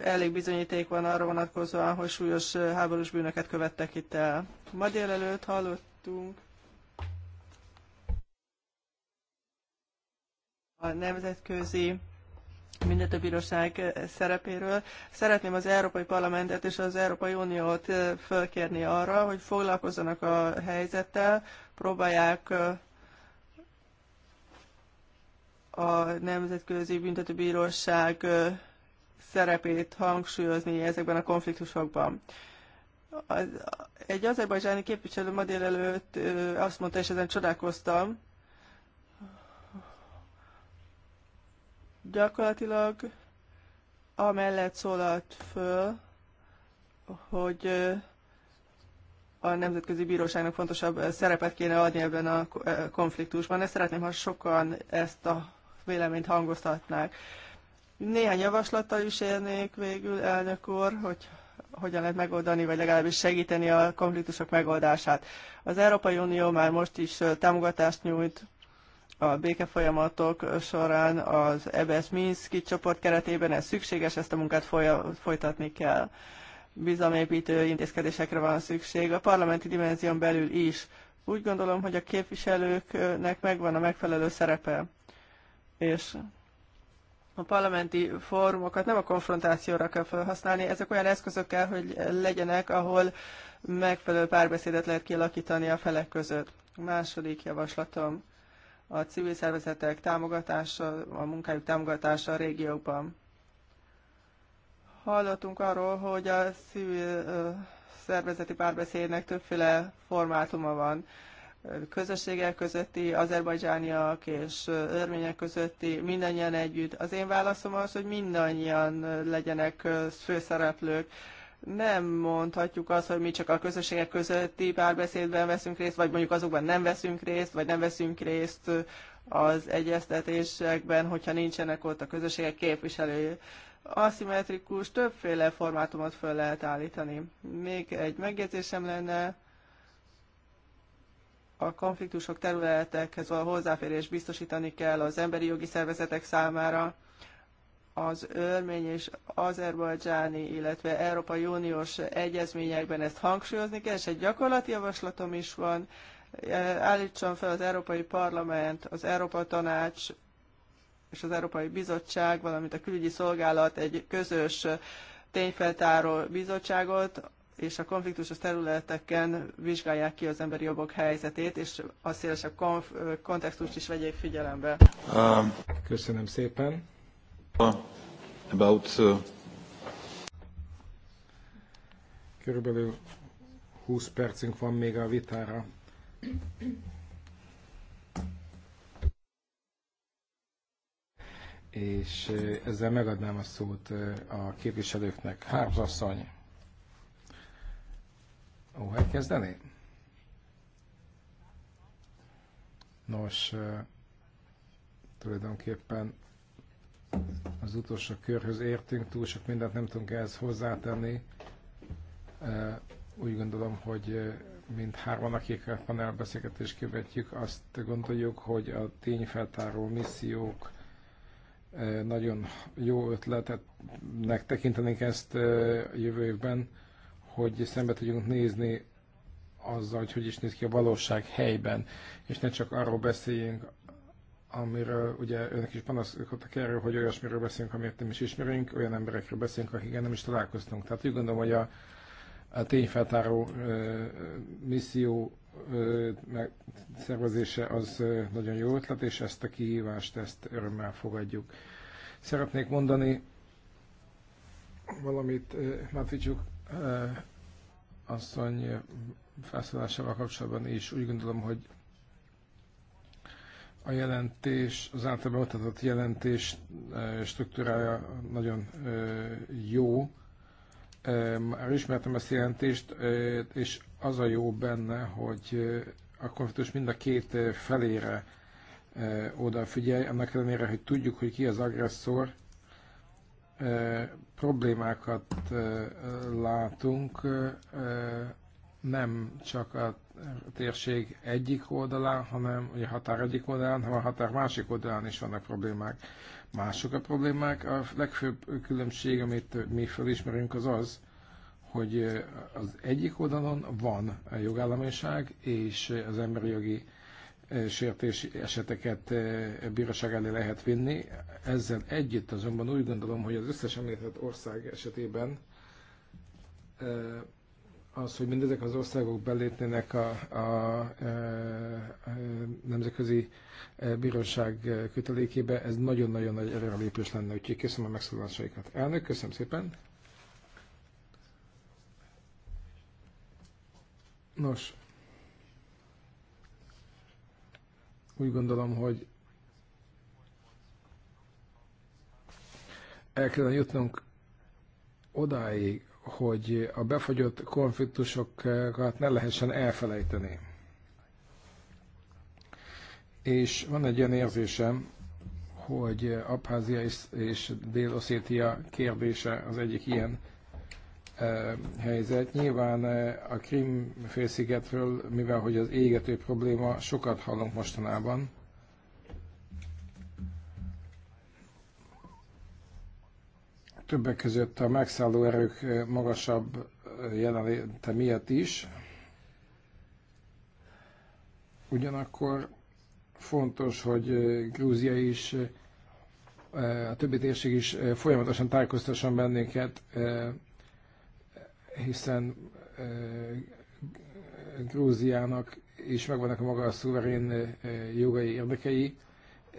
elég bizonyíték van arra vonatkozóan, hogy súlyos háborús bűnöket követtek itt el. Ma délelőtt hallottunk a nemzetközi büntetőbíróság eh, szerepéről. Szeretném az Európai Parlamentet és az Európai Uniót eh, fölkérni arra, hogy foglalkozzanak a helyzettel, próbálják eh, a Nemzetközi Büntetőbíróság szerepét hangsúlyozni ezekben a konfliktusokban. Az, egy azerbajdzsáni képviselő ma délelőtt azt mondta, és ezen csodálkoztam, gyakorlatilag amellett szólalt föl, hogy a Nemzetközi Bíróságnak fontosabb szerepet kéne adni ebben a konfliktusban. Ezt szeretném, ha sokan ezt a véleményt hangoztatnák. Néhány javaslattal is érnék végül, elnök úr, hogy hogyan lehet megoldani, vagy legalábbis segíteni a konfliktusok megoldását. Az Európai Unió már most is támogatást nyújt a békefolyamatok során az EBS Minszki csoport keretében ez szükséges, ezt a munkát folya, folytatni kell. Bizalmépítő intézkedésekre van szükség a parlamenti dimenzión belül is. Úgy gondolom, hogy a képviselőknek megvan a megfelelő szerepe, és a parlamenti fórumokat nem a konfrontációra kell felhasználni, ezek olyan eszközök kell, hogy legyenek, ahol megfelelő párbeszédet lehet kialakítani a felek között. második javaslatom a civil szervezetek támogatása, a munkájuk támogatása a régiókban. Hallottunk arról, hogy a civil szervezeti párbeszédnek többféle formátuma van. Közösségek közötti, azerbajdzsániak és örmények közötti, mindannyian együtt. Az én válaszom az, hogy mindannyian legyenek főszereplők nem mondhatjuk azt, hogy mi csak a közösségek közötti párbeszédben veszünk részt, vagy mondjuk azokban nem veszünk részt, vagy nem veszünk részt az egyeztetésekben, hogyha nincsenek ott a közösségek képviselői. Aszimmetrikus, többféle formátumot föl lehet állítani. Még egy megjegyzésem lenne, a konfliktusok területekhez való hozzáférés biztosítani kell az emberi jogi szervezetek számára, az örmény és azerbajdzsáni, illetve Európai Uniós egyezményekben ezt hangsúlyozni kell, és egy gyakorlati javaslatom is van. E, állítson fel az Európai Parlament, az Európa Tanács és az Európai Bizottság, valamint a külügyi szolgálat egy közös tényfeltáró bizottságot, és a konfliktusos területeken vizsgálják ki az emberi jogok helyzetét, és a szélesebb konf- kontextust is vegyék figyelembe. Köszönöm szépen. About, uh, Körülbelül 20 percünk van még a vitára. És uh, ezzel megadnám a szót uh, a képviselőknek. asszony. Ó, elkezdeni? Nos, tulajdonképpen az utolsó körhöz értünk, túl sok mindent nem tudunk ehhez hozzátenni. Úgy gondolom, hogy mint hárman, akik a panelbeszélgetést követjük, azt gondoljuk, hogy a tényfeltáró missziók nagyon jó ötletetnek tekintenénk ezt jövő évben, hogy szembe tudjunk nézni azzal, hogy hogy is néz ki a valóság helyben, és ne csak arról beszéljünk, amiről ugye önök is panaszkodtak erről, hogy olyasmiről beszélünk, amit nem is ismerünk, olyan emberekről beszélünk, akikkel nem is találkoztunk. Tehát úgy gondolom, hogy a, a tényfeltáró ö, misszió ö, szervezése az ö, nagyon jó ötlet, és ezt a kihívást, ezt örömmel fogadjuk. Szeretnék mondani valamit Matvicsuk asszony felszólásával kapcsolatban is. Úgy gondolom, hogy a jelentés, az általában adott jelentés e, struktúrája nagyon e, jó. E, már ismertem ezt a jelentést, és az a jó benne, hogy a konfliktus mind a két felére odafigyelj, annak ellenére, hogy tudjuk, hogy ki az agresszor, problémákat látunk, nem csak a térség egyik oldalán, hanem a határ egyik oldalán, hanem a határ másik oldalán is vannak problémák. Mások a problémák. A legfőbb különbség, amit mi felismerünk, az az, hogy az egyik oldalon van a jogállamiság, és az emberi jogi sértés eseteket bíróság elé lehet vinni. Ezzel együtt azonban úgy gondolom, hogy az összes említett ország esetében az, hogy mindezek az országok belépnének a, a, a, e, a e, Nemzetközi e, Bíróság kötelékébe, ez nagyon-nagyon nagy előrelépés lenne, úgyhogy köszönöm a megszólalásaikat. Elnök, köszönöm szépen! Nos, úgy gondolom, hogy el kellene jutnunk odáig, hogy a befagyott konfliktusokat ne lehessen elfelejteni. És van egy ilyen érzésem, hogy Abházia és, és Dél-Oszétia kérdése az egyik ilyen e, helyzet. Nyilván e, a Krim félszigetről, mivel hogy az égető probléma, sokat hallunk mostanában, többek között a megszálló erők magasabb jelenléte miatt is. Ugyanakkor fontos, hogy Grúzia is, a többi térség is folyamatosan tájékoztasson bennünket, hiszen eh, Grúziának is megvannak a maga a szuverén eh, jogai érdekei,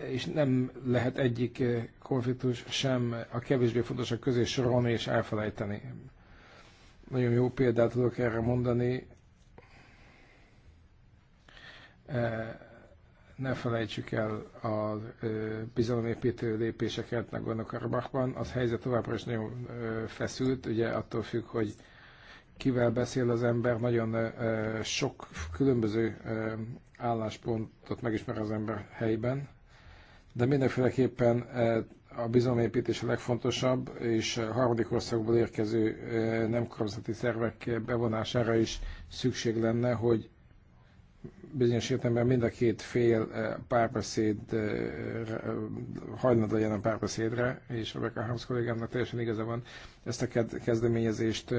és nem lehet egyik eh, konfliktus sem a kevésbé fontos a közé sorolni és elfelejteni. Nagyon jó példát tudok erre mondani. Eh, ne felejtsük el a eh, bizalomépítő lépéseket Nagorno-Karabakban. Az helyzet továbbra is nagyon feszült, ugye attól függ, hogy kivel beszél az ember, nagyon sok különböző álláspontot megismer az ember helyben de mindenféleképpen e, a bizalomépítés a legfontosabb, és a harmadik országból érkező e, nem kormányzati szervek bevonására is szükség lenne, hogy bizonyos értelemben mind a két fél e, párbeszéd hajlandó legyen a párbeszédre, és Rebecca Harms kollégámnak teljesen igaza van, ezt a kezdeményezést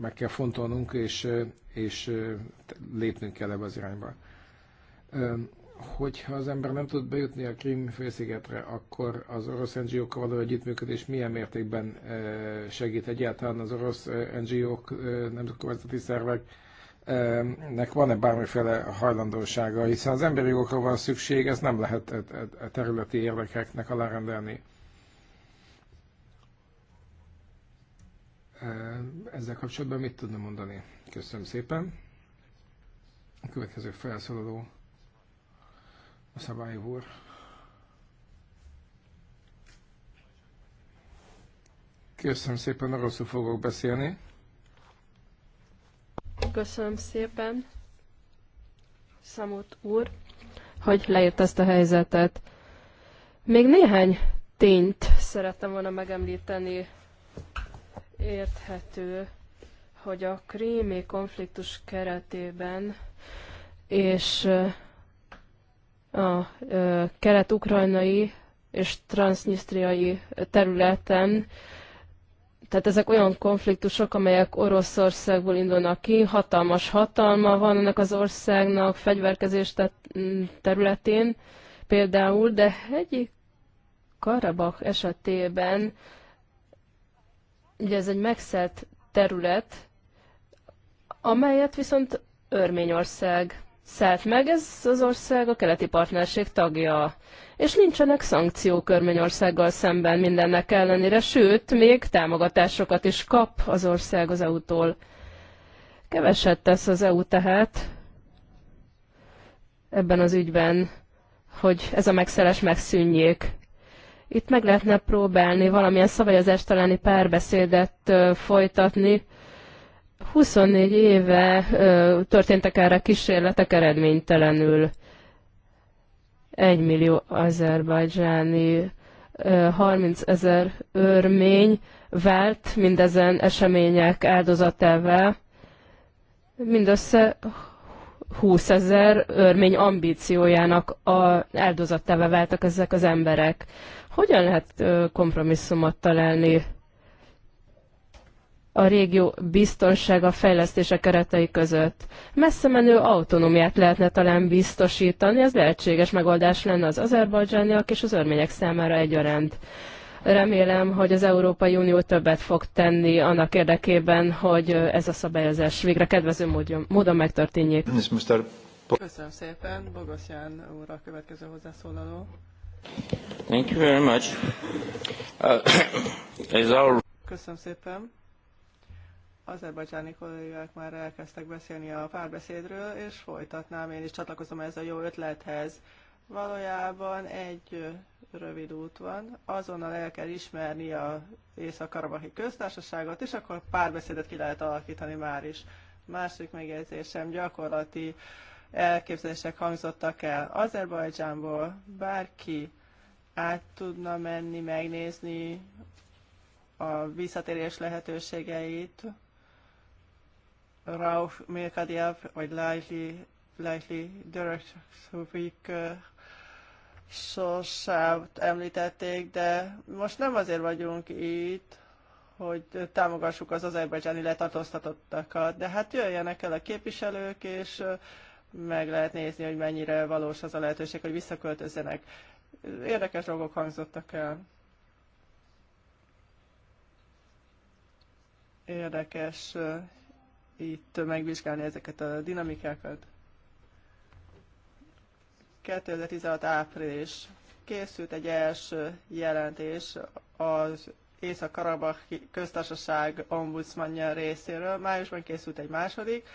meg kell fontolnunk, és, és lépnünk kell ebbe az irányba. Hogyha az ember nem tud bejutni a Krim félszigetre, akkor az orosz NGO-kkal való együttműködés milyen mértékben segít egyáltalán az orosz NGO-k, nemzetközi szervek, nek van-e bármiféle hajlandósága, hiszen az emberi jogokra van szükség, ez nem lehet a e, e, e területi érdekeknek alárendelni. Ezzel kapcsolatban mit tudna mondani? Köszönöm szépen. A következő felszólaló Szabály úr. Köszönöm szépen, rosszul fogok beszélni. Köszönöm szépen, Szamut úr, hogy leírt ezt a helyzetet. Még néhány tényt szerettem volna megemlíteni. Érthető, hogy a krími konfliktus keretében és a kelet-ukrajnai és transznisztriai területen. Tehát ezek olyan konfliktusok, amelyek Oroszországból indulnak ki, hatalmas hatalma van ennek az országnak fegyverkezés területén például, de hegyi Karabak esetében ugye ez egy megszelt terület, amelyet viszont Örményország szállt meg, ez az ország a keleti partnerség tagja. És nincsenek szankciók Örményországgal szemben mindennek ellenére, sőt, még támogatásokat is kap az ország az EU-tól. Keveset tesz az EU tehát ebben az ügyben, hogy ez a megszeres megszűnjék. Itt meg lehetne próbálni valamilyen szavazást találni, párbeszédet folytatni, 24 éve történtek erre kísérletek eredménytelenül. Egy millió azerbajdzsáni, 30 ezer örmény vált mindezen események áldozatává. Mindössze 20 ezer örmény ambíciójának a áldozatává váltak ezek az emberek. Hogyan lehet kompromisszumot találni a régió biztonsága fejlesztése keretei között. Messze menő autonómiát lehetne talán biztosítani, ez lehetséges megoldás lenne az azerbajdzsániak és az örmények számára egyaránt. Remélem, hogy az Európai Unió többet fog tenni annak érdekében, hogy ez a szabályozás végre kedvező módon, módon megtörténjék. Köszönöm szépen, Bogoszján úr a következő hozzászólaló. Thank you very much. Uh, our... Köszönöm szépen azerbajdzsáni kollégák már elkezdtek beszélni a párbeszédről, és folytatnám, én is csatlakozom ez a jó ötlethez. Valójában egy rövid út van, azonnal el kell ismerni a Észak-Karabahi köztársaságot, és akkor párbeszédet ki lehet alakítani már is. Másik megjegyzésem gyakorlati elképzelések hangzottak el. Azerbajdzsánból bárki át tudna menni, megnézni a visszatérés lehetőségeit, Rauf Mirkadiev vagy Lajli, Lajli Dörökszövik sorsát említették, de most nem azért vagyunk itt, hogy támogassuk az azerbajdzsáni letartóztatottakat, de hát jöjjenek el a képviselők, és meg lehet nézni, hogy mennyire valós az a lehetőség, hogy visszaköltözzenek. Érdekes dolgok hangzottak el. Érdekes itt megvizsgálni ezeket a dinamikákat. 2016 április készült egy első jelentés az észak Karabach köztársaság ombudsmanja részéről. Májusban készült egy második.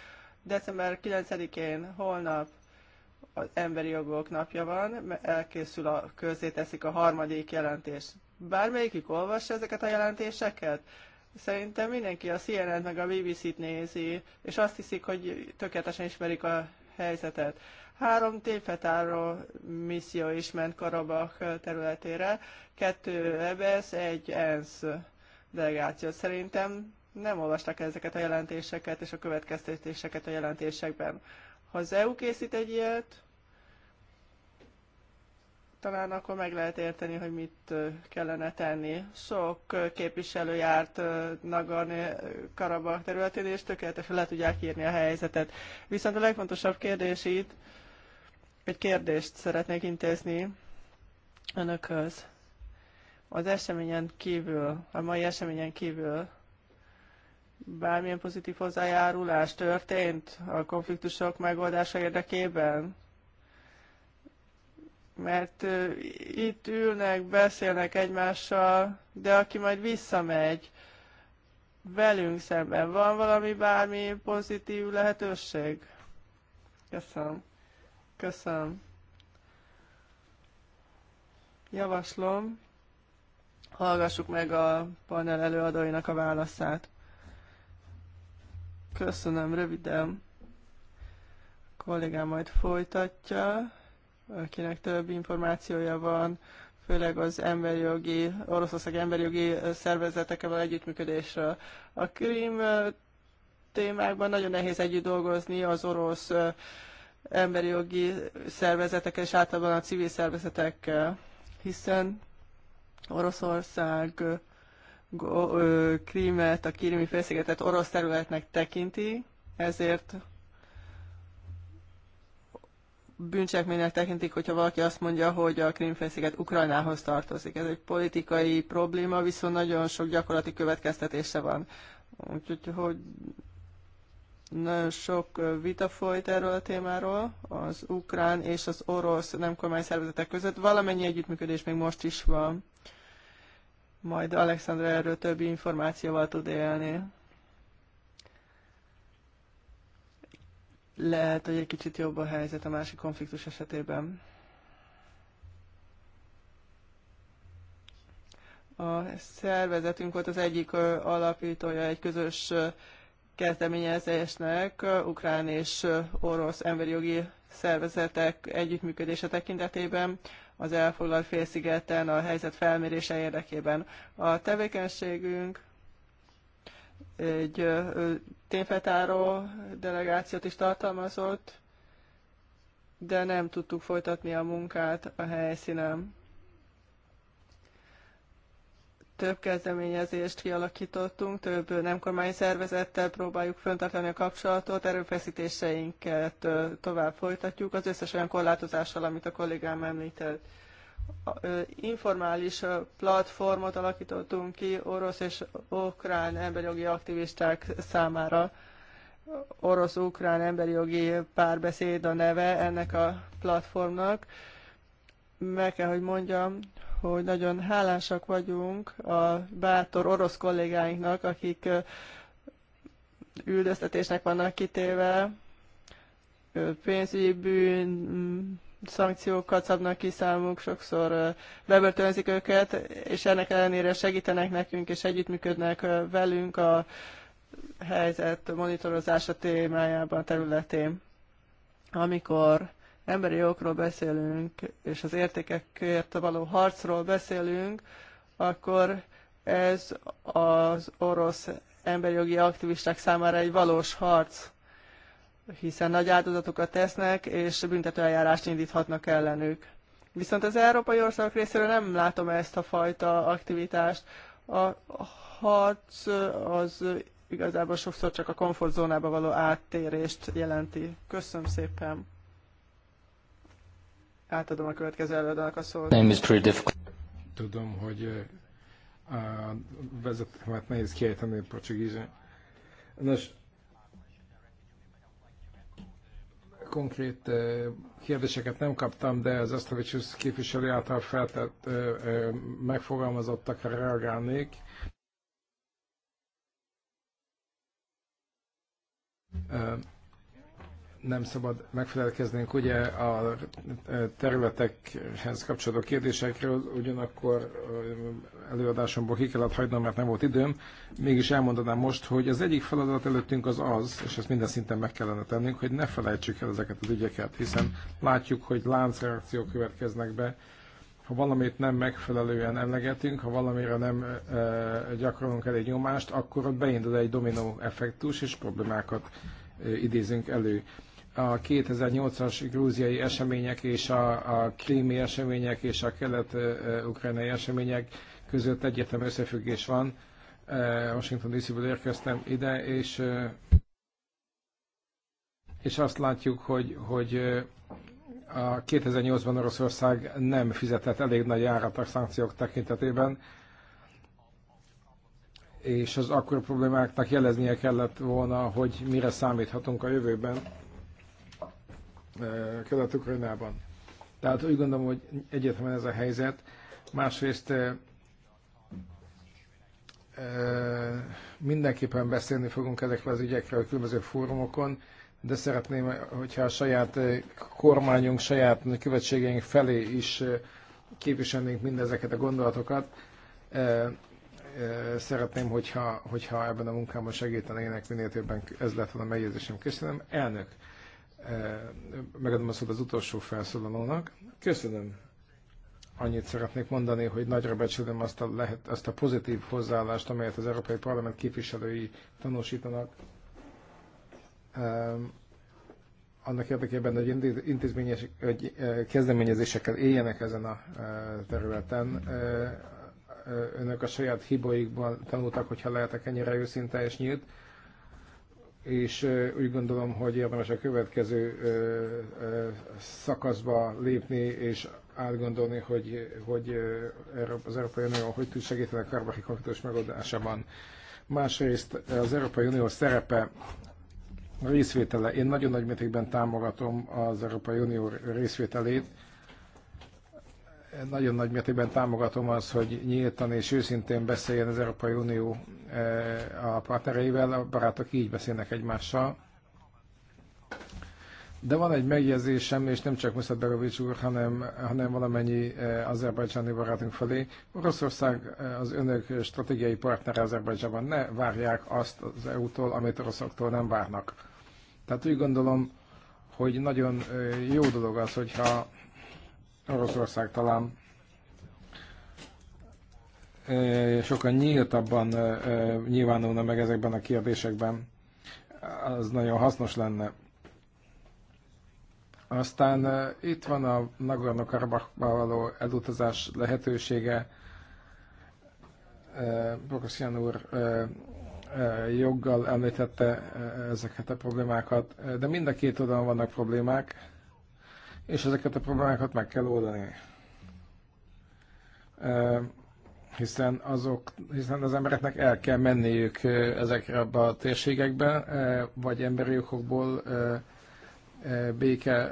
December 9-én holnap az emberi jogok napja van, elkészül a, közzéteszik a harmadik jelentés. Bármelyikük olvassa ezeket a jelentéseket? Szerintem mindenki a CNN-t meg a BBC-t nézi, és azt hiszik, hogy tökéletesen ismerik a helyzetet. Három tépfetáró misszió is ment Karabakh területére, kettő EBS, egy ENSZ delegáció. Szerintem nem olvasták ezeket a jelentéseket és a következtetéseket a jelentésekben. Ha az EU készít egy ilyet, talán akkor meg lehet érteni, hogy mit kellene tenni. Sok képviselő járt Nagorni Karabakh területén, és tökéletesen le tudják írni a helyzetet. Viszont a legfontosabb kérdés itt, egy kérdést szeretnék intézni önökhöz. Az eseményen kívül, a mai eseményen kívül bármilyen pozitív hozzájárulás történt a konfliktusok megoldása érdekében? mert itt ülnek, beszélnek egymással, de aki majd visszamegy, velünk szemben van valami, bármi pozitív lehetőség? Köszönöm. Köszönöm. Javaslom, hallgassuk meg a panel előadóinak a válaszát. Köszönöm, röviden. A kollégám majd folytatja akinek több információja van, főleg az emberi jogi, Oroszország emberi jogi szervezetekkel együttműködésről. A krím témákban nagyon nehéz együtt dolgozni az orosz emberi jogi szervezetekkel és általában a civil szervezetekkel, hiszen Oroszország Krímet, a krími félszigetet orosz területnek tekinti, ezért bűncselekménynek tekintik, hogyha valaki azt mondja, hogy a Krímfélsziget Ukrajnához tartozik. Ez egy politikai probléma, viszont nagyon sok gyakorlati következtetése van. Úgyhogy hogy nagyon sok vita folyt erről a témáról az ukrán és az orosz nem kormány szervezetek között. Valamennyi együttműködés még most is van. Majd Alexandra erről több információval tud élni. lehet, hogy egy kicsit jobb a helyzet a másik konfliktus esetében. A szervezetünk volt az egyik alapítója egy közös kezdeményezésnek, ukrán és orosz emberi jogi szervezetek együttműködése tekintetében az elfoglalt félszigeten a helyzet felmérése érdekében. A tevékenységünk egy tényfeltáró delegációt is tartalmazott, de nem tudtuk folytatni a munkát a helyszínen. Több kezdeményezést kialakítottunk, több nem kormány szervezettel próbáljuk föntartani a kapcsolatot, erőfeszítéseinket tovább folytatjuk, az összes olyan korlátozással, amit a kollégám említett informális platformot alakítottunk ki orosz és ukrán emberi jogi aktivisták számára. Orosz-ukrán emberi jogi párbeszéd a neve ennek a platformnak. Meg kell, hogy mondjam, hogy nagyon hálásak vagyunk a bátor orosz kollégáinknak, akik üldöztetésnek vannak kitéve, pénzügyi bűn, szankciókat szabnak ki számunk, sokszor bebörtönzik őket, és ennek ellenére segítenek nekünk, és együttműködnek velünk a helyzet monitorozása témájában, területén. Amikor emberi jogokról beszélünk, és az értékekért való harcról beszélünk, akkor ez az orosz emberi jogi aktivisták számára egy valós harc hiszen nagy áldozatokat tesznek, és büntetőeljárást indíthatnak ellenük. Viszont az európai országok részéről nem látom ezt a fajta aktivitást. A harc az igazából sokszor csak a komfortzónába való áttérést jelenti. Köszönöm szépen. Átadom a következő előadónak a szót. Nem is pretty difficult. Tudom, hogy a vezetőmet nehéz kiejteni portugízen. Nos, konkrét kérdéseket nem kaptam, de az Asztrovicsus képviselő által feltett megfogalmazottakra reagálnék nem szabad megfelelkeznénk ugye a területekhez kapcsolódó kérdésekről, ugyanakkor előadásomból ki kellett hagynom, mert nem volt időm. Mégis elmondanám most, hogy az egyik feladat előttünk az az, és ezt minden szinten meg kellene tennünk, hogy ne felejtsük el ezeket az ügyeket, hiszen látjuk, hogy láncreakciók következnek be, ha valamit nem megfelelően emlegetünk, ha valamire nem e, gyakorolunk elég nyomást, akkor ott beindul egy dominó effektus, és problémákat e, idézünk elő a 2008-as grúziai események és a, a krími események és a kelet-ukrajnai események között egyetem összefüggés van. E, Washington DC-ből érkeztem ide, és, e, és azt látjuk, hogy, hogy e, a 2008-ban Oroszország nem fizetett elég nagy árat a szankciók tekintetében, és az akkor problémáknak jeleznie kellett volna, hogy mire számíthatunk a jövőben Kelet-Ukrajnában. Tehát úgy gondolom, hogy egyetemen ez a helyzet. Másrészt mindenképpen beszélni fogunk ezekről az ügyekről a különböző fórumokon, de szeretném, hogyha a saját kormányunk, saját követségeink felé is képviselnénk mindezeket a gondolatokat. Szeretném, hogyha, hogyha ebben a munkában segítenének minél többen, ez lett volna a megjegyzésem. Köszönöm. Elnök! megadom a szót az utolsó felszólalónak. Köszönöm. Annyit szeretnék mondani, hogy nagyra becsülöm azt a, lehet, azt a pozitív hozzáállást, amelyet az Európai Parlament képviselői tanúsítanak ehm, annak érdekében, hogy intézményes hogy e, kezdeményezésekkel éljenek ezen a e, területen. E, önök a saját hibóikban tanultak, hogyha lehetek ennyire őszinte és nyílt és úgy gondolom, hogy érdemes a következő szakaszba lépni, és átgondolni, hogy, hogy az Európai Unió hogy tud segíteni a karbaki konfliktus megoldásában. Másrészt az Európai Unió szerepe részvétele. Én nagyon nagy mértékben támogatom az Európai Unió részvételét nagyon nagy mértékben támogatom az, hogy nyíltan és őszintén beszéljen az Európai Unió e, a partnereivel, a barátok így beszélnek egymással. De van egy megjegyzésem, és nem csak Muszat Berovics úr, hanem, hanem valamennyi e, azerbajdzsáni barátunk felé. Oroszország e, az önök stratégiai partnere Azerbajdzsában. Ne várják azt az EU-tól, amit oroszoktól nem várnak. Tehát úgy gondolom, hogy nagyon jó dolog az, hogyha Oroszország talán sokan nyíltabban nyilvánulna meg ezekben a kérdésekben, az nagyon hasznos lenne. Aztán itt van a nagorno karabakhba való elutazás lehetősége. Jan úr joggal említette ezeket a problémákat, de mind a két oldalon vannak problémák és ezeket a problémákat meg kell oldani. Hiszen, azok, hiszen az embereknek el kell menniük ezekre a térségekbe, vagy emberi okokból béke,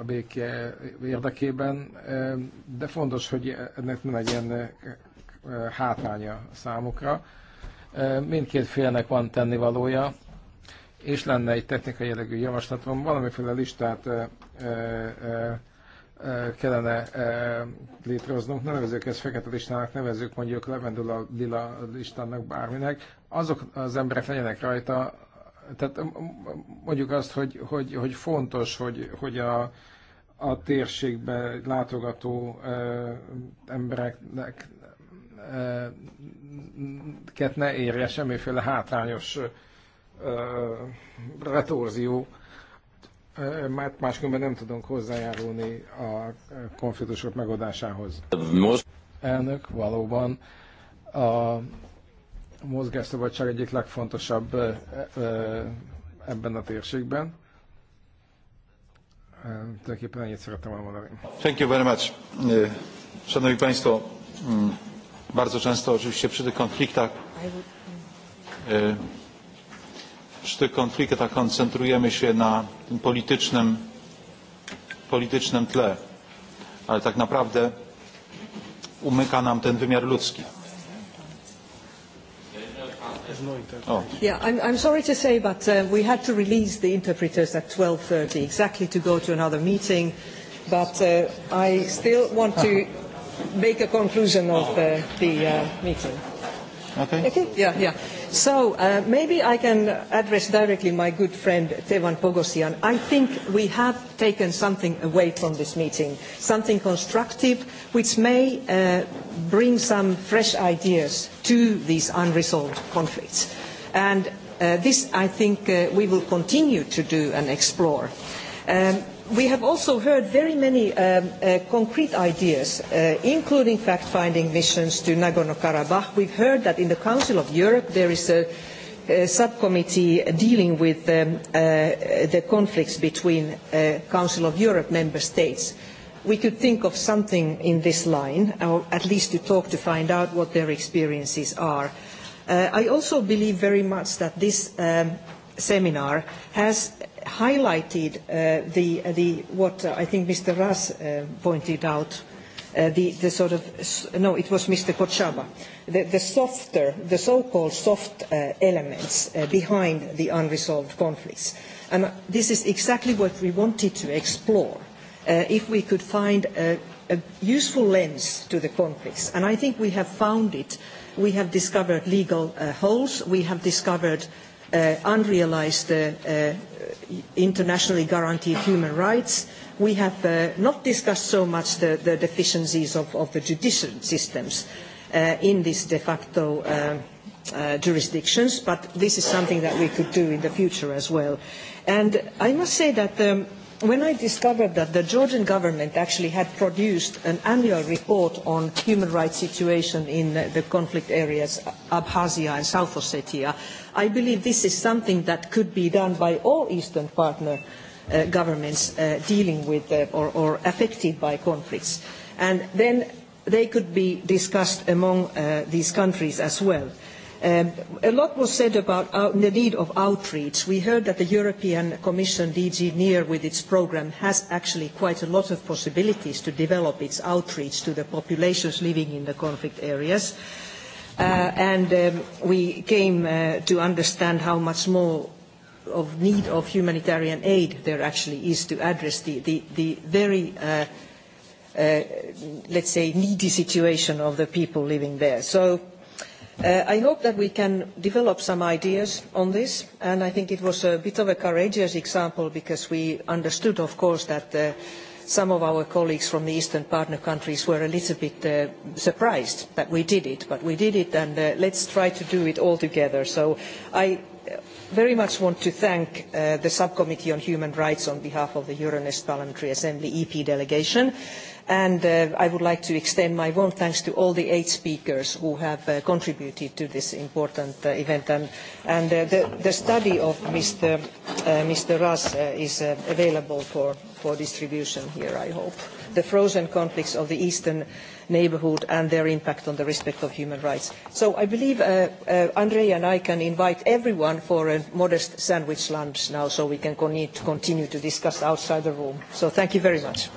a béke érdekében, de fontos, hogy ennek ne legyen hátránya számukra. Mindkét félnek van tennivalója, és lenne egy technikai jellegű javaslatom, valamiféle listát ö, ö, ö, kellene ö, létrehoznunk, ne nevezzük ezt fekete listának, nevezzük mondjuk levendula lila listának bárminek, azok az emberek legyenek rajta, tehát mondjuk azt, hogy, hogy, hogy fontos, hogy, hogy a, a térségbe látogató ö, embereknek ö, ne érje semmiféle hátrányos retorzió, mert máskülönben nem tudunk hozzájárulni a konfliktusok megoldásához. Most... Elnök, valóban a mozgásszabadság egyik legfontosabb ebben a térségben. Tulajdonképpen ennyit szerettem elmondani. Thank you very much. Szanowni Państwo, mm, bardzo często oczywiście przy tych konfliktach tych konfliktów, a koncentrujemy się na tym politycznym, politycznym tle, ale tak naprawdę umyka nam ten wymiar ludzki. Oh. Yeah, I'm, I'm sorry to say, but uh, we had to release the interpreters at 12.30 exactly to go to another meeting, but uh, I still want to make a conclusion of the, the uh, meeting. Okay. okay. Yeah, yeah. So uh, maybe I can address directly my good friend Tevan Pogosian. I think we have taken something away from this meeting, something constructive, which may uh, bring some fresh ideas to these unresolved conflicts. And uh, this, I think, uh, we will continue to do and explore. Um, we have also heard very many um, uh, concrete ideas, uh, including fact-finding missions to Nagorno-Karabakh. We've heard that in the Council of Europe there is a, a subcommittee dealing with um, uh, the conflicts between uh, Council of Europe member states. We could think of something in this line, or at least to talk to find out what their experiences are. Uh, I also believe very much that this um, seminar has highlighted uh, the, uh, the, what uh, I think Mr. Ras uh, pointed out, uh, the, the sort of, no, it was Mr. Kochaba, the, the softer, the so-called soft uh, elements uh, behind the unresolved conflicts. And uh, this is exactly what we wanted to explore, uh, if we could find a, a useful lens to the conflicts. And I think we have found it. We have discovered legal uh, holes. We have discovered uh, Uh, unrealised uh, uh, internationally guaranteed human rights. We have not discussed so much the, the deficiencies of, of, the judicial systems in these de facto Uh, jurisdictions, but this is something that we could do in the future as well. And I must say that um, when I discovered that the Georgian government actually had produced an annual report on human rights situation in the conflict areas Abkhazia and South Ossetia, I believe this is something that could be done by all Eastern partner uh, governments uh, dealing with uh, or, or affected by conflicts. And then they could be discussed among uh, these countries as well. Um, a lot was said about the need of outreach. We heard that the European Commission DG NEAR with its programme has actually quite a lot of possibilities to develop its outreach to the populations living in the conflict areas. Uh, Uh, and um, we came uh, to understand how much more of need of humanitarian aid there actually is to address the, the, the very, uh, uh, let's say, needy situation of the people living there. So uh, I hope that we can develop some ideas on this, and I think it was a bit of a courageous example because we understood, of course, that uh, some of our colleagues from the Eastern partner countries were a little bit uh, surprised that we did it, but we did it and uh, let's try to do it all together. So I uh, very much want to thank uh, the Subcommittee on Human Rights on behalf of the Euronest Parliamentary Assembly EP delegation And uh, I would like to extend my warm thanks to all the eight speakers who have uh, contributed to this important uh, event. And, and uh, the, the study of Mr. Uh, Mr. Russ uh, is uh, available for, for distribution here, I hope. The frozen conflicts of the Eastern neighbourhood and their impact on the respect of human rights. So I believe uh, uh, Andrei and I can invite everyone for a modest sandwich lunch now so we can continue to discuss outside the room. So thank you very much.